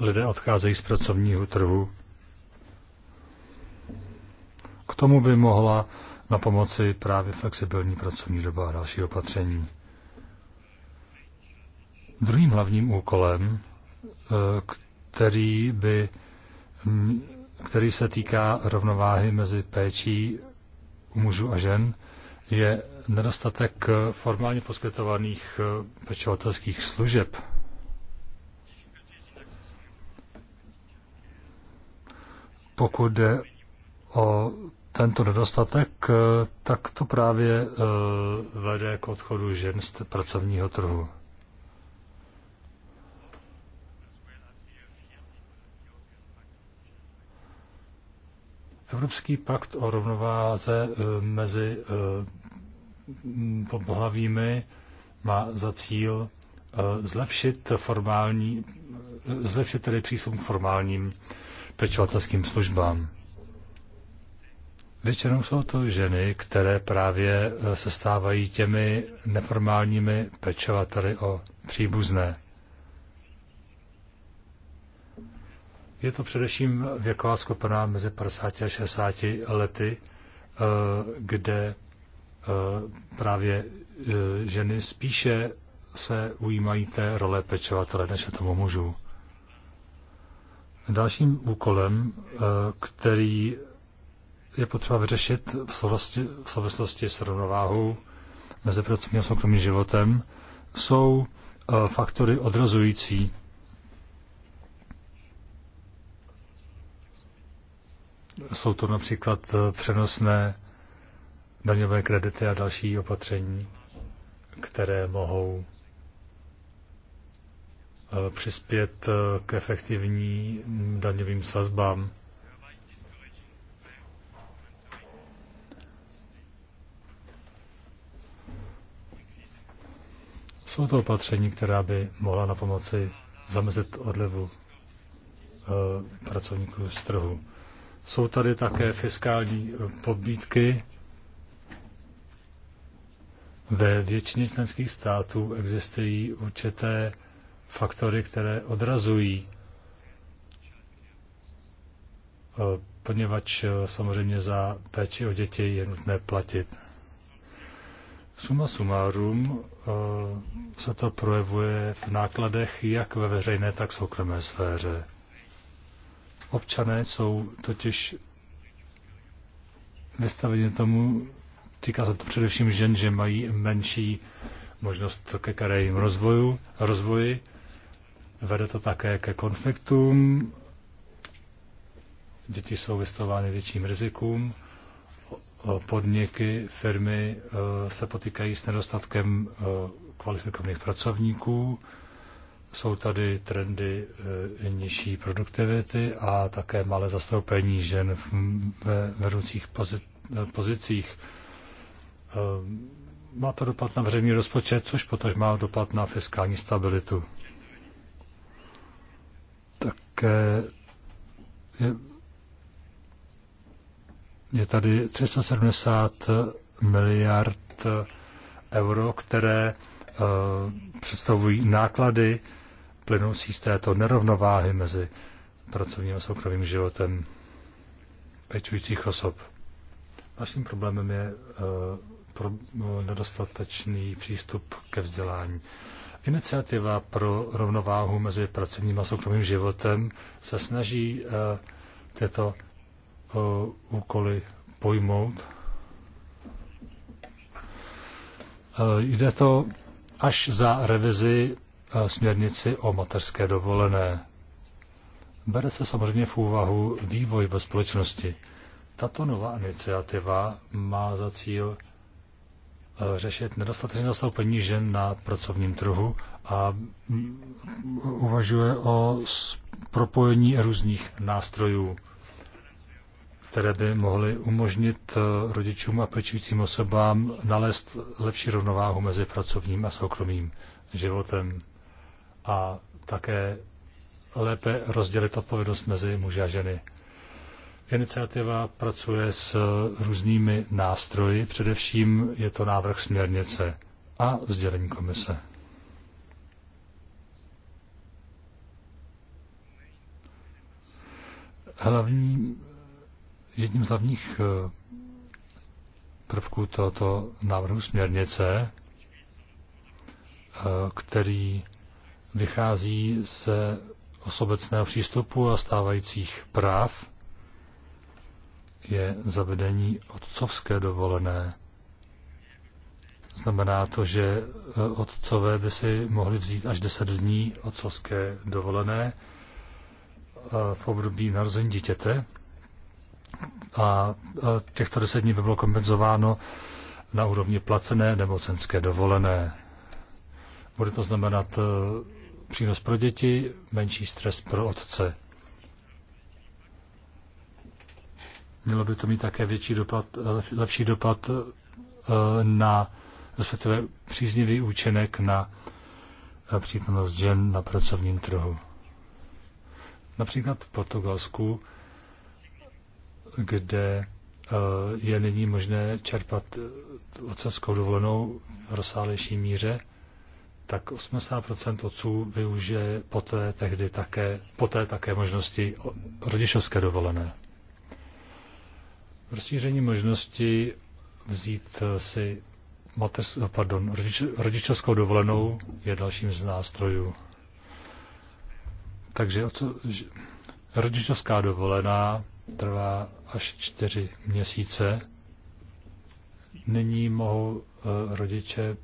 lidé odcházejí z pracovního trhu. K tomu by mohla na pomoci právě flexibilní pracovní doba a další opatření. Druhým hlavním úkolem, eh, který, by, mm, který se týká rovnováhy mezi péčí u mužů a žen, je nedostatek formálně poskytovaných eh, pečovatelských služeb Pokud jde o tento nedostatek, tak to právě eh, vede k odchodu žen z pracovního trhu. Evropský pakt o rovnováze eh, mezi eh, pohlavími má za cíl zlepšit formální, zlepšit tedy přístup k formálním pečovatelským službám. Většinou jsou to ženy, které právě eh, se stávají těmi neformálními pečovateli o příbuzné. Je to především věková skupina mezi 50 a 60 lety, eh, kde eh, právě ženy spíše se ujímají té role pečovatele, než tomu mužů. Dalším úkolem, eh, který je potřeba vyřešit v souvislosti, v souvislosti s rovnováhou mezi pracovním a soukromým životem, jsou eh, faktory odrazující. Jsou to například eh, přenosné daňové kredity a další opatření, které mohou Eh, přispět eh, k efektivním daňovým sazbám. Jsou to opatření, která by mohla na pomoci zamezit odlevu eh, pracovníků z trhu. Jsou tady také fiskální pobídky. Ve většině členských států existují určité faktory, které odrazují, e, poněvadž e, samozřejmě za péči o děti je nutné platit. Suma sumárum e, se to projevuje v nákladech jak ve veřejné, tak soukromé sféře. Občané jsou totiž vystaveni tomu, týká se to především žen, že mají menší možnost ke kariérním rozvoju, rozvoji Vede to také ke konfliktům, děti jsou vystavovány větším rizikům, podniky, firmy e, se potýkají s nedostatkem e, kvalifikovaných pracovníků, jsou tady trendy e, nižší produktivity a také malé zastoupení žen ve vedoucích pozicích. Má to dopad na veřejný rozpočet, což potaž má dopad na fiskální stabilitu. Také je, je tady 370 miliard euro, které eh, představují náklady plynoucí z této nerovnováhy mezi pracovním a soukromým životem pečujících osob. Naším problémem je eh, pro, eh, nedostatečný přístup ke vzdělání. Iniciativa pro rovnováhu mezi pracovním a soukromým životem se snaží eh, tyto eh, úkoly pojmout. Eh, jde to až za revizi směrnici o mateřské dovolené. Bere se samozřejmě v úvahu vývoj ve společnosti. Tato nová iniciativa má za cíl Eh, řešit nedostatečné zastoupení žen na pracovním trhu a mm, uvažuje o propojení různých nástrojů, které by mohly umožnit eh, rodičům a pečujícím osobám nalézt lepší rovnováhu mezi pracovním a soukromým životem a také lépe rozdělit odpovědnost mezi muže a ženy. Iniciativa pracuje s různými nástroji, především je to návrh směrnice a sdělení komise. Hlavní, jedním z hlavních eh, prvků tohoto návrhu směrnice, eh, který vychází ze osobecného přístupu a stávajících práv, je zavedení otcovské dovolené. Znamená to, že e, otcové by si mohli vzít až 10 dní otcovské dovolené e, v období narození dítěte a e, těchto 10 dní by bylo kompenzováno na úrovni placené nemocenské dovolené. Bude to znamenat přínos pro děti, menší stres pro otce. Mělo by to mít také větší dopad, eh, lepší dopad eh, na, respektive příznivý účinek na eh, přítomnost žen na pracovním trhu. Například v Portugalsku, kde je nyní možné čerpat otcovskou dovolenou v rozsálejší míře, tak 80 otců využije poté tehdy také, poté také možnosti rodičovské dovolené rozšíření možnosti vzít eh, si mateř, eh, pardon, rodič, rodičovskou dovolenou je dalším z nástrojů. Takže o co, rodičovská dovolená trvá až čtyři měsíce. Nyní mohou eh, rodiče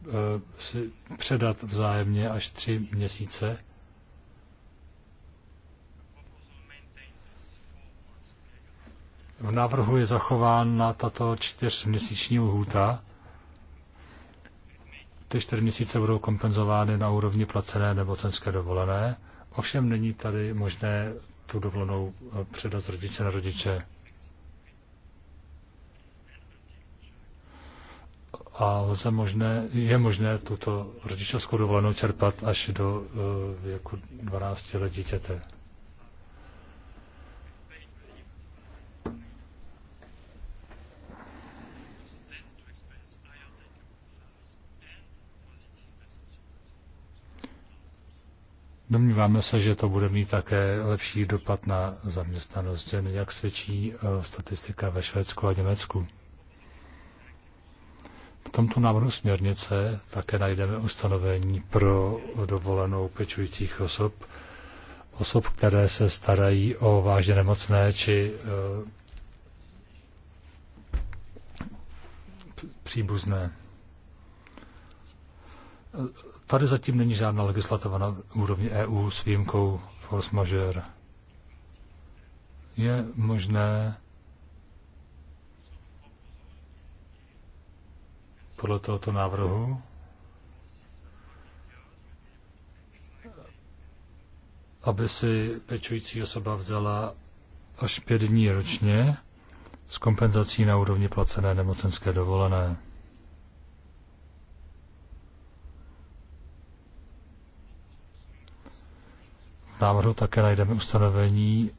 si předat vzájemně až tři měsíce V návrhu je zachována tato čtyřměsíční lhůta. Ty čtyři měsíce budou kompenzovány na úrovni placené nemocenské dovolené. Ovšem není tady možné tu dovolenou eh, předat z rodiče na rodiče. A lze možné, je možné tuto rodičovskou dovolenou čerpat až do eh, věku 12 let dítěte. Domníváme se, že to bude mít také lepší dopad na zaměstnanost, jak svědčí e, statistika ve Švédsku a Německu. V tomto návrhu směrnice také najdeme ustanovení pro dovolenou pečujících osob, osob, které se starají o vážně nemocné či e, příbuzné. Tady zatím není žádná legislativa na úrovni EU s výjimkou force majeure. Je možné podle tohoto návrhu aby si pečující osoba vzala až pět dní ročně s kompenzací na úrovni placené nemocenské dovolené. návrhu také najdeme ustanovení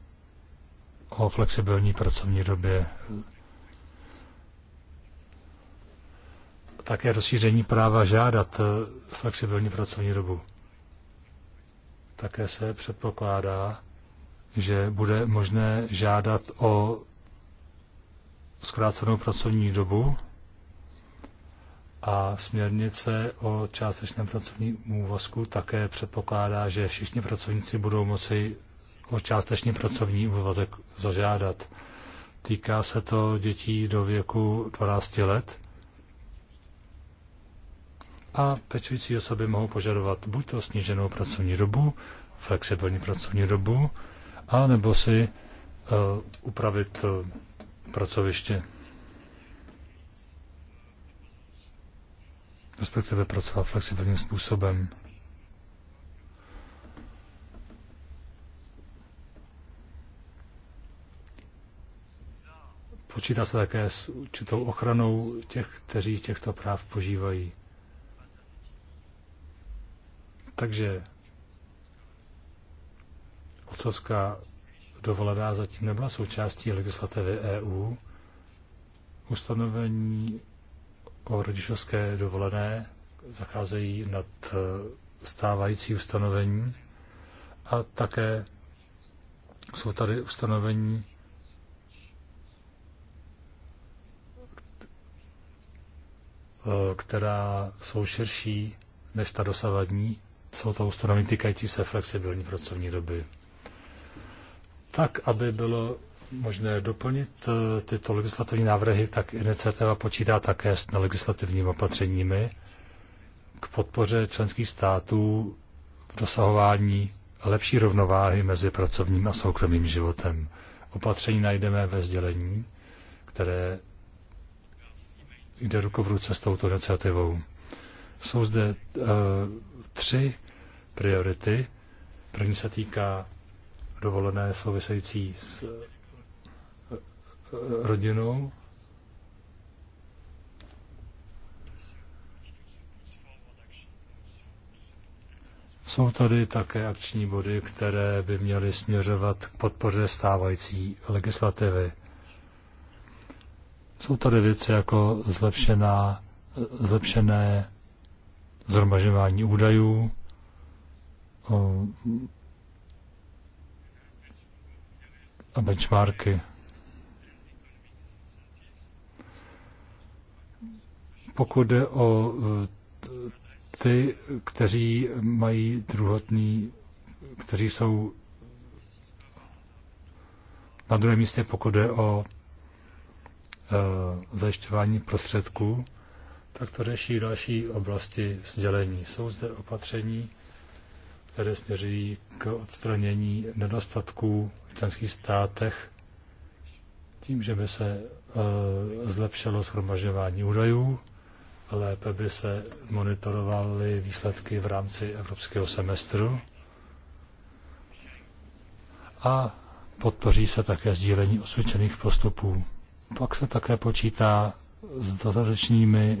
o flexibilní pracovní době. Také rozšíření práva žádat eh, flexibilní pracovní dobu. Také se předpokládá, že bude možné žádat o zkrácenou pracovní dobu a směrnice o částečném pracovním úvazku také předpokládá, že všichni pracovníci budou moci o částečný pracovní úvazek zažádat. Týká se to dětí do věku 12 let a pečující osoby mohou požadovat buď to sníženou pracovní dobu, flexibilní pracovní dobu, a nebo si uh, upravit uh, pracoviště. respektive pracovat flexibilním způsobem. Počítá se také s určitou ochranou těch, kteří těchto práv požívají. Takže otcovská dovolená zatím nebyla součástí legislativy EU. Ustanovení o jako rodičovské dovolené zacházejí nad eh, stávající ustanovení a také jsou tady ustanovení, eh, která jsou širší než ta dosavadní. Jsou to ustanovení týkající se flexibilní pracovní doby. Tak, aby bylo možné doplnit eh, tyto legislativní návrhy, tak iniciativa počítá také s legislativními opatřeními k podpoře členských států v dosahování lepší rovnováhy mezi pracovním a soukromým životem. Opatření najdeme ve sdělení, které jde ruku v ruce s touto iniciativou. Jsou zde uh, tři priority. První se týká dovolené související s rodinou. Jsou tady také akční body, které by měly směřovat k podpoře stávající legislativy. Jsou tady věci jako zlepšená, zlepšené zhromažování údajů, a benchmarky. pokud jde o eh, ty, kteří mají druhotný, kteří jsou na druhém místě, pokud jde o e, zajišťování prostředků, tak to řeší další oblasti sdělení. Jsou zde opatření, které směřují k odstranění nedostatků v členských státech tím, že by se e, zlepšilo shromažďování údajů, lépe by se monitorovaly výsledky v rámci evropského semestru a podpoří se také sdílení osvědčených postupů. Pak se také počítá s dodatečnými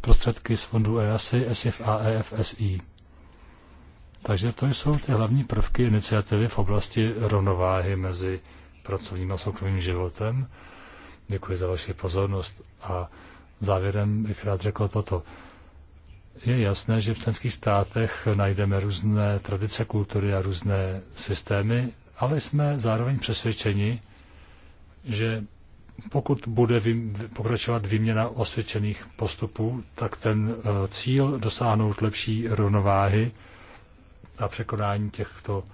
prostředky z fondu EASI, ESIF a EFSI. Takže to jsou ty hlavní prvky iniciativy v oblasti rovnováhy mezi pracovním a soukromým životem. Děkuji za vaši pozornost a Závěrem bych rád řekl toto. Je jasné, že v členských státech najdeme různé tradice, kultury a různé systémy, ale jsme zároveň přesvědčeni, že pokud bude pokračovat výměna osvědčených postupů, tak ten eh, cíl dosáhnout lepší rovnováhy a překonání těchto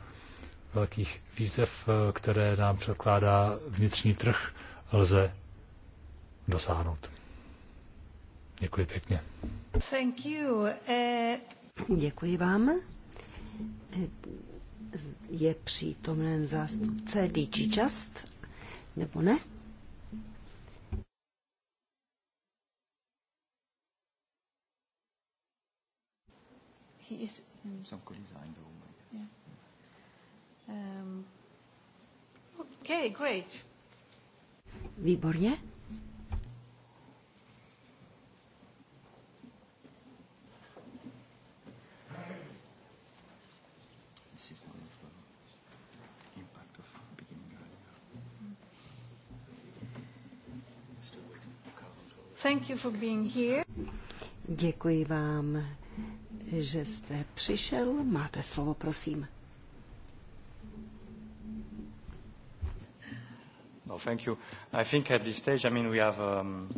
velkých výzev, eh, které nám předkládá vnitřní trh, lze dosáhnout. Děkuji pěkně. Thank you. Uh... Děkuji vám. Eh, je přítomen zástupce DG Just, nebo ne? He Yeah. Um, okay, great. Výborně. Thank you for being here. Děkuji vám, že jste přišel. Máte slovo, prosím. No, thank you. I think at this stage, I mean, we have... Um...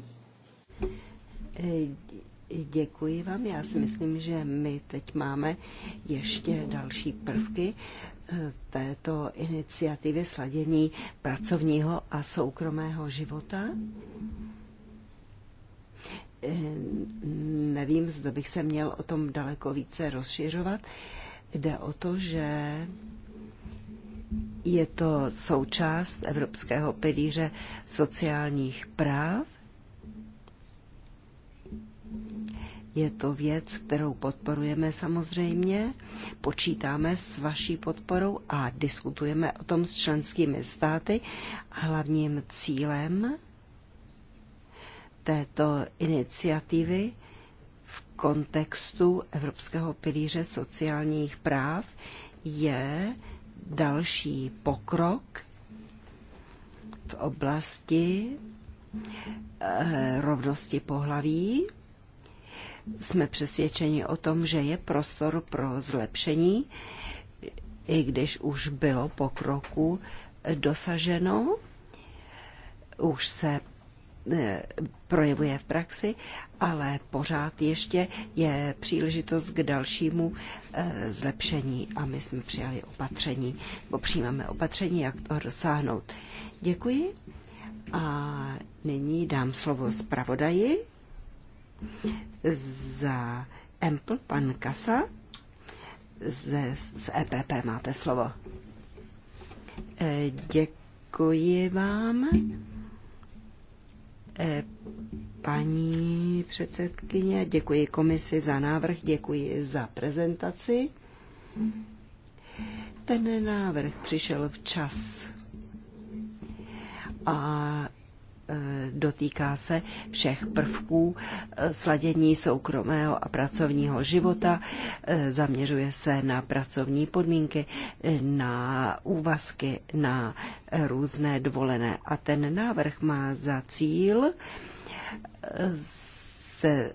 Eh, děkuji vám. Já si myslím, že my teď máme ještě další prvky eh, této iniciativy sladění pracovního a soukromého života. Ehm, nevím, zda bych se měl o tom daleko více rozšiřovat. Jde o to, že je to součást Evropského pilíře sociálních práv. Je to věc, kterou podporujeme samozřejmě, počítáme s vaší podporou a diskutujeme o tom s členskými státy. Hlavním cílem této iniciativy v kontextu Evropského pilíře sociálních práv je další pokrok v oblasti eh, rovnosti pohlaví. Jsme přesvědčeni o tom, že je prostor pro zlepšení, i když už bylo pokroku dosaženo. Už se E, projevuje v praxi, ale pořád ještě je příležitost k dalšímu e, zlepšení a my jsme přijali opatření, bo přijímáme opatření, jak to dosáhnout. Děkuji a nyní dám slovo zpravodaji za Empl, pan Kasa. Z, z e EPP máte slovo. Děkuji vám. Eh, paní předsedkyně, děkuji komisi za návrh, děkuji za prezentaci. Ten návrh přišel včas a Eh, dotýká se všech prvků eh, sladění soukromého a pracovního života, eh, zaměřuje se na pracovní podmínky, na úvazky, na různé dovolené. A ten návrh má za cíl se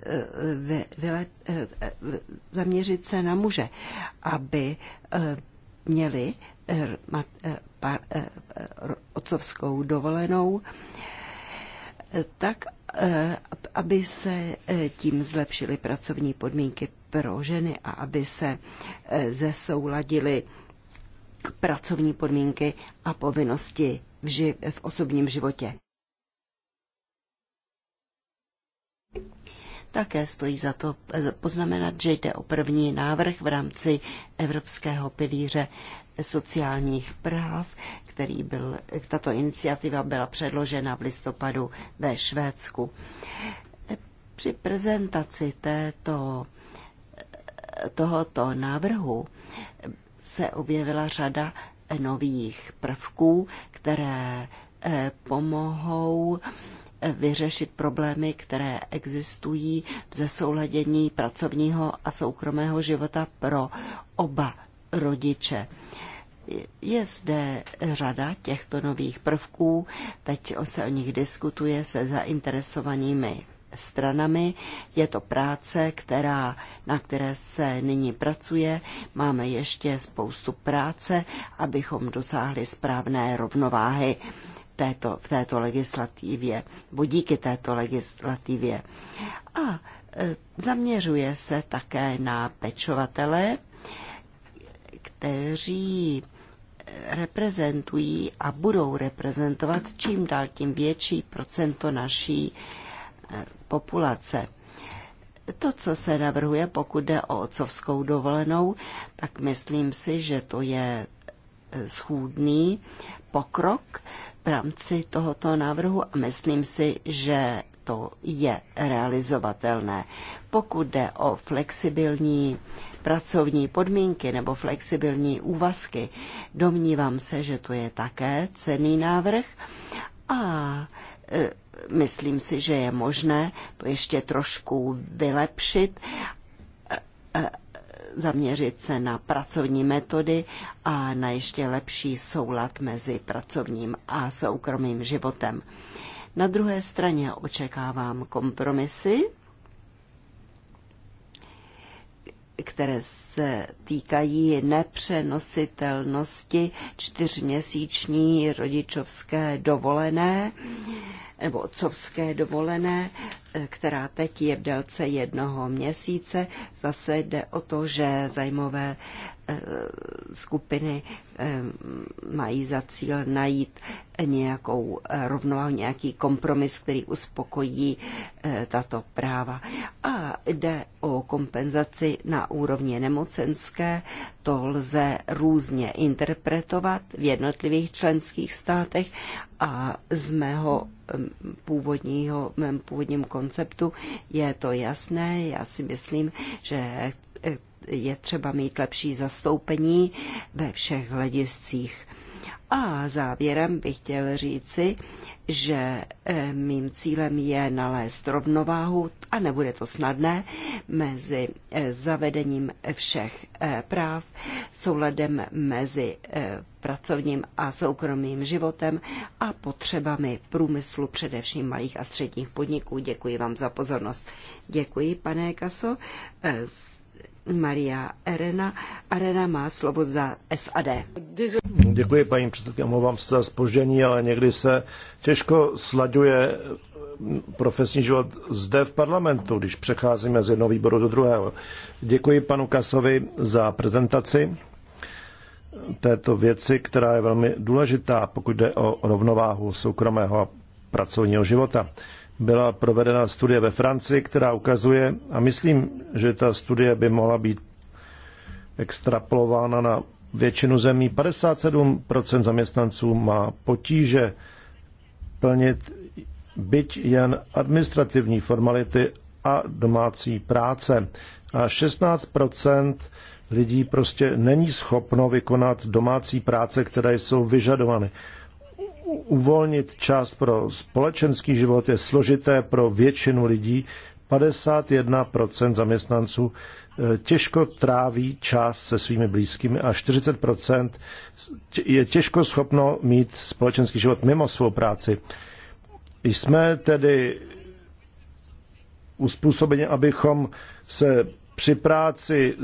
zaměřit se na muže, aby měli otcovskou dovolenou tak, eh, aby se eh, tím zlepšily pracovní podmínky pro ženy a aby se eh, zesouladily pracovní podmínky a povinnosti v, ži- v osobním životě. Také stojí za to poznamenat, že jde o první návrh v rámci Evropského pilíře sociálních práv, který byl, tato iniciativa byla předložena v listopadu ve Švédsku. Při prezentaci této, tohoto návrhu se objevila řada nových prvků, které eh, pomohou eh, vyřešit problémy, které existují v zesouladění pracovního a soukromého života pro oba rodiče. Je zde řada těchto nových prvků, teď se o nich diskutuje se zainteresovanými stranami. Je to práce, která, na které se nyní pracuje. Máme ještě spoustu práce, abychom dosáhli správné rovnováhy této, v této legislativě, bo díky této legislativě. A e, zaměřuje se také na pečovatele, kteří reprezentují a budou reprezentovat čím dál tím větší procento naší eh, populace. To, co se navrhuje, pokud jde o otcovskou dovolenou, tak myslím si, že to je eh, schůdný pokrok v rámci tohoto návrhu a myslím si, že to je realizovatelné. Pokud jde o flexibilní pracovní podmínky nebo flexibilní úvazky. Domnívám se, že to je také cený návrh a e, myslím si, že je možné to ještě trošku vylepšit, e, e, zaměřit se na pracovní metody a na ještě lepší soulad mezi pracovním a soukromým životem. Na druhé straně očekávám kompromisy které se týkají nepřenositelnosti čtyřměsíční rodičovské dovolené nebo otcovské dovolené, která teď je v délce jednoho měsíce. Zase jde o to, že zajímavé skupiny mají za cíl najít nějakou eh, rovnováhu, nějaký kompromis, který uspokojí eh, tato práva. A jde o kompenzaci na úrovni nemocenské. To lze různě interpretovat v jednotlivých členských státech a z mého původního, mém původním konceptu je to jasné. Já si myslím, že eh, je třeba mít lepší zastoupení ve všech hlediscích. A závěrem bych chtěl říci, že eh, mým cílem je nalézt rovnováhu, a nebude to snadné, mezi eh, zavedením všech eh, práv, souladem mezi pracovním a soukromým životem a potřebami průmyslu, především malých a středních podniků. Děkuji vám za pozornost. Děkuji, pane Kaso. Maria Arena. Arena má slovo za SAD. Děkuji, paní předsedkyně, omlouvám se za spoždění, ale někdy se těžko slaďuje profesní život zde v parlamentu, když přecházíme z jednoho výboru do druhého. Děkuji panu Kasovi za prezentaci této věci, která je velmi důležitá, pokud jde o rovnováhu soukromého a pracovního života byla provedena studie ve Francii, která ukazuje, a myslím, že ta studie by mohla být extrapolována na většinu zemí. 57% zaměstnanců má potíže plnit byť jen administrativní formality a domácí práce. A 16% lidí prostě není schopno vykonat domácí práce, které jsou vyžadovány uvolnit čas pro společenský život je složité pro většinu lidí. 51% zaměstnanců eh, těžko tráví čas se svými blízkými a 40% je těžko schopno mít společenský život mimo svou práci. Jsme tedy uspůsobeni, abychom se při práci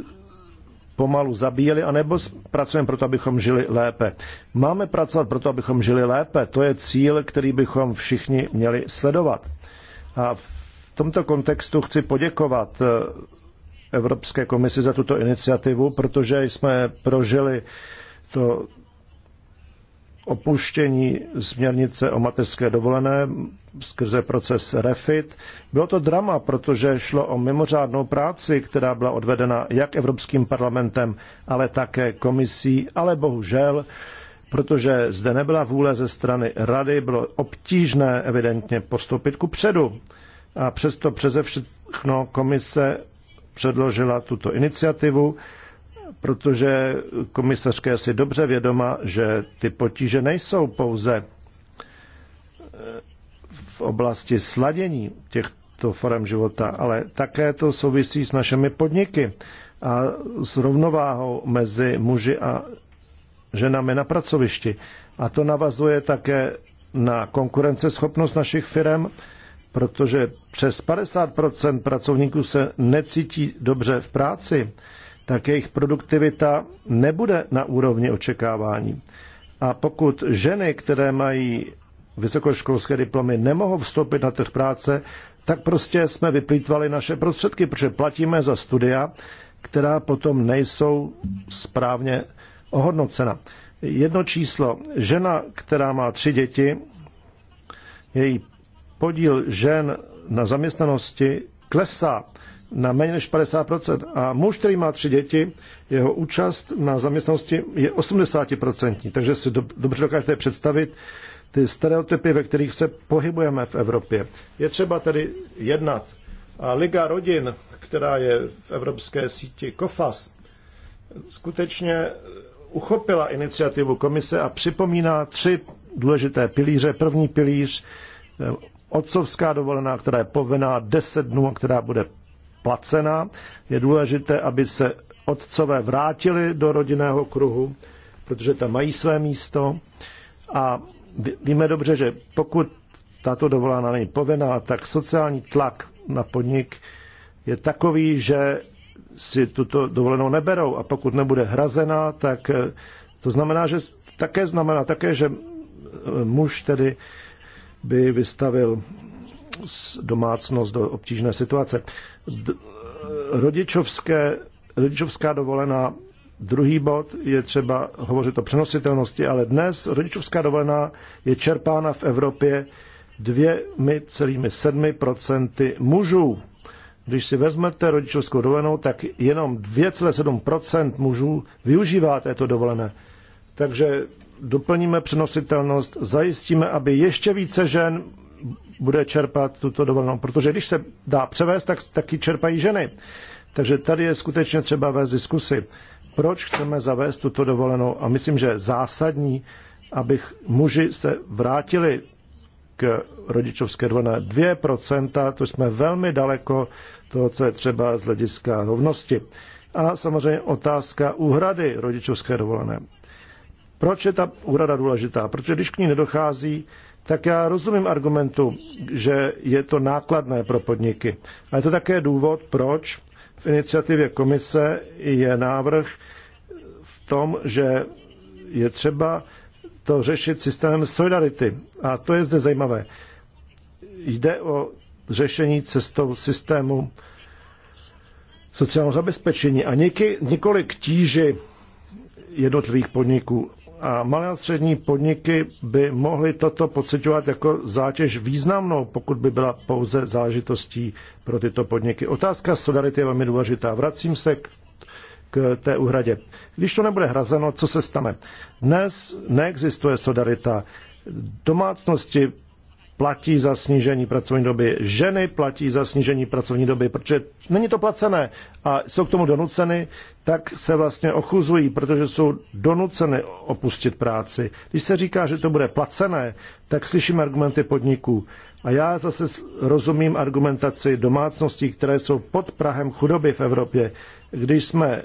pomalu zabíjeli, anebo pracujeme proto, abychom žili lépe. Máme pracovat proto, abychom žili lépe. To je cíl, který bychom všichni měli sledovat. A v tomto kontextu chci poděkovat eh, Evropské komisi za tuto iniciativu, protože jsme prožili to opuštění směrnice o mateřské dovolené skrze proces REFIT. Bylo to drama, protože šlo o mimořádnou práci, která byla odvedena jak Evropským parlamentem, ale také komisí, ale bohužel, protože zde nebyla vůle ze strany rady, bylo obtížné evidentně postoupit ku předu. A přesto přeze všechno komise předložila tuto iniciativu, protože komisařka je si dobře vědoma, že ty potíže nejsou pouze eh, v oblasti sladění těchto forem života, ale také to souvisí s našimi podniky a s rovnováhou mezi muži a ženami na pracovišti. A to navazuje také na konkurenceschopnost našich firm, protože přes 50 pracovníků se necítí dobře v práci tak jejich produktivita nebude na úrovni očekávání. A pokud ženy, které mají vysokoškolské diplomy, nemohou vstoupit na trh práce, tak prostě jsme vyplýtvali naše prostředky, protože platíme za studia, která potom nejsou správně ohodnocena. Jedno číslo. Žena, která má tři děti, její podíl žen na zaměstnanosti klesá na méně než 50%. A muž, který má tři děti, jeho účast na zaměstnanosti je 80%. Takže si do, dobře dokážete představit ty stereotypy, ve kterých se pohybujeme v Evropě. Je třeba tedy jednat. A Liga rodin, která je v evropské síti COFAS, skutečně uchopila iniciativu komise a připomíná tři důležité pilíře. První pilíř eh, otcovská dovolená, která je povinná 10 dnů, která bude placena. Je důležité, aby se otcové vrátili do rodinného kruhu, protože tam mají své místo. A víme dobře, že pokud tato dovolená není povinná, tak sociální tlak na podnik je takový, že si tuto dovolenou neberou a pokud nebude hrazená, tak eh, to znamená, že také znamená také, že eh, muž tedy by vystavil domácnost do obtížné situace. Rodičovské, rodičovská dovolená, druhý bod je třeba hovořit o přenositelnosti, ale dnes rodičovská dovolená je čerpána v Evropě 2,7% mužů. Když si vezmete rodičovskou dovolenou, tak jenom 2,7% mužů využívá této dovolené. Takže doplníme přenositelnost, zajistíme, aby ještě více žen bude čerpat tuto dovolenou, protože když se dá převést, tak taky čerpají ženy. Takže tady je skutečně třeba vést diskusy, proč chceme zavést tuto dovolenou a myslím, že je zásadní, abych muži se vrátili k rodičovské dovolené 2%, to jsme velmi daleko toho, co je třeba z hlediska rovnosti. A samozřejmě otázka úhrady rodičovské dovolené. Proč je ta úhrada důležitá? Protože když k ní nedochází, tak já rozumím argumentu, že je to nákladné pro podniky. A je to také důvod, proč v iniciativě komise je návrh v tom, že je třeba to řešit systémem solidarity. A to je zde zajímavé. Jde o řešení cestou systému sociálního zabezpečení a nikoli k tíži jednotlivých podniků. A malé a střední podniky by mohly toto pocitovat jako zátěž významnou, pokud by byla pouze záležitostí pro tyto podniky. Otázka solidarity je velmi důležitá. Vracím se k k té úhradě. Když to nebude hrazeno, co se stane? Dnes neexistuje solidarita. Domácnosti platí za snížení pracovní doby, ženy platí za snížení pracovní doby, protože není to placené a jsou k tomu donuceny, tak se vlastně ochuzují, protože jsou donuceny opustit práci. Když se říká, že to bude placené, tak slyším argumenty podniků. A já zase rozumím argumentaci domácností, které jsou pod Prahem chudoby v Evropě. Když jsme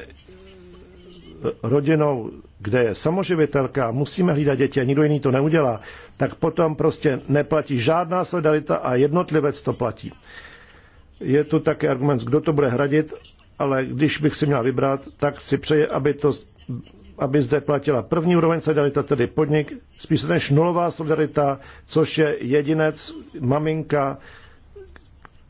rodinou kde je samoživitelka, musíme hlídat děti a nikdo jiný to neudělá, tak potom prostě neplatí žádná solidarita a jednotlivec to platí. Je tu také argument, kdo to bude hradit, ale když bych si měl vybrat, tak si přeje, aby, to, aby zde platila první úroveň solidarita, tedy podnik, spíše než nulová solidarita, což je jedinec, maminka,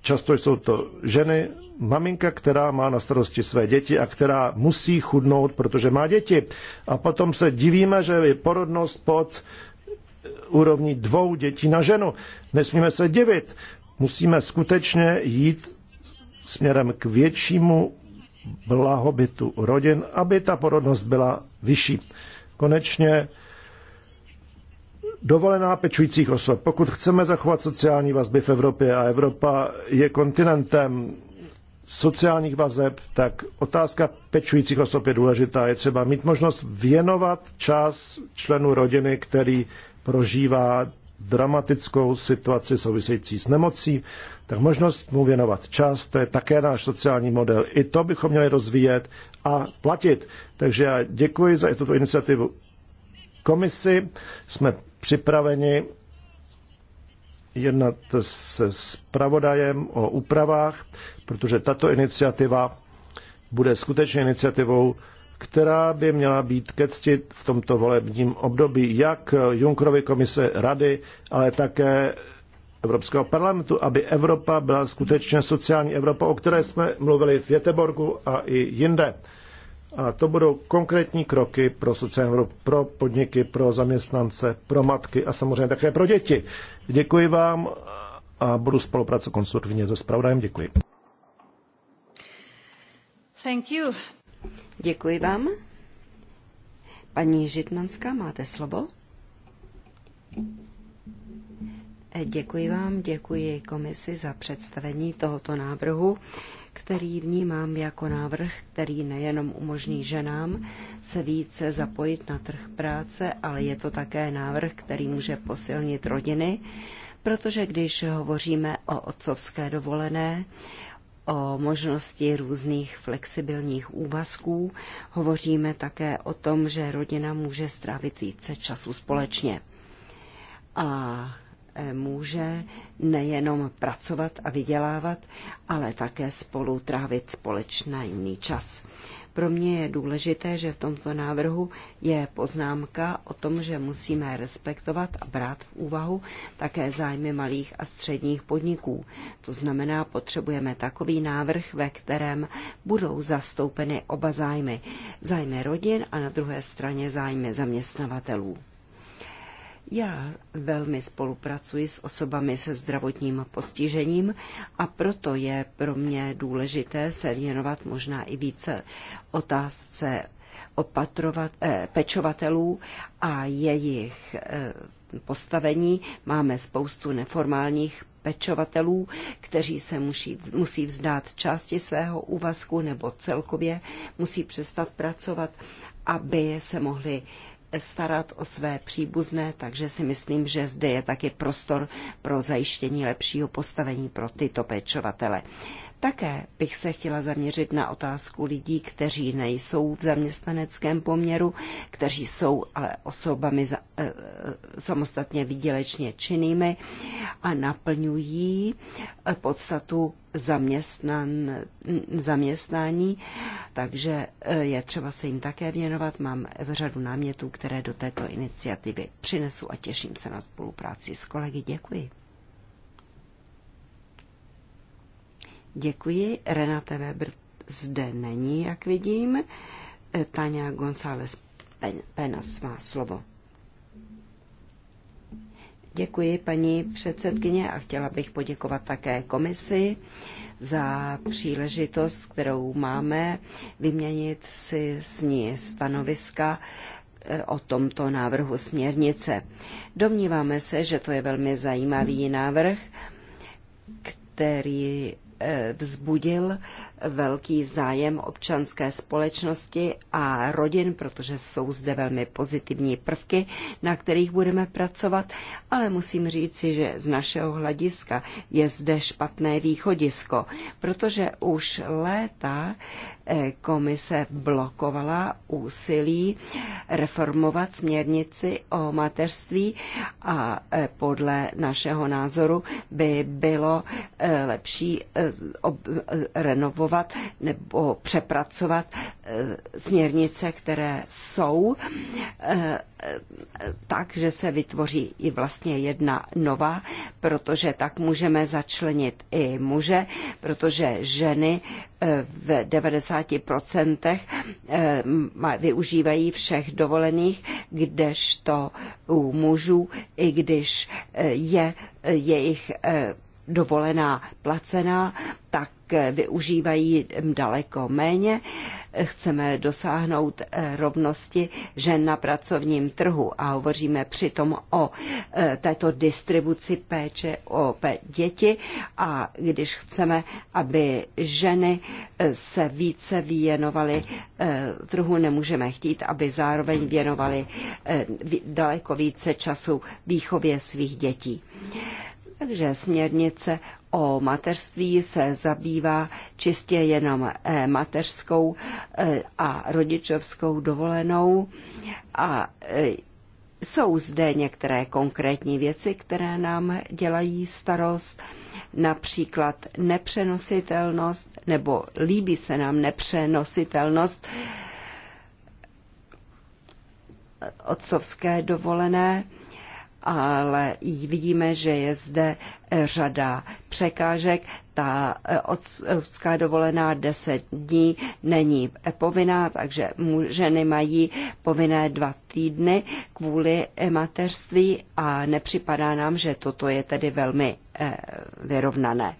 často jsou to ženy, maminka, která má na starosti své děti a která musí chudnout, protože má děti. A potom se divíme, že je porodnost pod úrovní dvou dětí na ženu. Nesmíme se divit. Musíme skutečně jít směrem k většímu blahobytu rodin, aby ta porodnost byla vyšší. Konečně dovolená pečujících osob. Pokud chceme zachovat sociální vazby v Evropě a Evropa je kontinentem sociálních vazeb, tak otázka pečujících osob je důležitá. Je třeba mít možnost věnovat čas členu rodiny, který prožívá dramatickou situaci související s nemocí, tak možnost mu věnovat čas, to je také náš sociální model. I to bychom měli rozvíjet a platit. Takže já děkuji za tuto iniciativu komisi. Jsme připraveni jednat se zpravodajem o úpravách, protože tato iniciativa bude skutečně iniciativou, která by měla být ke cti v tomto volebním období, jak Junkrovi komise rady, ale také Evropského parlamentu, aby Evropa byla skutečně sociální Evropa, o které jsme mluvili v Jeteborgu a i jinde. A to budou konkrétní kroky pro sociální Evropu, pro podniky, pro zaměstnance, pro matky a samozřejmě také pro děti. Děkuji vám a budu spolupracovat konstruktivně se spravodajem. Děkuji. Thank you. Děkuji vám. Paní Žitnanská, máte slovo? Děkuji vám, děkuji komisi za představení tohoto návrhu který vnímám jako návrh, který nejenom umožní ženám se více zapojit na trh práce, ale je to také návrh, který může posilnit rodiny, protože když hovoříme o otcovské dovolené, o možnosti různých flexibilních úvazků, hovoříme také o tom, že rodina může strávit více času společně. A Eh, může nejenom pracovat a vydělávat, ale také spolu trávit společný čas. Pro mě je důležité, že v tomto návrhu je poznámka o tom, že musíme respektovat a brát v úvahu také zájmy malých a středních podniků. To znamená, potřebujeme takový návrh, ve kterém budou zastoupeny oba zájmy. Zájmy rodin a na druhé straně zájmy zaměstnavatelů. Já velmi spolupracuji s osobami se zdravotním postižením a proto je pro mě důležité se věnovat možná i více otázce opatrovat, eh, pečovatelů a jejich eh, postavení. Máme spoustu neformálních pečovatelů, kteří se musí, musí vzdát části svého úvazku nebo celkově musí přestat pracovat, aby se mohli eh, starat o své příbuzné, takže si myslím, že zde je taky prostor pro zajištění lepšího postavení pro tyto pečovatele. Také bych se chtěla zaměřit na otázku lidí, kteří nejsou v zaměstnaneckém poměru, kteří jsou ale osobami za, e, e samostatně výdělečně činnými a naplňují e, podstatu zaměstnan, zaměstnání, takže e, je třeba se jim také věnovat. Mám v řadu námětů, které do této iniciativy přinesu a těším se na spolupráci s kolegy. Děkuji. Děkuji. Renata Weber zde není, jak vidím. E, Tania González Penas má slovo. Děkuji, paní předsedkyně, a chtěla bych poděkovat také komisi za příležitost, kterou máme vyměnit si s ní stanoviska e, o tomto návrhu směrnice. Domníváme se, že to je velmi zajímavý návrh, který Eh, vzbudil velký zájem občanské společnosti a rodin, protože jsou zde velmi pozitivní prvky, na kterých budeme pracovat, ale musím říci, že z našeho hlediska je zde špatné východisko, protože už léta eh, komise blokovala úsilí reformovat směrnici o mateřství a eh, podle našeho názoru by bylo eh, lepší renovovat upravovat nebo přepracovat eh, směrnice, které jsou eh, tak, že se vytvoří i vlastně jedna nová, protože tak můžeme začlenit i muže, protože ženy eh, v 90% využívají všech dovolených, kdežto u mužů, i když je jejich dovolená placená, tak využívají daleko méně. Chceme dosáhnout rovnosti žen na pracovním trhu a hovoříme přitom o e, této distribuci péče o děti a když chceme, aby ženy e, se více věnovaly e, trhu, nemůžeme chtít, aby zároveň věnovaly daleko více času výchově svých dětí. Takže směrnice o mateřství se zabývá čistě jenom eh, mateřskou eh, a rodičovskou dovolenou a eh, jsou zde některé konkrétní věci, které nám dělají starost, například nepřenositelnost, nebo líbí se nám nepřenositelnost otcovské dovolené ale vidíme, že je zde eh, řada překážek. Ta eh, otcká dovolená 10 dní není eh, povinná, takže ženy mají povinné dva týdny kvůli mateřství a nepřipadá nám, že toto je tedy velmi vyrovnané.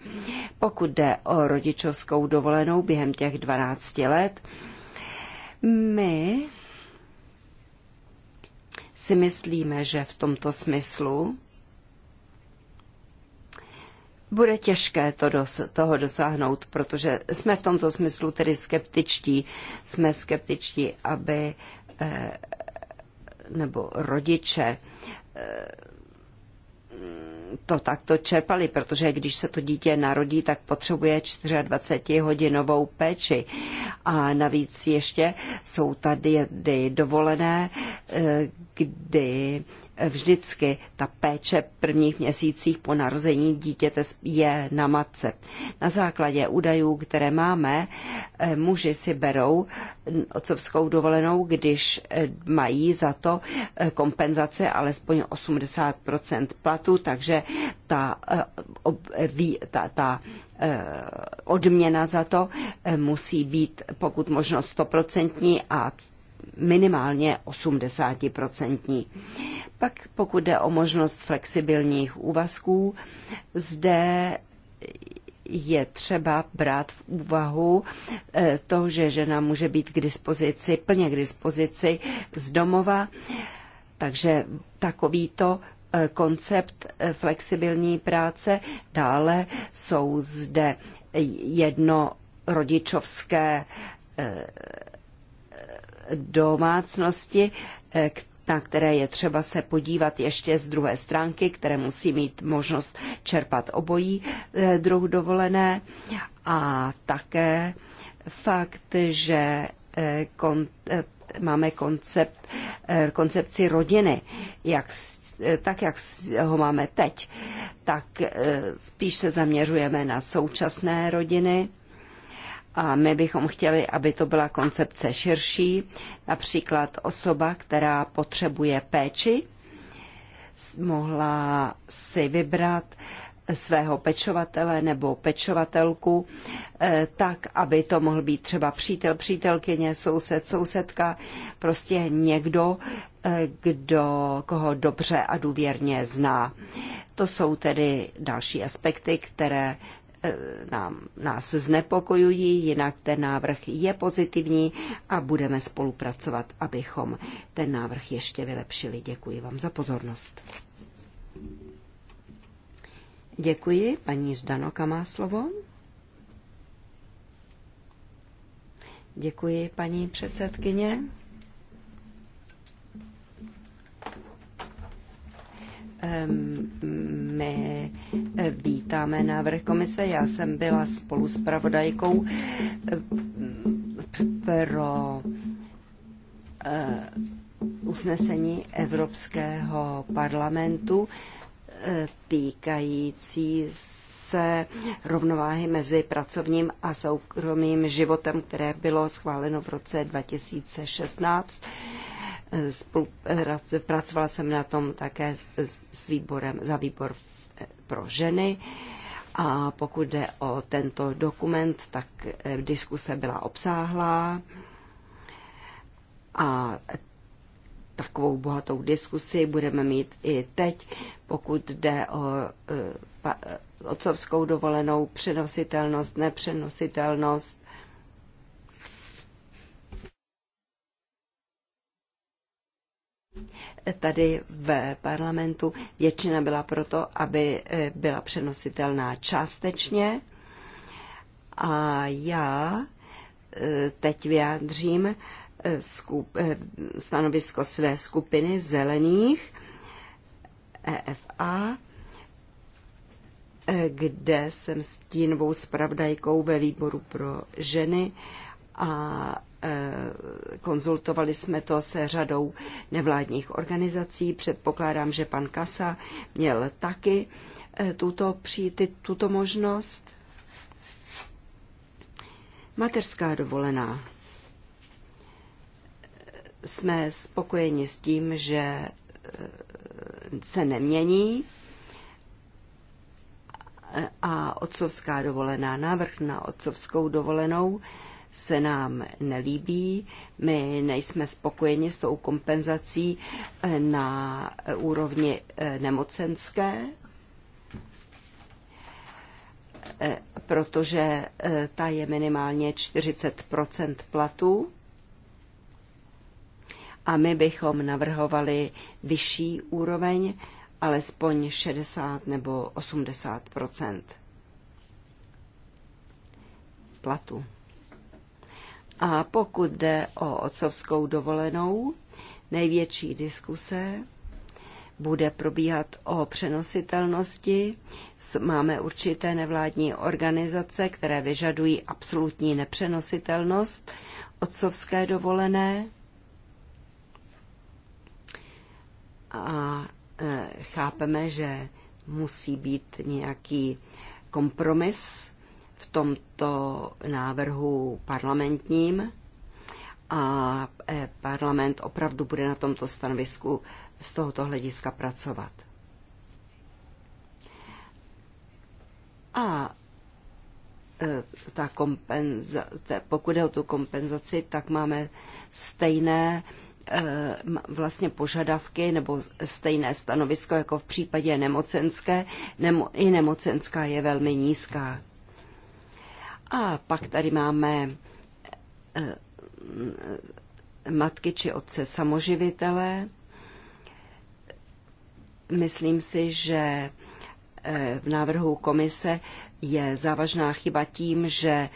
Pokud jde o rodičovskou dovolenou během těch 12 let, my si myslíme, že v tomto smyslu bude těžké to dos- toho dosáhnout, protože jsme v tomto smyslu tedy skeptičtí. Jsme skeptičtí, aby eh, nebo rodiče eh, to takto čerpali, protože když se to dítě narodí, tak potřebuje 24-hodinovou péči. A navíc ještě jsou tady dovolené, eh, kdy vždycky ta péče v prvních měsících po narození dítěte je na matce. Na základě údajů, které máme, eh, muži si berou otcovskou dovolenou, když eh, mají za to eh, kompenzace alespoň 80 platu, takže ta, ta, ta odměna za to musí být pokud možno stoprocentní a minimálně 80%. Pak pokud jde o možnost flexibilních úvazků, zde je třeba brát v úvahu eh, to, že žena může být k dispozici, plně k dispozici z domova, takže takovýto eh, koncept eh, flexibilní práce. Dále jsou zde jedno rodičovské domácnosti, eh, na které je třeba se podívat ještě z druhé stránky, které musí mít možnost čerpat obojí eh, druh dovolené a také fakt, že eh, kon, máme koncept, koncepci rodiny, jak, tak jak ho máme teď, tak spíš se zaměřujeme na současné rodiny, a my bychom chtěli, aby to byla koncepce širší, například osoba, která potřebuje péči, mohla si vybrat svého pečovatele nebo pečovatelku, eh, tak, aby to mohl být třeba přítel, přítelkyně, soused, sousedka, prostě někdo, eh, kdo, koho dobře a důvěrně zná. To jsou tedy další aspekty, které Eh, nám, nás znepokojují, jinak ten návrh je pozitivní a budeme spolupracovat, abychom ten návrh ještě vylepšili. Děkuji vám za pozornost. Děkuji. Paní Ždanoka má slovo. Děkuji, paní předsedkyně. Ehm, my eh, vítáme návrh komise. Já jsem byla spolu s pravodajkou eh, pro eh, usnesení Evropského parlamentu týkající se rovnováhy mezi pracovním a soukromým životem, které bylo schváleno v roce 2016 Pracovala jsem na tom také s výborem za výbor eh, pro ženy. A pokud jde o tento dokument, tak eh, diskuse byla obsáhlá a takovou bohatou diskusi budeme mít i teď, pokud jde o eh, otcovskou dovolenou, přenositelnost, nepřenositelnost tady v parlamentu většina byla proto, aby eh, byla přenositelná částečně. A já eh, teď vyjádřím eh, stanovisko své skupiny zelených EFA, kde jsem stínovou spravdajkou ve výboru pro ženy a Eh, konzultovali jsme to se řadou nevládních organizací. Předpokládám, že pan Kasa měl taky eh, tuto, přijít, tuto možnost. Mateřská dovolená. Eh, jsme spokojeni s tím, že se nemění a otcovská dovolená, návrh na otcovskou dovolenou se nám nelíbí. My nejsme spokojeni s tou kompenzací eh, na úrovni eh, nemocenské, eh, protože ta je minimálně 40 platu. A my bychom navrhovali vyšší úroveň, alespoň 60 nebo 80 platu. A pokud jde o otcovskou dovolenou, největší diskuse bude probíhat o přenositelnosti. Máme určité nevládní organizace, které vyžadují absolutní nepřenositelnost otcovské dovolené. A e, chápeme, že musí být nějaký kompromis v tomto návrhu parlamentním a e, parlament opravdu bude na tomto stanovisku z tohoto hlediska pracovat. A e, ta kompenza, pokud je o tu kompenzaci, tak máme stejné e, vlastně požadavky nebo stejné stanovisko jako v případě nemocenské. Nemo, I nemocenská je velmi nízká. A pak tady máme eh, eh, matky či otce samoživitelé. Myslím si, že eh, v návrhu komise je závažná chyba tím, že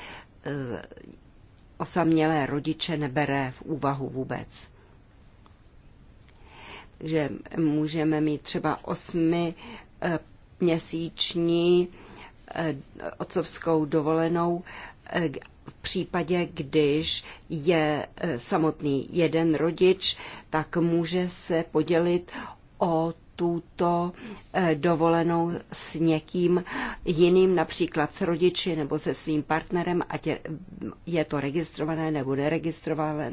osamělé rodiče nebere v úvahu vůbec. Takže můžeme mít třeba osmi měsíční Eh, otcovskou dovolenou eh, v případě, když je eh, samotný jeden rodič, tak může se podělit o tuto dovolenou s někým jiným, například s rodiči nebo se svým partnerem, ať je, to registrované nebo neregistrované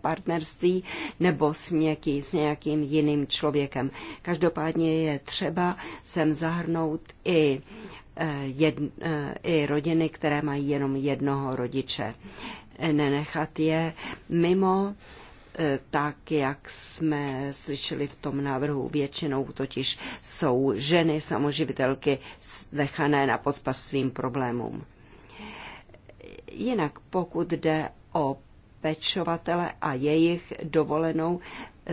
partnerství, nebo s, něký, s nějakým jiným člověkem. Každopádně je třeba sem zahrnout i Eh, jedn, eh, i rodiny, které mají jenom jednoho rodiče. Eh, nenechat je mimo tak, jak jsme slyšeli v tom návrhu, většinou totiž jsou ženy samoživitelky nechané na pospas svým problémům. Jinak pokud jde o pečovatele a jejich dovolenou,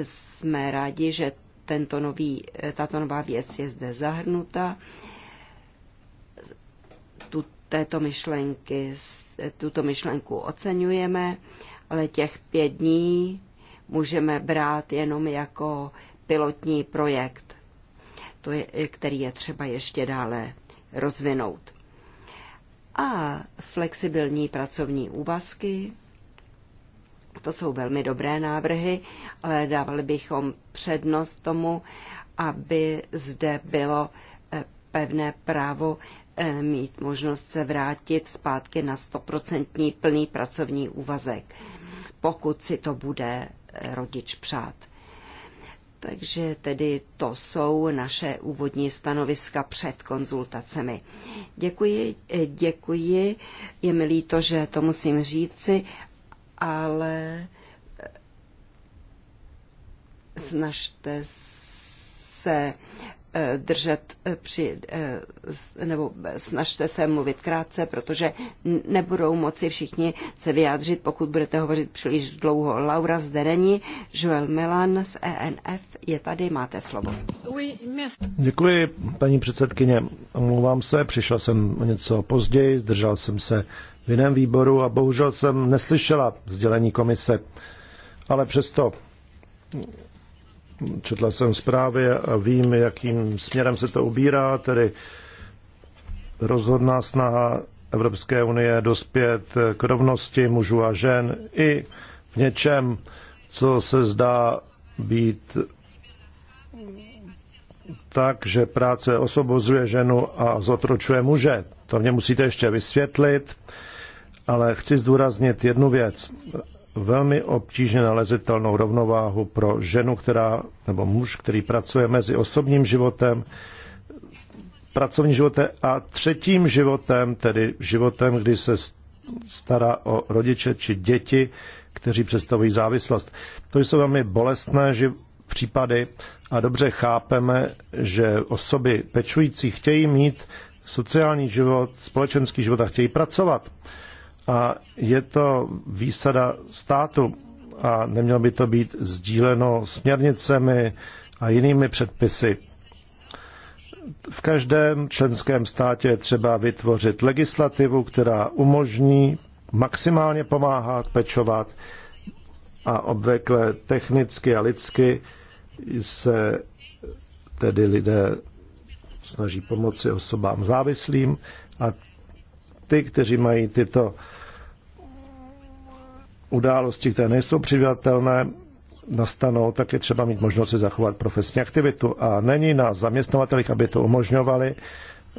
jsme rádi, že tento nový, tato nová věc je zde zahrnuta této myšlenky, tuto myšlenku oceňujeme, ale těch pět dní můžeme brát jenom jako pilotní projekt, to je, který je třeba ještě dále rozvinout. A flexibilní pracovní úvazky, to jsou velmi dobré návrhy, ale dávali bychom přednost tomu, aby zde bylo eh, pevné právo Eh, mít možnost se vrátit zpátky na 100% plný pracovní úvazek, pokud si to bude eh, rodič přát. Takže tedy to jsou naše úvodní stanoviska před konzultacemi. Děkuji, eh, děkuji. Je mi líto, že to musím říci, ale snažte se Eh, držet eh, při, eh, nebo snažte se mluvit krátce, protože nebudou moci všichni se vyjádřit, pokud budete hovořit příliš dlouho. Laura zde není, Joel Milan z ENF je tady, máte slovo. Děkuji, paní předsedkyně. Omlouvám se, přišel jsem o něco později, zdržel jsem se v jiném výboru a bohužel jsem neslyšela sdělení komise. Ale přesto četla jsem zprávy a vím, jakým směrem se to ubírá, tedy rozhodná snaha Evropské unie dospět k rovnosti mužů a žen i v něčem, co se zdá být tak, že práce osobozuje ženu a zotročuje muže. To mě musíte ještě vysvětlit, ale chci zdůraznit jednu věc velmi obtížně nalezitelnou rovnováhu pro ženu, která, nebo muž, který pracuje mezi osobním životem, pracovním životem a třetím životem, tedy životem, kdy se stará o rodiče či děti, kteří představují závislost. To jsou velmi bolestné případy a dobře chápeme, že osoby pečující chtějí mít sociální život, společenský život a chtějí pracovat a je to výsada státu a nemělo by to být sdíleno směrnicemi a jinými předpisy. V každém členském státě je třeba vytvořit legislativu, která umožní maximálně pomáhat, pečovat a obvykle technicky a lidsky se tedy lidé snaží pomoci osobám závislým a ty, kteří mají tyto události, které nejsou přivatelné, nastanou, tak je třeba mít možnost si zachovat profesní aktivitu. A není na zaměstnavatelích, aby to umožňovali,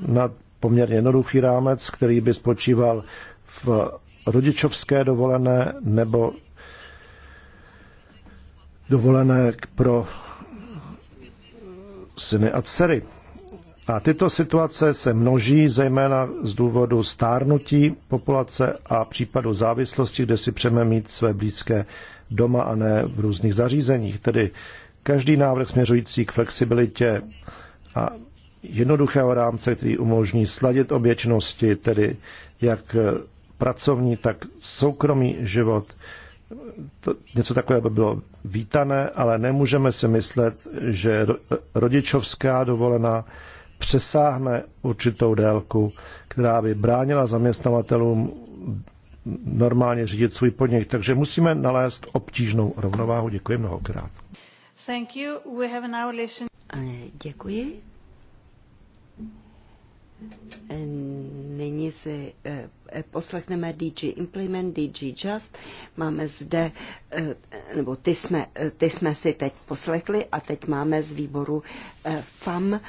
na poměrně jednoduchý rámec, který by spočíval v rodičovské dovolené nebo dovolené pro syny a dcery. A tyto situace se množí zejména z důvodu stárnutí populace a případu závislosti, kde si přeme mít své blízké doma a ne v různých zařízeních. Tedy každý návrh směřující k flexibilitě a jednoduchého rámce, který umožní sladit obě činnosti, tedy jak pracovní, tak soukromý život. To, něco takové by bylo vítané, ale nemůžeme si myslet, že rodičovská dovolená přesáhne určitou délku, která by bránila zaměstnavatelům normálně řídit svůj podnik. Takže musíme nalézt obtížnou rovnováhu. Děkuji mnohokrát. Děkuji. Eh, nyní si eh, eh, poslechneme DG Implement, DG Just. Máme zde, nebo ty jsme, ty jsme si teď poslechli a teď máme z výboru FAM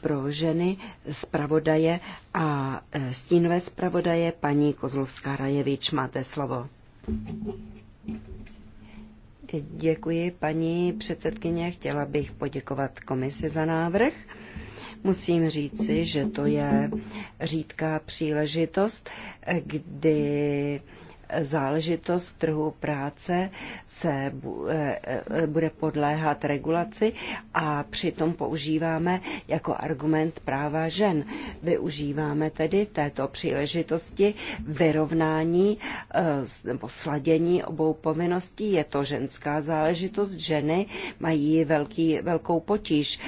pro ženy zpravodaje a stínové zpravodaje paní Kozlovská Rajevič. Máte slovo. Děkuji, paní předsedkyně. Chtěla bych poděkovat komisi za návrh Musím říci, že to je řídká příležitost, kdy záležitost trhu práce se e, e, bude podléhat regulaci a přitom používáme jako argument práva žen. Využíváme tedy této příležitosti vyrovnání e, nebo sladění obou povinností. Je to ženská záležitost. Ženy mají velký, velkou potíž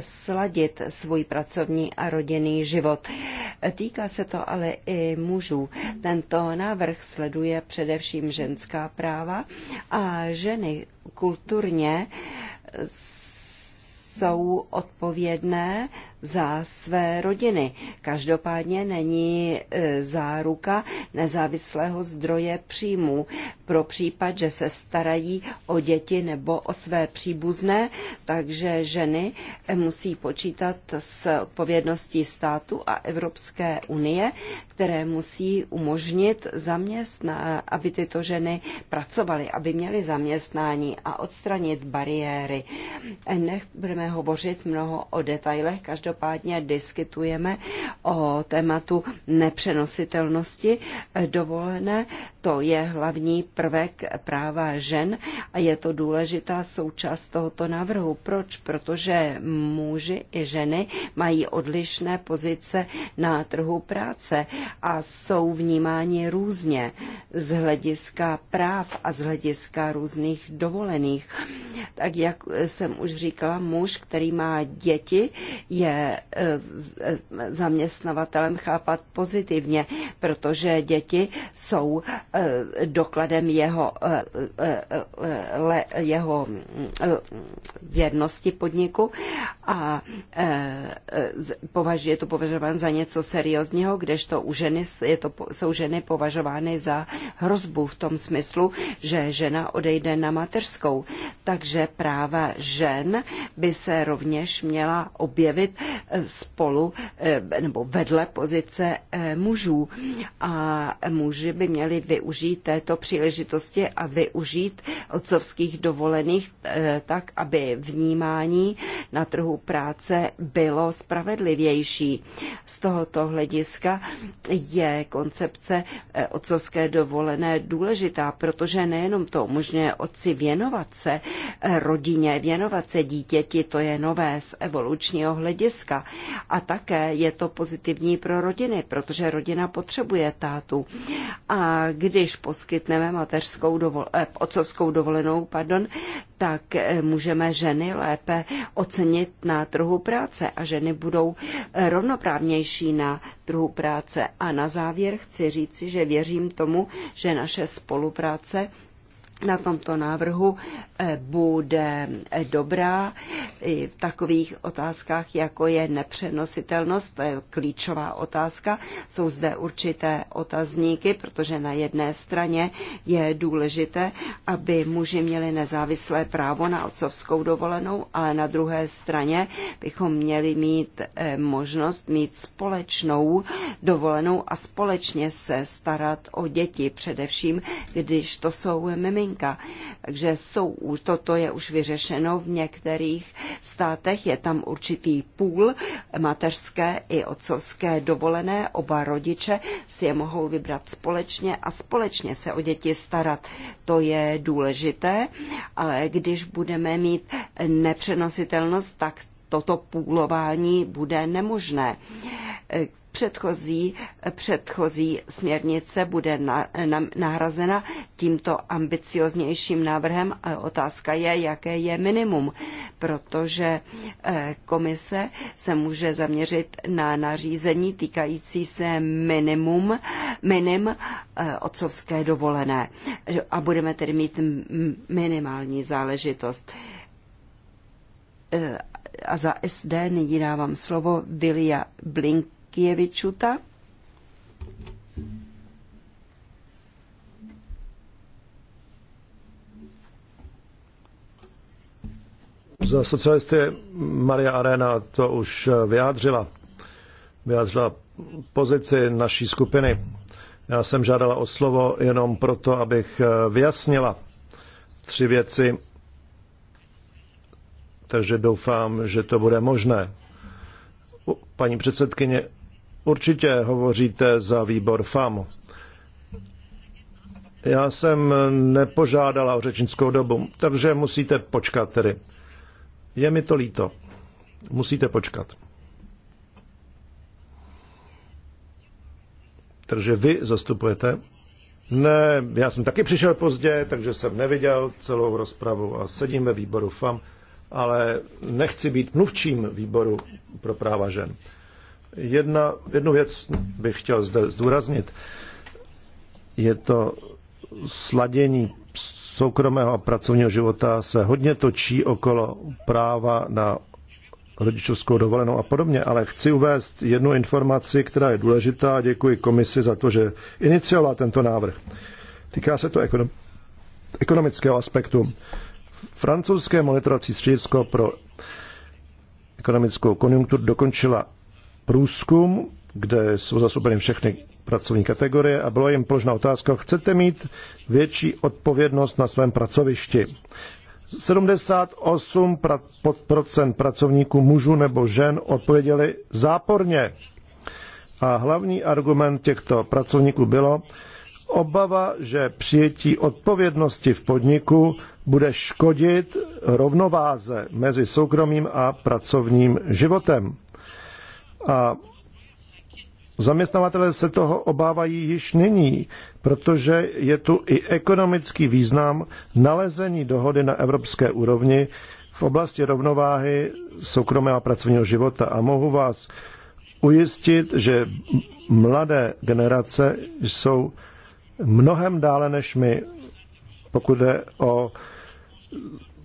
sladit svůj pracovní a rodinný život. Týká se to ale i mužů. Tento návrh sleduje především ženská práva a ženy kulturně jsou odpovědné za své rodiny. Každopádně není e, záruka nezávislého zdroje příjmů. Pro případ, že se starají o děti nebo o své příbuzné, takže ženy e, musí počítat s odpovědností státu a Evropské unie, které musí umožnit zaměstná, aby tyto ženy pracovaly, aby měly zaměstnání a odstranit bariéry. E, nech budeme hovořit mnoho o detailech, každopádně Každopádně diskutujeme o tématu nepřenositelnosti eh, dovolené. To je hlavní prvek práva žen a je to důležitá součást tohoto návrhu. Proč? Protože muži i ženy mají odlišné pozice na trhu práce a jsou vnímáni různě z hlediska práv a z hlediska různých dovolených. Tak jak jsem už říkala, muž, který má děti, je E, e, zaměstnavatelem chápat pozitivně, protože děti jsou e, dokladem jeho, jeho věrnosti podniku a je to považován za něco seriózního, kdežto u ženy je to, jsou ženy považovány za hrozbu v tom smyslu, že žena odejde na mateřskou. Takže práva žen by se rovněž měla objevit spolu eh, nebo vedle pozice eh, mužů. A muži by měli využít této příležitosti a využít otcovských dovolených eh, tak, aby vnímání na trhu práce bylo spravedlivější. Z tohoto hlediska je koncepce otcovské dovolené důležitá, protože nejenom to umožňuje otci věnovat se rodině, věnovat se dítěti, to je nové z evolučního hlediska, hlediska. A také je to pozitivní pro rodiny, protože rodina potřebuje tátu. A když poskytneme mateřskou dovol, eh, otcovskou dovolenou, pardon, tak eh, můžeme ženy lépe ocenit na trhu práce a ženy budou eh, rovnoprávnější na trhu práce. A na závěr chci říci, že věřím tomu, že naše spolupráce na tomto návrhu eh, bude dobrá i v takových otázkách, jako je nepřenositelnost, to je klíčová otázka. Jsou zde určité otazníky, protože na jedné straně je důležité, aby muži měli nezávislé právo na otcovskou dovolenou, ale na druhé straně bychom měli mít eh, možnost mít společnou dovolenou a společně se starat o děti, především když to jsou mimi maminka. Takže jsou, už toto je už vyřešeno v některých státech. Je tam určitý půl mateřské i otcovské dovolené. Oba rodiče si je mohou vybrat společně a společně se o děti starat. To je důležité, ale když budeme mít nepřenositelnost, tak toto půlování bude nemožné. Předchozí, předchozí směrnice bude nahrazena tímto ambicioznějším návrhem a otázka je, jaké je minimum, protože eh, komise se může zaměřit na nařízení týkající se minimum, minim eh, otcovské dovolené a budeme tedy mít minimální záležitost eh, a za SD nyní dávám slovo Vilja Blinkjevičuta. Za socialisty Maria Arena to už vyjádřila. Vyjádřila pozici naší skupiny. Já jsem žádala o slovo jenom proto, abych vyjasnila tři věci, takže doufám, že to bude možné. Paní předsedkyně, určitě hovoříte za výbor FAM. Já jsem nepožádala o řečnickou dobu, takže musíte počkat tedy. Je mi to líto. Musíte počkat. Takže vy zastupujete? Ne, já jsem taky přišel pozdě, takže jsem neviděl celou rozpravu a sedím ve výboru FAM ale nechci být mluvčím výboru pro práva žen. Jedna, jednu věc bych chtěl zde zdůraznit. Je to sladění soukromého a pracovního života se hodně točí okolo práva na rodičovskou dovolenou a podobně, ale chci uvést jednu informaci, která je důležitá. Děkuji komisi za to, že iniciovala tento návrh. Týká se to ekonomického aspektu. Francouzské monitorací středisko pro ekonomickou konjunkturu dokončila průzkum, kde jsou zastoupeny všechny pracovní kategorie a bylo jim položena otázka, chcete mít větší odpovědnost na svém pracovišti. 78% pra- pracovníků mužů nebo žen odpověděli záporně. A hlavní argument těchto pracovníků bylo obava, že přijetí odpovědnosti v podniku bude škodit rovnováze mezi soukromým a pracovním životem. A zaměstnavatelé se toho obávají již nyní, protože je tu i ekonomický význam nalezení dohody na evropské úrovni v oblasti rovnováhy soukromého a pracovního života. A mohu vás ujistit, že mladé generace jsou mnohem dále než my, pokud jde o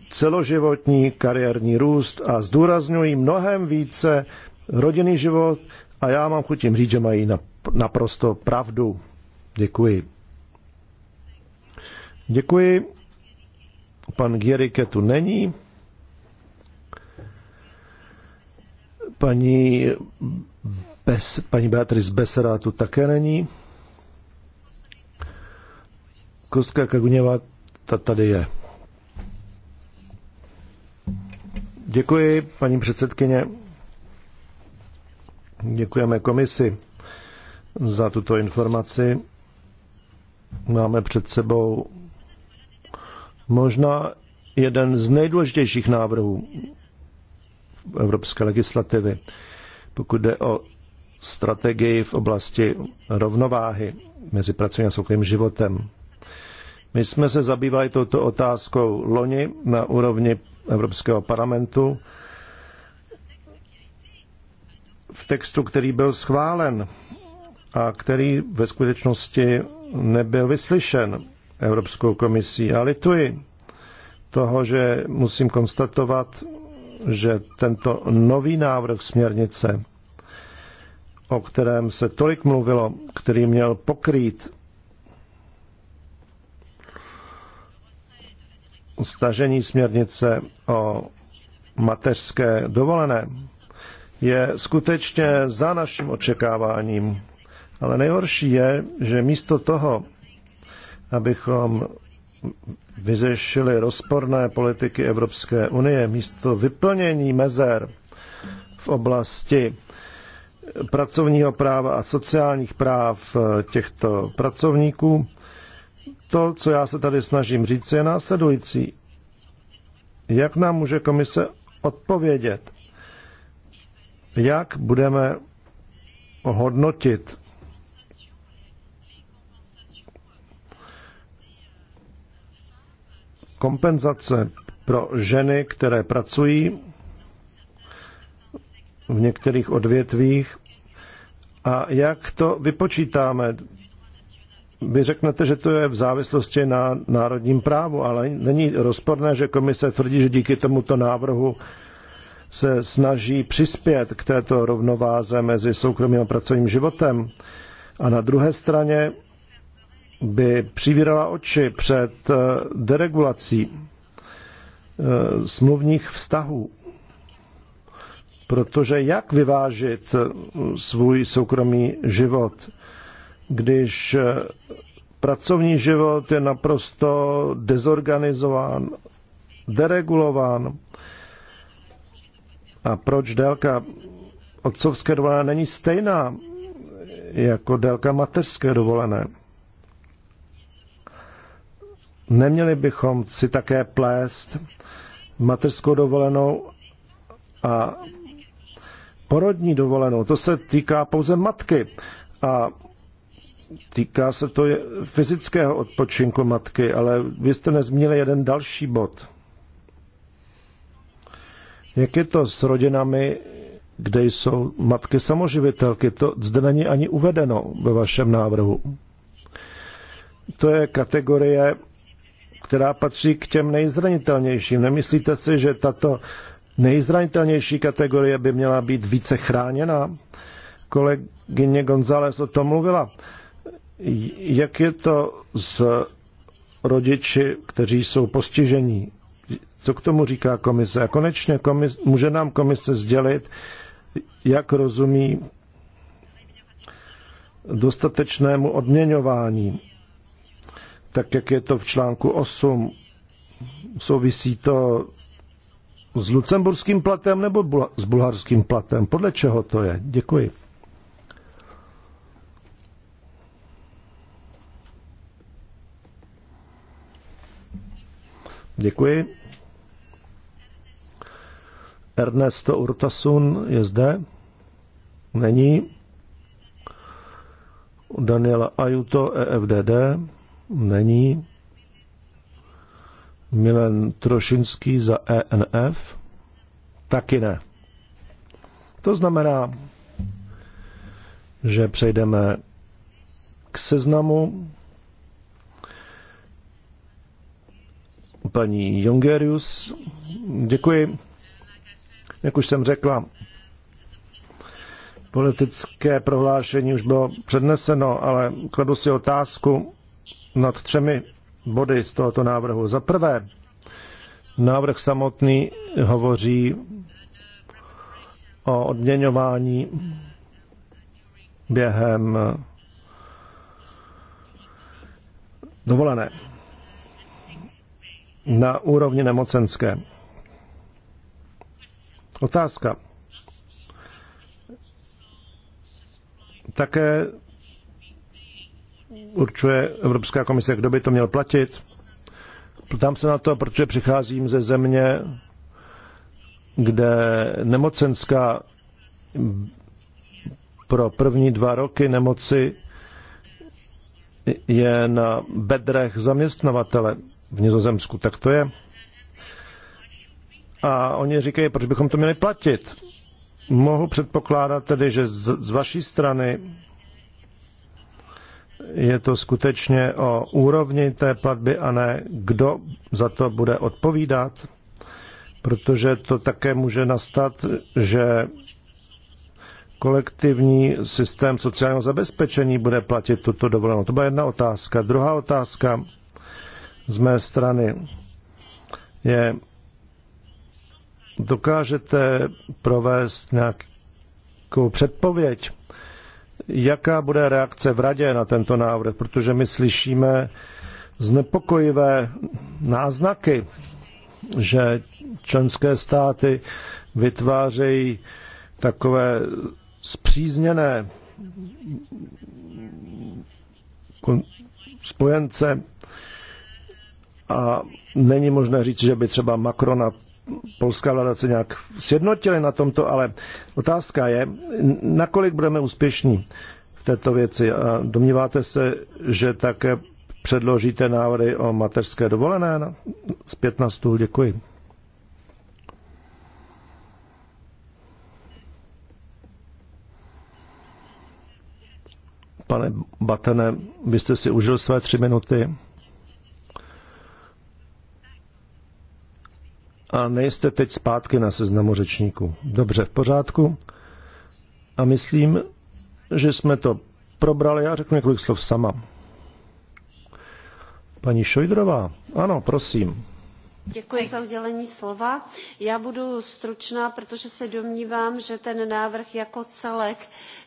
celoživotní kariérní růst a zdůrazňují mnohem více rodinný život a já mám chuť jim říct, že mají naprosto pravdu. Děkuji. Děkuji. Pan Gierike tu není. Paní, Bes, paní Beatrice Besera tu také není. Kostka Kaguněva ta tady je. Děkuji, paní předsedkyně. Děkujeme komisi za tuto informaci. Máme před sebou možná jeden z nejdůležitějších návrhů evropské legislativy, pokud jde o strategii v oblasti rovnováhy mezi pracovním a soukromým životem. My jsme se zabývali touto otázkou loni na úrovni Evropského parlamentu v textu, který byl schválen a který ve skutečnosti nebyl vyslyšen Evropskou komisí. A lituji toho, že musím konstatovat, že tento nový návrh směrnice, o kterém se tolik mluvilo, který měl pokrýt stažení směrnice o mateřské dovolené je skutečně za naším očekáváním. Ale nejhorší je, že místo toho, abychom vyřešili rozporné politiky Evropské unie, místo vyplnění mezer v oblasti pracovního práva a sociálních práv těchto pracovníků, to, co já se tady snažím říct, je následující. Jak nám může komise odpovědět? Jak budeme hodnotit kompenzace pro ženy, které pracují v některých odvětvích a jak to vypočítáme, vy řeknete, že to je v závislosti na národním právu, ale není rozporné, že komise tvrdí, že díky tomuto návrhu se snaží přispět k této rovnováze mezi soukromým a pracovním životem. A na druhé straně by přivírala oči před eh, deregulací eh, smluvních vztahů. Protože jak vyvážit eh, svůj soukromý život když eh, pracovní život je naprosto dezorganizován, deregulován. A proč délka otcovské dovolené není stejná jako délka mateřské dovolené? Neměli bychom si také plést mateřskou dovolenou a porodní dovolenou. To se týká pouze matky. A Týká se to fyzického odpočinku matky, ale vy jste nezmínili jeden další bod. Jak je to s rodinami, kde jsou matky samoživitelky? To zde není ani uvedeno ve vašem návrhu. To je kategorie, která patří k těm nejzranitelnějším. Nemyslíte si, že tato nejzranitelnější kategorie by měla být více chráněna? Kolegyně González o tom mluvila. Jak je to s rodiči, kteří jsou postižení? Co k tomu říká komise? A konečně komis, může nám komise sdělit, jak rozumí dostatečnému odměňování, tak jak je to v článku 8. Souvisí to s lucemburským platem nebo s bulharským platem? Podle čeho to je? Děkuji. Děkuji. Ernesto Urtasun je zde? Není. Daniela Ajuto, EFDD? Není. Milan Trošinský za ENF? Taky ne. To znamená, že přejdeme k seznamu paní Jongerius. Děkuji. Jak už jsem řekla, politické prohlášení už bylo předneseno, ale kladu si otázku nad třemi body z tohoto návrhu. Za prvé, návrh samotný hovoří o odměňování během dovolené na úrovni nemocenské. Otázka. Také určuje Evropská komise, kdo by to měl platit. Ptám se na to, protože přicházím ze země, kde nemocenská pro první dva roky nemoci je na bedrech zaměstnavatele v Nizozemsku. Tak to je. A oni říkají, proč bychom to měli platit. Mohu předpokládat tedy, že z, z vaší strany je to skutečně o úrovni té platby a ne kdo za to bude odpovídat, protože to také může nastat, že kolektivní systém sociálního zabezpečení bude platit tuto dovolenou. To byla jedna otázka. Druhá otázka z mé strany je, dokážete provést nějakou předpověď, jaká bude reakce v radě na tento návrh, protože my slyšíme znepokojivé náznaky, že členské státy vytvářejí takové zpřízněné spojence a není možné říct, že by třeba Macron a polská vláda se nějak sjednotili na tomto, ale otázka je, nakolik budeme úspěšní v této věci. A domníváte se, že také předložíte návrhy o mateřské dovolené zpět na stůl? Děkuji. Pane Batene, byste si užil své tři minuty. a nejste teď zpátky na seznamu řečníků. Dobře, v pořádku. A myslím, že jsme to probrali. Já řeknu několik slov sama. Paní Šojdrová, ano, prosím slova. Já budu stručná, protože se domnívám, že ten návrh jako celek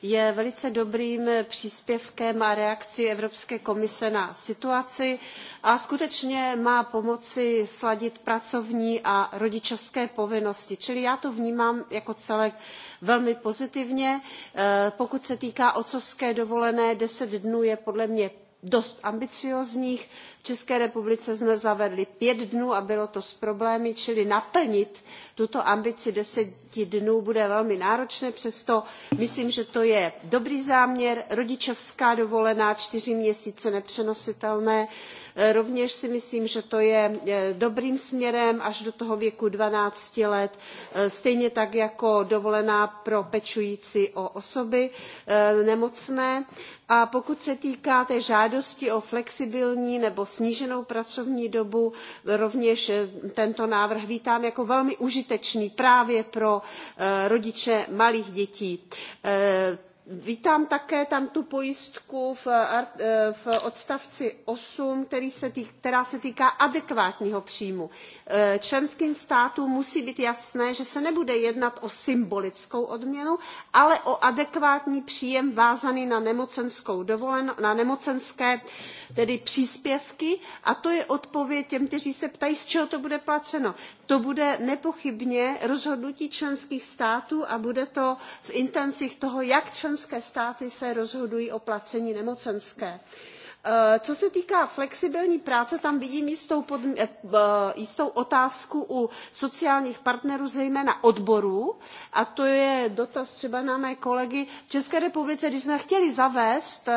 je velice dobrým příspěvkem a reakcí Evropské komise na situaci a skutečně má pomoci sladit pracovní a rodičovské povinnosti. Čili já to vnímám jako celek velmi pozitivně. E, pokud se týká otcovské dovolené, 10 dnů je podle mě dost ambiciózních. v české republice jsme zavedli pět dnů a bylo to s problémy čili naplnit tuto ambici deseti dnů bude velmi náročné přesto myslím že to je dobrý záměr. rodičovská dovolená čtyři měsíce nepřenositelné e, rovněž si myslím že to je e, dobrým směrem až do toho věku dvanácti let e, stejně tak jako dovolená pro pečující o osoby nemocné a pokud se týká té žádosti o flexibilní nebo sníženou pracovní dobu, rovněž eh, tento návrh vítám jako velmi užitečný právě pro eh, rodiče malých dětí eh, Vítám také tam tu pojistku v, eh, odstavci eight která se týká adekvátního příjmu. Eh, členským státům musí být jasné, že se nebude jednat o symbolickou odměnu, ale o adekvátní příjem vázaný na, nemocenskou na nemocenské tedy příspěvky a to je odpověď těm, kteří se ptají, z čeho to bude placeno. To bude nepochybně rozhodnutí členských států a bude to v intencích toho, jak členské státy se rozhodují o placení nemocenské. Eh, co se týká flexibilní práce, tam vidím eh, eh, jistou, otázku u sociálních partnerů, zejména odborů, a to je dotaz třeba na mé kolegy. V České republice, když jsme chtěli zavést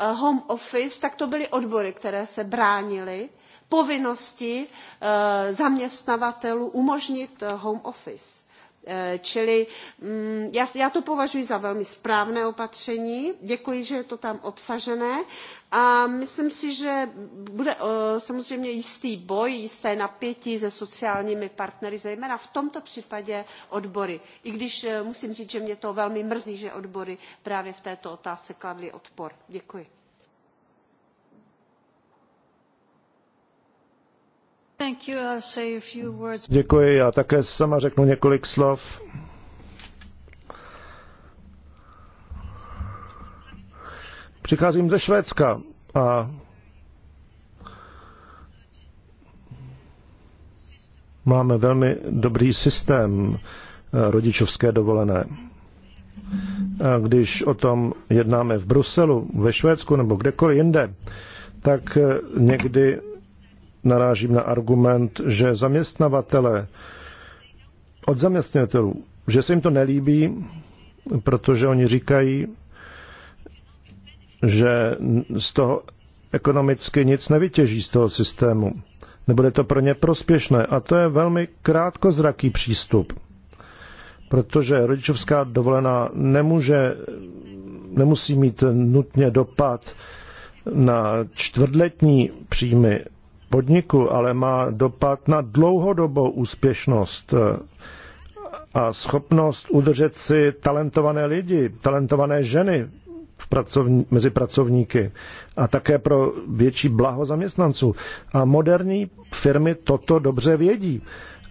Eh, home office, tak to byly odbory, které se bránily povinnosti eh, zaměstnavatelů umožnit eh, home office Eh, čili mm, já, to považuji za velmi správné opatření. Děkuji, že je to tam obsažené. A myslím si, že bude eh, samozřejmě jistý boj, jisté napětí se sociálními partnery, zejména v tomto případě odbory. I když eh, musím říct, že mě to velmi mrzí, že odbory právě v této otázce kladly odpor. Děkuji. Děkuji, já také sama řeknu několik slov. Přicházím ze Švédska a máme velmi dobrý systém eh, rodičovské dovolené. A když o tom jednáme v Bruselu, ve Švédsku nebo kdekoliv jinde, tak eh, někdy narážím na argument, že zaměstnavatele od zaměstnatelů, že se jim to nelíbí, protože oni říkají, že z toho ekonomicky nic nevytěží z toho systému. Nebude to pro ně prospěšné. A to je velmi krátkozraký přístup, protože rodičovská dovolená nemůže, nemusí mít nutně dopad na čtvrtletní příjmy podniku, ale má dopad na dlouhodobou úspěšnost eh, a schopnost udržet si talentované lidi, talentované ženy v pracovní, mezi pracovníky a také pro větší blaho zaměstnanců. A moderní firmy toto dobře vědí.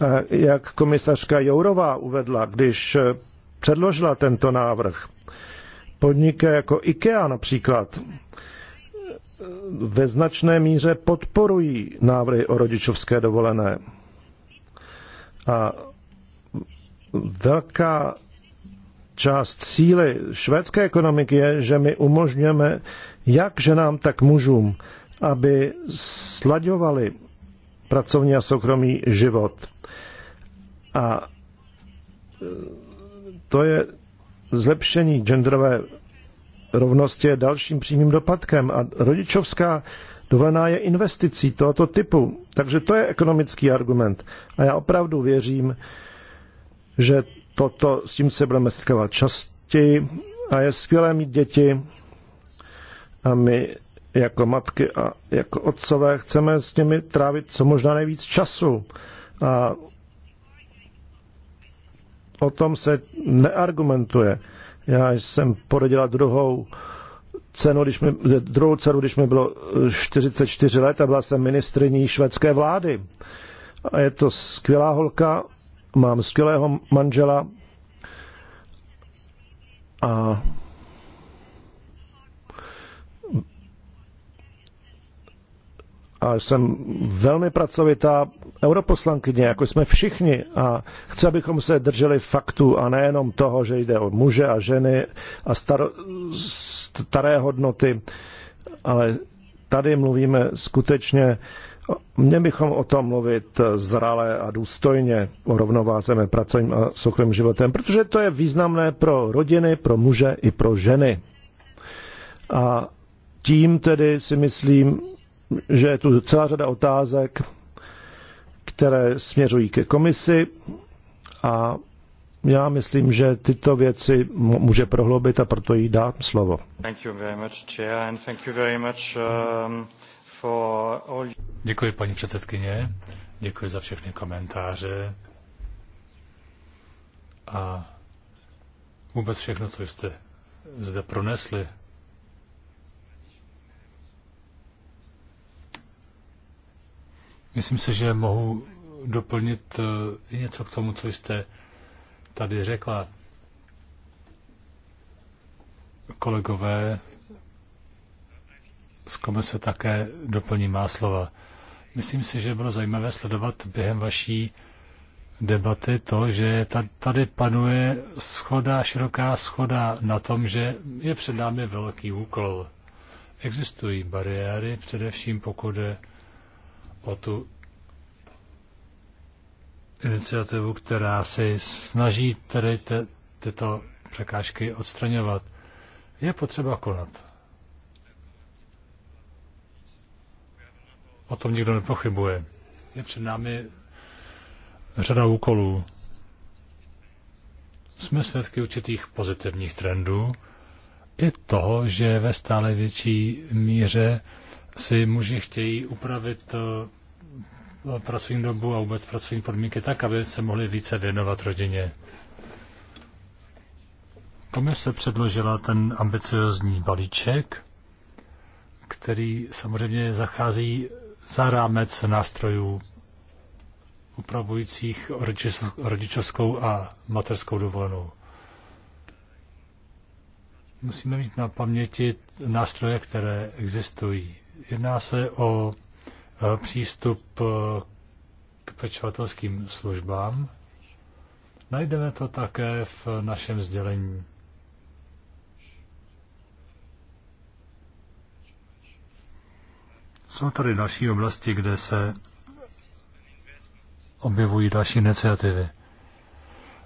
Eh, jak komisařka Jourová uvedla, když eh, předložila tento návrh, podniky jako IKEA například ve značné míře podporují návrhy o rodičovské dovolené. A velká část síly švédské ekonomiky je, že my umožňujeme jak ženám, tak mužům, aby slaďovali pracovní a soukromý život. A to je zlepšení genderové rovnost je dalším přímým dopadkem a rodičovská dovolená je investicí tohoto typu. Takže to je ekonomický argument. A já opravdu věřím, že toto, s tím se budeme setkávat častěji a je skvělé mít děti a my jako matky a jako otcové chceme s nimi trávit co možná nejvíc času. A o tom se neargumentuje. Já jsem porodila druhou cenu, když mi, druhou dceru, když mi bylo 44 let a byla jsem ministriní švédské vlády. A je to skvělá holka, mám skvělého manžela a a jsem velmi pracovitá, europoslankyně, jako jsme všichni a chci, abychom se drželi faktů a nejenom toho, že jde o muže a ženy a star, staré hodnoty, ale tady mluvíme skutečně, měli bychom o tom mluvit zrale a důstojně o rovnováze mezi pracovním a soukromým životem, protože to je významné pro rodiny, pro muže i pro ženy. A tím tedy si myslím, že je tu celá řada otázek, které směřují ke komisi a já myslím, že tyto věci může prohloubit a proto jí dám slovo. Um, Děkuji, paní předsedkyně. Děkuji za všechny komentáře a vůbec všechno, co jste zde pronesli Myslím si, že mohu doplnit eh, něco k tomu, co jste tady řekla. Kolegové z komise také doplní má slova. Myslím si, že bylo zajímavé sledovat během vaší debaty to, že tady panuje schoda, široká schoda na tom, že je před námi velký úkol. Existují bariéry, především pokud je o tu iniciativu, která se snaží tedy te, tyto překážky odstraňovat. Je potřeba konat. O tom nikdo nepochybuje. Je před námi řada úkolů. Jsme svědky určitých pozitivních trendů i toho, že ve stále větší míře si muži chtějí upravit eh, pracovní dobu a vůbec pracovní podmínky tak, aby se mohli více věnovat rodině. Komise předložila ten ambiciozní balíček, který samozřejmě zachází za rámec nástrojů upravujících rodičovskou a materskou dovolenou. Musíme mít na paměti nástroje, které existují. Jedná se o Eh, přístup eh, k pečovatelským službám. Najdeme to také v našem sdělení. Jsou tady další oblasti, kde se objevují další iniciativy.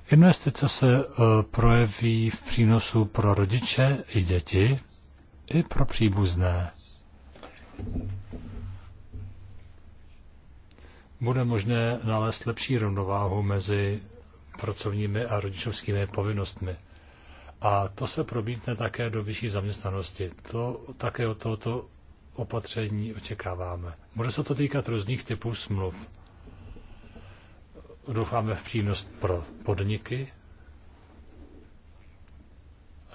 Investice se eh, projeví v přínosu pro rodiče i děti, i pro příbuzné bude možné nalézt lepší rovnováhu mezi pracovními a rodičovskými povinnostmi. A to se probítne také do vyšší zaměstnanosti. To také od tohoto opatření očekáváme. Bude se to týkat různých typů smluv. Doufáme v přínos pro podniky,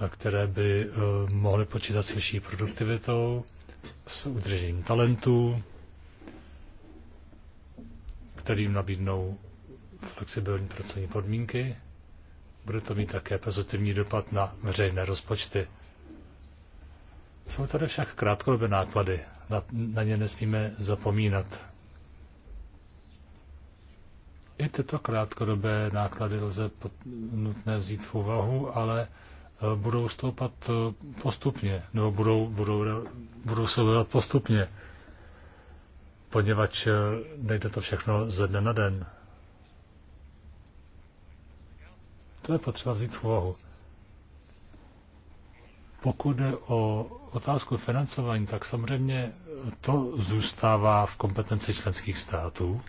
které by eh, mohly počítat s vyšší produktivitou, s udržením talentů, kterým nabídnou flexibilní pracovní podmínky. Bude to mít také pozitivní dopad na veřejné rozpočty. Jsou tady však krátkodobé náklady. Na, na ně nesmíme zapomínat. I tyto krátkodobé náklady lze pod, nutné vzít v úvahu, ale eh, budou stoupat eh, postupně, nebo budou, budou, budou se hledat postupně poněvadž eh, nejde to všechno ze dne na den. To je potřeba vzít v úvahu. Pokud jde o otázku financování, tak samozřejmě to zůstává v kompetenci členských států.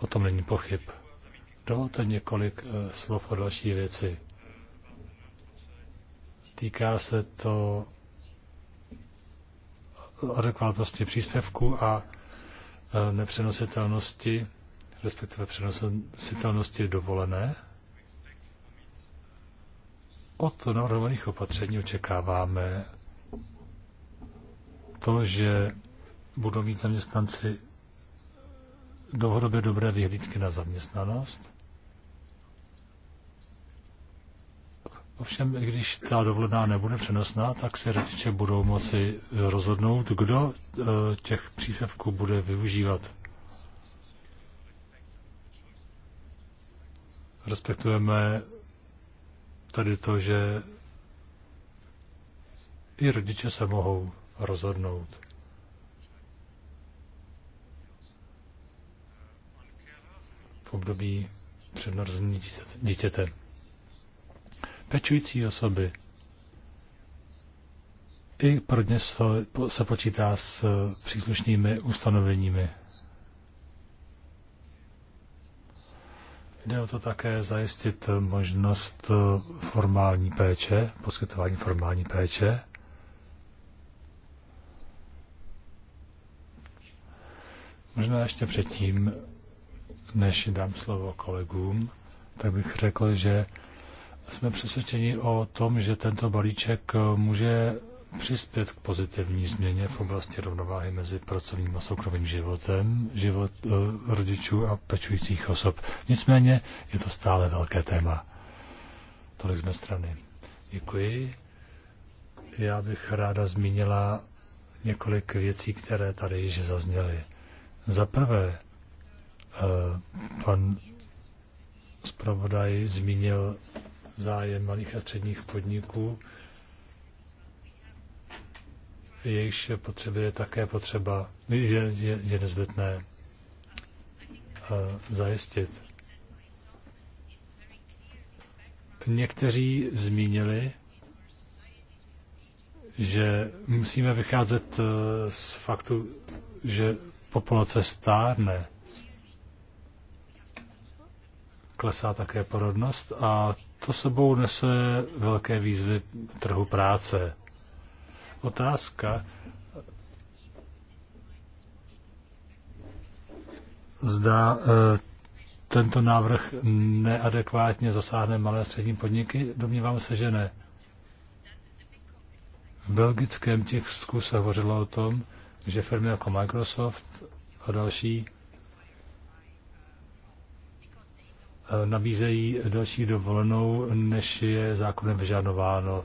O tom není pochyb. Dovolte několik eh, slov o další věci. Týká se to adekvátnosti příspěvku a e, nepřenositelnosti, respektive přenositelnosti dovolené. Od navrhovaných opatření očekáváme to, že budou mít zaměstnanci dlouhodobě dobré vyhlídky na zaměstnanost, Ovšem, i když ta dovolená nebude přenosná, tak se rodiče budou moci eh, rozhodnout, kdo eh, těch příspěvků bude využívat. Respektujeme tady to, že i rodiče se mohou rozhodnout. V období před dítěte. dítěte pečující osoby. I pro dnes se počítá s eh, příslušnými ustanoveními. Jde o to také zajistit možnost eh, formální péče, poskytování formální péče. Možná ještě předtím, než dám slovo kolegům, tak bych řekl, že jsme přesvědčeni o tom, že tento balíček může přispět k pozitivní změně v oblasti rovnováhy mezi pracovním a soukromým životem, život eh, rodičů a pečujících osob. Nicméně je to stále velké téma. Tolik z mé strany. Děkuji. Já bych ráda zmínila několik věcí, které tady již zazněly. Za prvé, eh, pan zpravodaj zmínil zájem malých a středních podniků, jejichž potřeby je také potřeba, je, je, je nezbytné eh, zajistit. Někteří zmínili, že musíme vycházet eh, z faktu, že populace stárne, klesá také porodnost a to sebou nese velké výzvy trhu práce. Otázka, zda eh, tento návrh neadekvátně zasáhne malé a střední podniky? Domnívám se, že ne. V belgickém tisku se hovořilo o tom, že firmy jako Microsoft a další Eh, nabízejí další dovolenou, než je zákonem vyžadováno.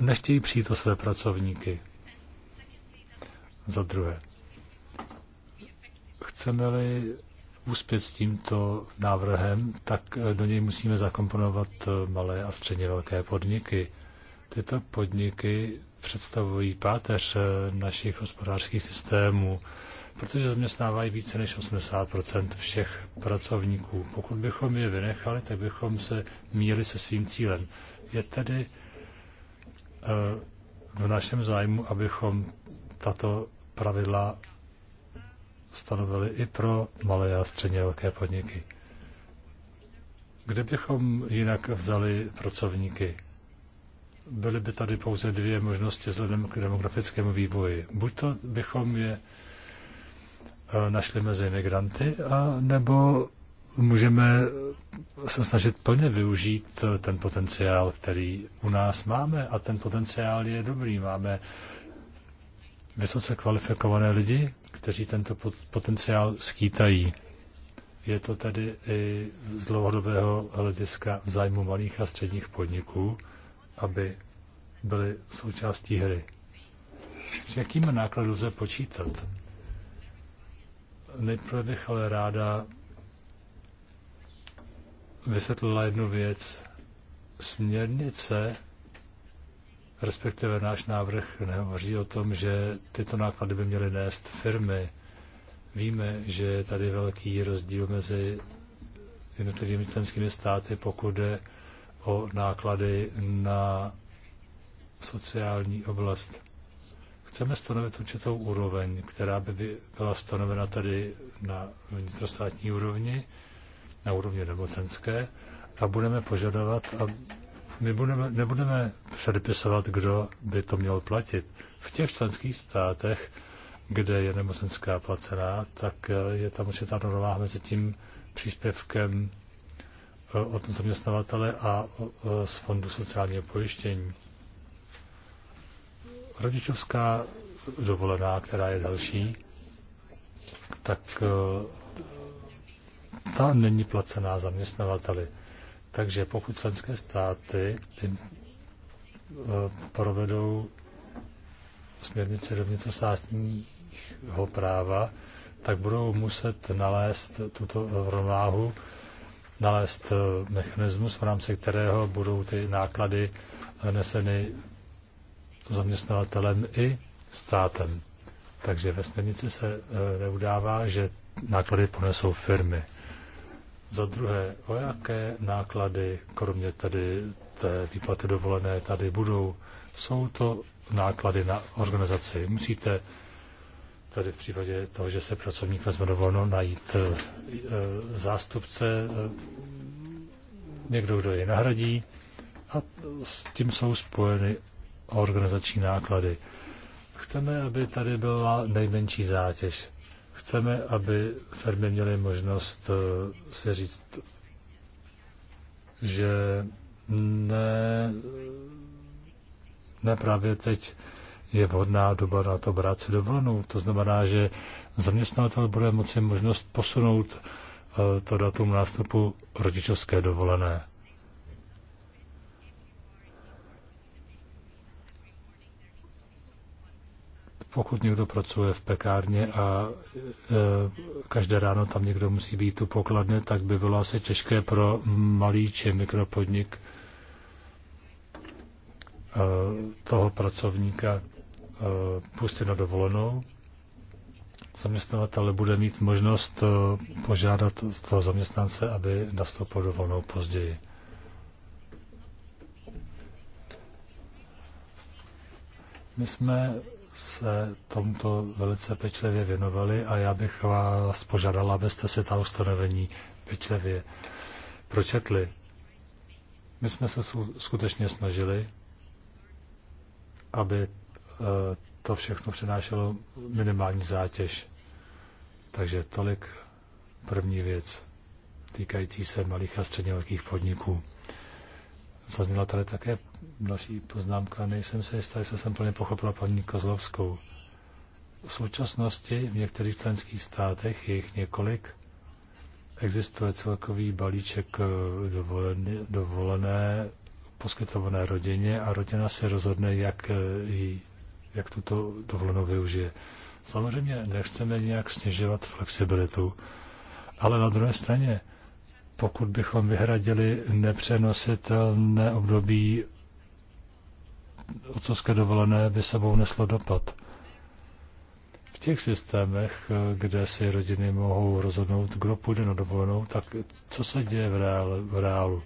Nechtějí přijít o své pracovníky. Za druhé, chceme-li úspět s tímto návrhem, tak eh, do něj musíme zakomponovat eh, malé a středně velké podniky. Tyto podniky představují páteř našich hospodářských systémů protože zaměstnávají více než 80 všech pracovníků. Pokud bychom je vynechali, tak bychom se míli se svým cílem. Je tedy eh, v našem zájmu, abychom tato pravidla stanovili i pro malé a středně velké podniky. Kde bychom jinak vzali pracovníky? Byly by tady pouze dvě možnosti vzhledem k demografickému vývoji. Buď to bychom je Eh, našli mezi migranty, a nebo můžeme se snažit plně využít eh, ten potenciál, který u nás máme. A ten potenciál je dobrý. Máme vysoce kvalifikované lidi, kteří tento potenciál skýtají. Je to tedy i z dlouhodobého hlediska v zájmu malých a středních podniků, aby byly součástí hry. S jakými náklady lze počítat? Nejprve bych ale ráda vysvětlila jednu věc. Směrnice, respektive náš návrh, nehovoří o tom, že tyto náklady by měly nést firmy. Víme, že je tady velký rozdíl mezi jednotlivými členskými státy, pokud jde o náklady na sociální oblast. Chceme stanovit určitou úroveň, která by byla stanovena tady na vnitrostátní úrovni, na úrovni nemocenské, a budeme požadovat, a my budeme, nebudeme předpisovat, kdo by to měl platit. V těch členských státech, kde je nemocenská placená, tak eh, je tam určitá rovnováha mezi tím příspěvkem eh, od zaměstnavatele a eh, z Fondu sociálního pojištění. Rodičovská dovolená, která je další, tak eh, ta není placená zaměstnavateli. Takže pokud členské státy eh, provedou směrnici rovnicostátního práva, tak budou muset nalézt tuto rovnáhu, nalézt eh, mechanismus, v rámci kterého budou ty náklady neseny zaměstnavatelem i státem. Takže ve směrnici se e, neudává, že náklady ponesou firmy. Za druhé, o jaké náklady, kromě tedy té výplaty dovolené, tady budou? Jsou to náklady na organizaci. Musíte tady v případě toho, že se pracovník vezme dovolenou, najít e, zástupce, e, někdo, kdo je nahradí a s tím jsou spojeny a organizační náklady. Chceme, aby tady byla nejmenší zátěž. Chceme, aby firmy měly možnost eh, se říct, že ne, ne právě teď je vhodná doba na to brát si dovolenou. To znamená, že zaměstnatel bude moci možnost posunout eh, to datum nástupu rodičovské dovolené. pokud někdo pracuje v pekárně a e, každé ráno tam někdo musí být tu pokladně, tak by bylo asi těžké pro malý či mikropodnik e, toho pracovníka e, pustit na dovolenou. Zaměstnavatel bude mít možnost e, požádat toho zaměstnance, aby nastoupil dovolenou později. My jsme se tomuto velice pečlivě věnovali a já bych vás požádala, abyste si ta ustanovení pečlivě pročetli. My jsme se skutečně snažili, aby eh, to všechno přinášelo minimální zátěž. Takže tolik první věc týkající se malých a středně velkých podniků. Zazněla tady také další poznámka. Nejsem se jistá, jestli jsem plně pochopila paní Kozlovskou. V současnosti v některých členských státech, je jich několik, existuje celkový balíček eh, dovolené, dovolené poskytované rodině a rodina si rozhodne, jak, eh, jí, jak tuto dovolenou využije. Samozřejmě nechceme nějak snižovat flexibilitu, ale na druhé straně pokud bychom vyhradili nepřenositelné období otcovské dovolené, by sebou neslo dopad. V těch systémech, kde si rodiny mohou rozhodnout, kdo půjde na dovolenou, tak co se děje v reálu? V reálu?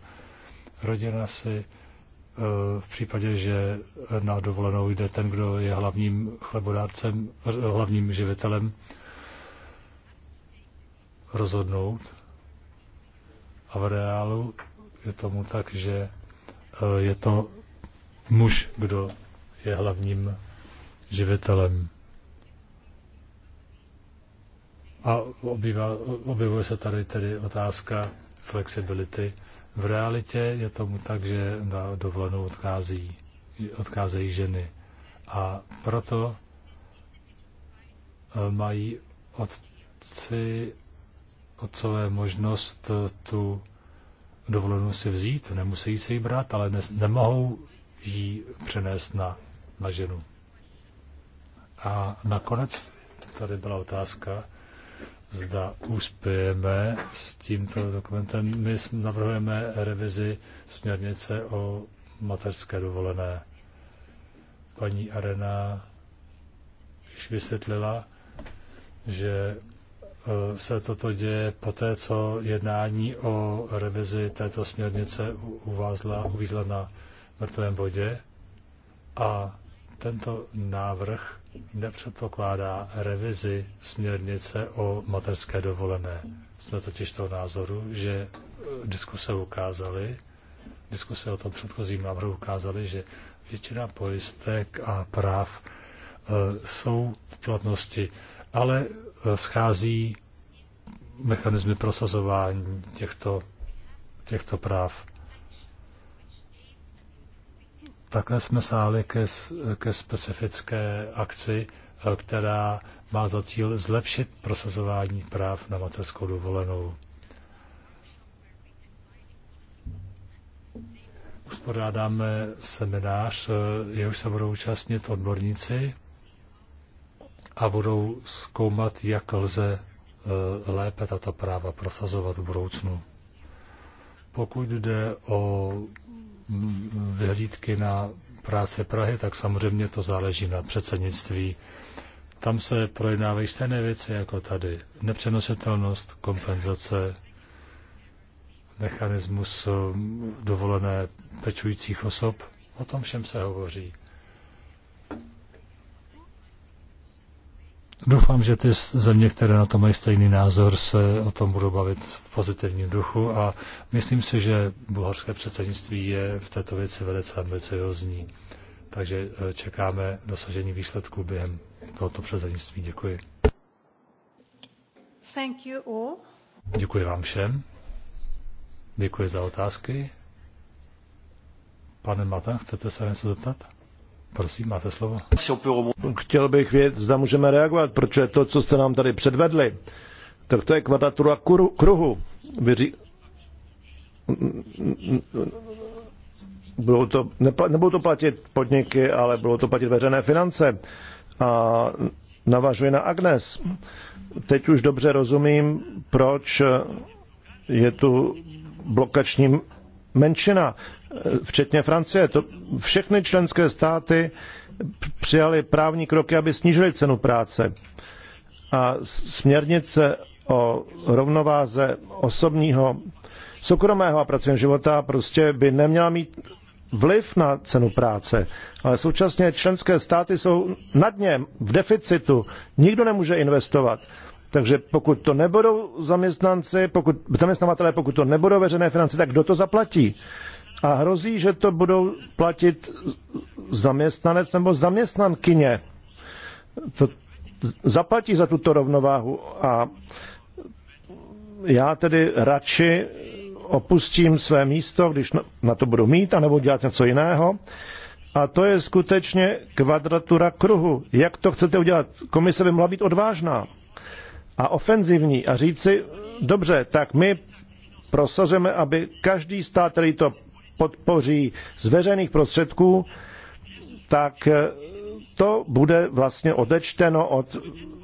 Rodina si eh, v případě, že na dovolenou jde ten, kdo je hlavním chlebodárcem, eh, hlavním živitelem, rozhodnout, a v reálu je tomu tak, že e, je to muž, kdo je hlavním živitelem. A obývá, objevuje se tady tedy otázka flexibility. V realitě je tomu tak, že na dovolenou odchází, odcházejí ženy. A proto e, mají otci otcové možnost eh, tu dovolenou si vzít, nemusí si ji brát, ale ne, nemohou ji přenést na, na ženu. A nakonec tady byla otázka, zda uspějeme s tímto dokumentem. My navrhujeme revizi směrnice o materské dovolené. Paní Arena již vysvětlila, že Eh, se toto děje poté, co jednání o revizi této směrnice uvázla, uvízla na mrtvém bodě a tento návrh nepředpokládá revizi směrnice o materské dovolené. Jsme totiž toho názoru, že eh, diskuse ukázaly, diskuse o tom předchozím návrhu ukázaly, že většina pojistek a práv eh, jsou v platnosti ale eh, schází mechanismy prosazování těchto, těchto práv. Také jsme sáli ke, ke specifické akci, eh, která má za cíl zlepšit prosazování práv na materskou dovolenou. Uspořádáme seminář, eh, jehož se budou účastnit odborníci a budou zkoumat, jak lze eh, lépe tato práva prosazovat v budoucnu. Pokud jde o mm, vyhlídky na práce Prahy, tak samozřejmě to záleží na předsednictví. Tam se projednávají stejné věci jako tady. Nepřenositelnost, kompenzace, mechanismus mm, dovolené pečujících osob. O tom všem se hovoří. Doufám, že ty země, které na to mají stejný názor, se o tom budou bavit v pozitivním duchu a myslím si, že bulharské předsednictví je v této věci velice ambiciozní. Takže eh, čekáme dosažení výsledků během tohoto předsednictví. Děkuji. Thank you all. Děkuji vám všem. Děkuji za otázky. Pane Mata, chcete se něco zeptat? Prosím, máte slovo. Chtěl bych vědět, zda můžeme reagovat, protože to, co jste nám tady předvedli, tak to je kvadratura kruhu. Vy ří... to, nebudou to platit podniky, ale budou to platit veřejné finance. A navažuji na Agnes. Teď už dobře rozumím, proč je tu blokační menšina, eh, včetně Francie. To všechny členské státy přijali právní kroky, aby snížili cenu práce. A směrnice o rovnováze osobního, soukromého a pracovního života prostě by neměla mít vliv na cenu práce, ale současně členské státy jsou nad něm v deficitu. Nikdo nemůže investovat. Takže pokud to nebudou zaměstnanci, pokud, zaměstnavatelé, pokud to nebudou veřejné finance, tak kdo to zaplatí? A hrozí, že to budou platit zaměstnanec nebo zaměstnankyně. To zaplatí za tuto rovnováhu a já tedy radši opustím své místo, když na to budu mít, anebo dělat něco jiného. A to je skutečně kvadratura kruhu. Jak to chcete udělat? Komise by mohla být odvážná a ofenzivní a říci, dobře, tak my prosazujeme, aby každý stát, který to podpoří z veřejných prostředků, tak eh, to bude vlastně odečteno od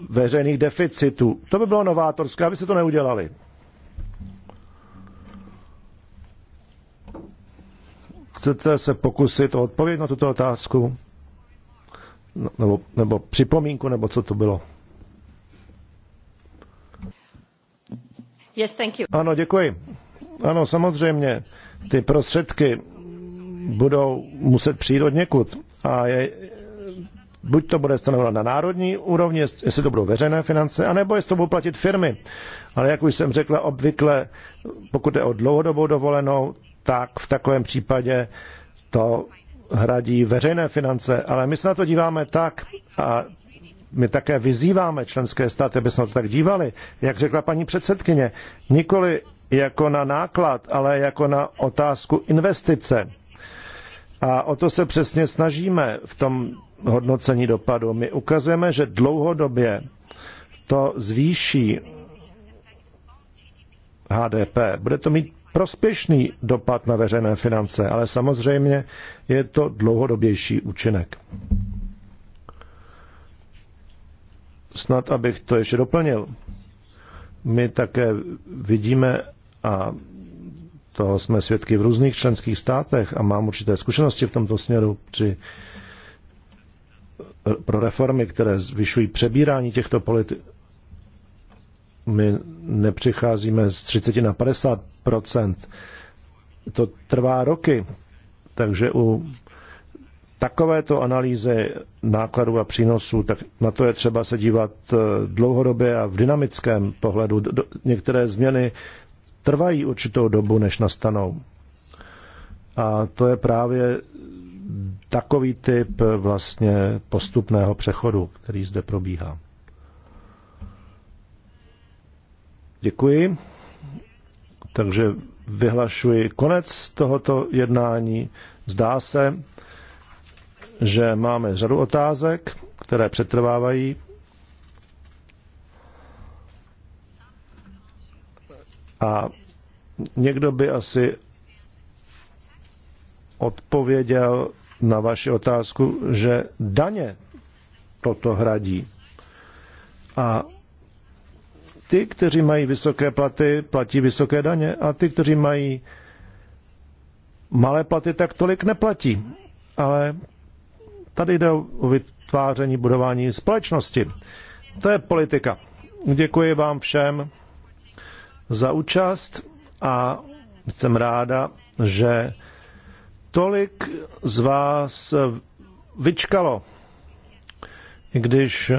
veřejných deficitů. To by bylo novátorské, aby se to neudělali. Chcete se pokusit o odpověď na tuto otázku? No, nebo, nebo připomínku, nebo co to bylo? Yes, thank you. Ano, děkuji. Ano, samozřejmě, ty prostředky budou muset přijít od někud. A je, buď to bude stanoveno na národní úrovni, jestli to budou veřejné finance, anebo jestli to budou platit firmy. Ale jak už jsem řekla, obvykle, pokud je o dlouhodobou dovolenou, tak v takovém případě to hradí veřejné finance, ale my se na to díváme tak, a my také vyzýváme členské státy, aby se na to tak dívali, jak řekla paní předsedkyně, nikoli jako na náklad, ale jako na otázku investice. A o to se přesně snažíme v tom hodnocení dopadu. My ukazujeme, že dlouhodobě to zvýší HDP. Bude to mít prospěšný dopad na veřejné finance, ale samozřejmě je to dlouhodobější účinek. Snad, abych to ještě doplnil. My také vidíme a toho jsme svědky v různých členských státech a mám určité zkušenosti v tomto směru při pro reformy, které zvyšují přebírání těchto politik. My nepřicházíme z 30 na 50 To trvá roky, takže u takovéto analýze nákladů a přínosů, tak na to je třeba se dívat eh, dlouhodobě a v dynamickém pohledu. Některé změny trvají určitou dobu, než nastanou. A to je právě takový typ eh, vlastně postupného přechodu, který zde probíhá. Děkuji. Takže vyhlašuji konec tohoto jednání. Zdá se, že máme řadu otázek, které přetrvávají. A někdo by asi odpověděl na vaši otázku, že daně toto hradí. A ty, kteří mají vysoké platy, platí vysoké daně a ty, kteří mají malé platy, tak tolik neplatí. Ale Tady jde o vytváření, budování společnosti. To je politika. Děkuji vám všem za účast a jsem ráda, že tolik z vás vyčkalo, když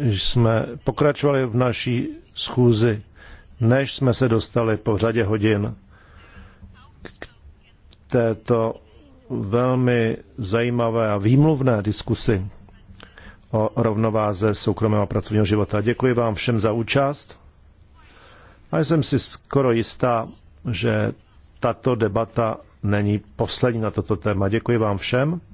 jsme pokračovali v naší schůzi, než jsme se dostali po řadě hodin k této velmi zajímavé a výmluvné diskusy o rovnováze soukromého a pracovního života. Děkuji vám všem za účast a jsem si skoro jistá, že tato debata není poslední na toto téma. Děkuji vám všem.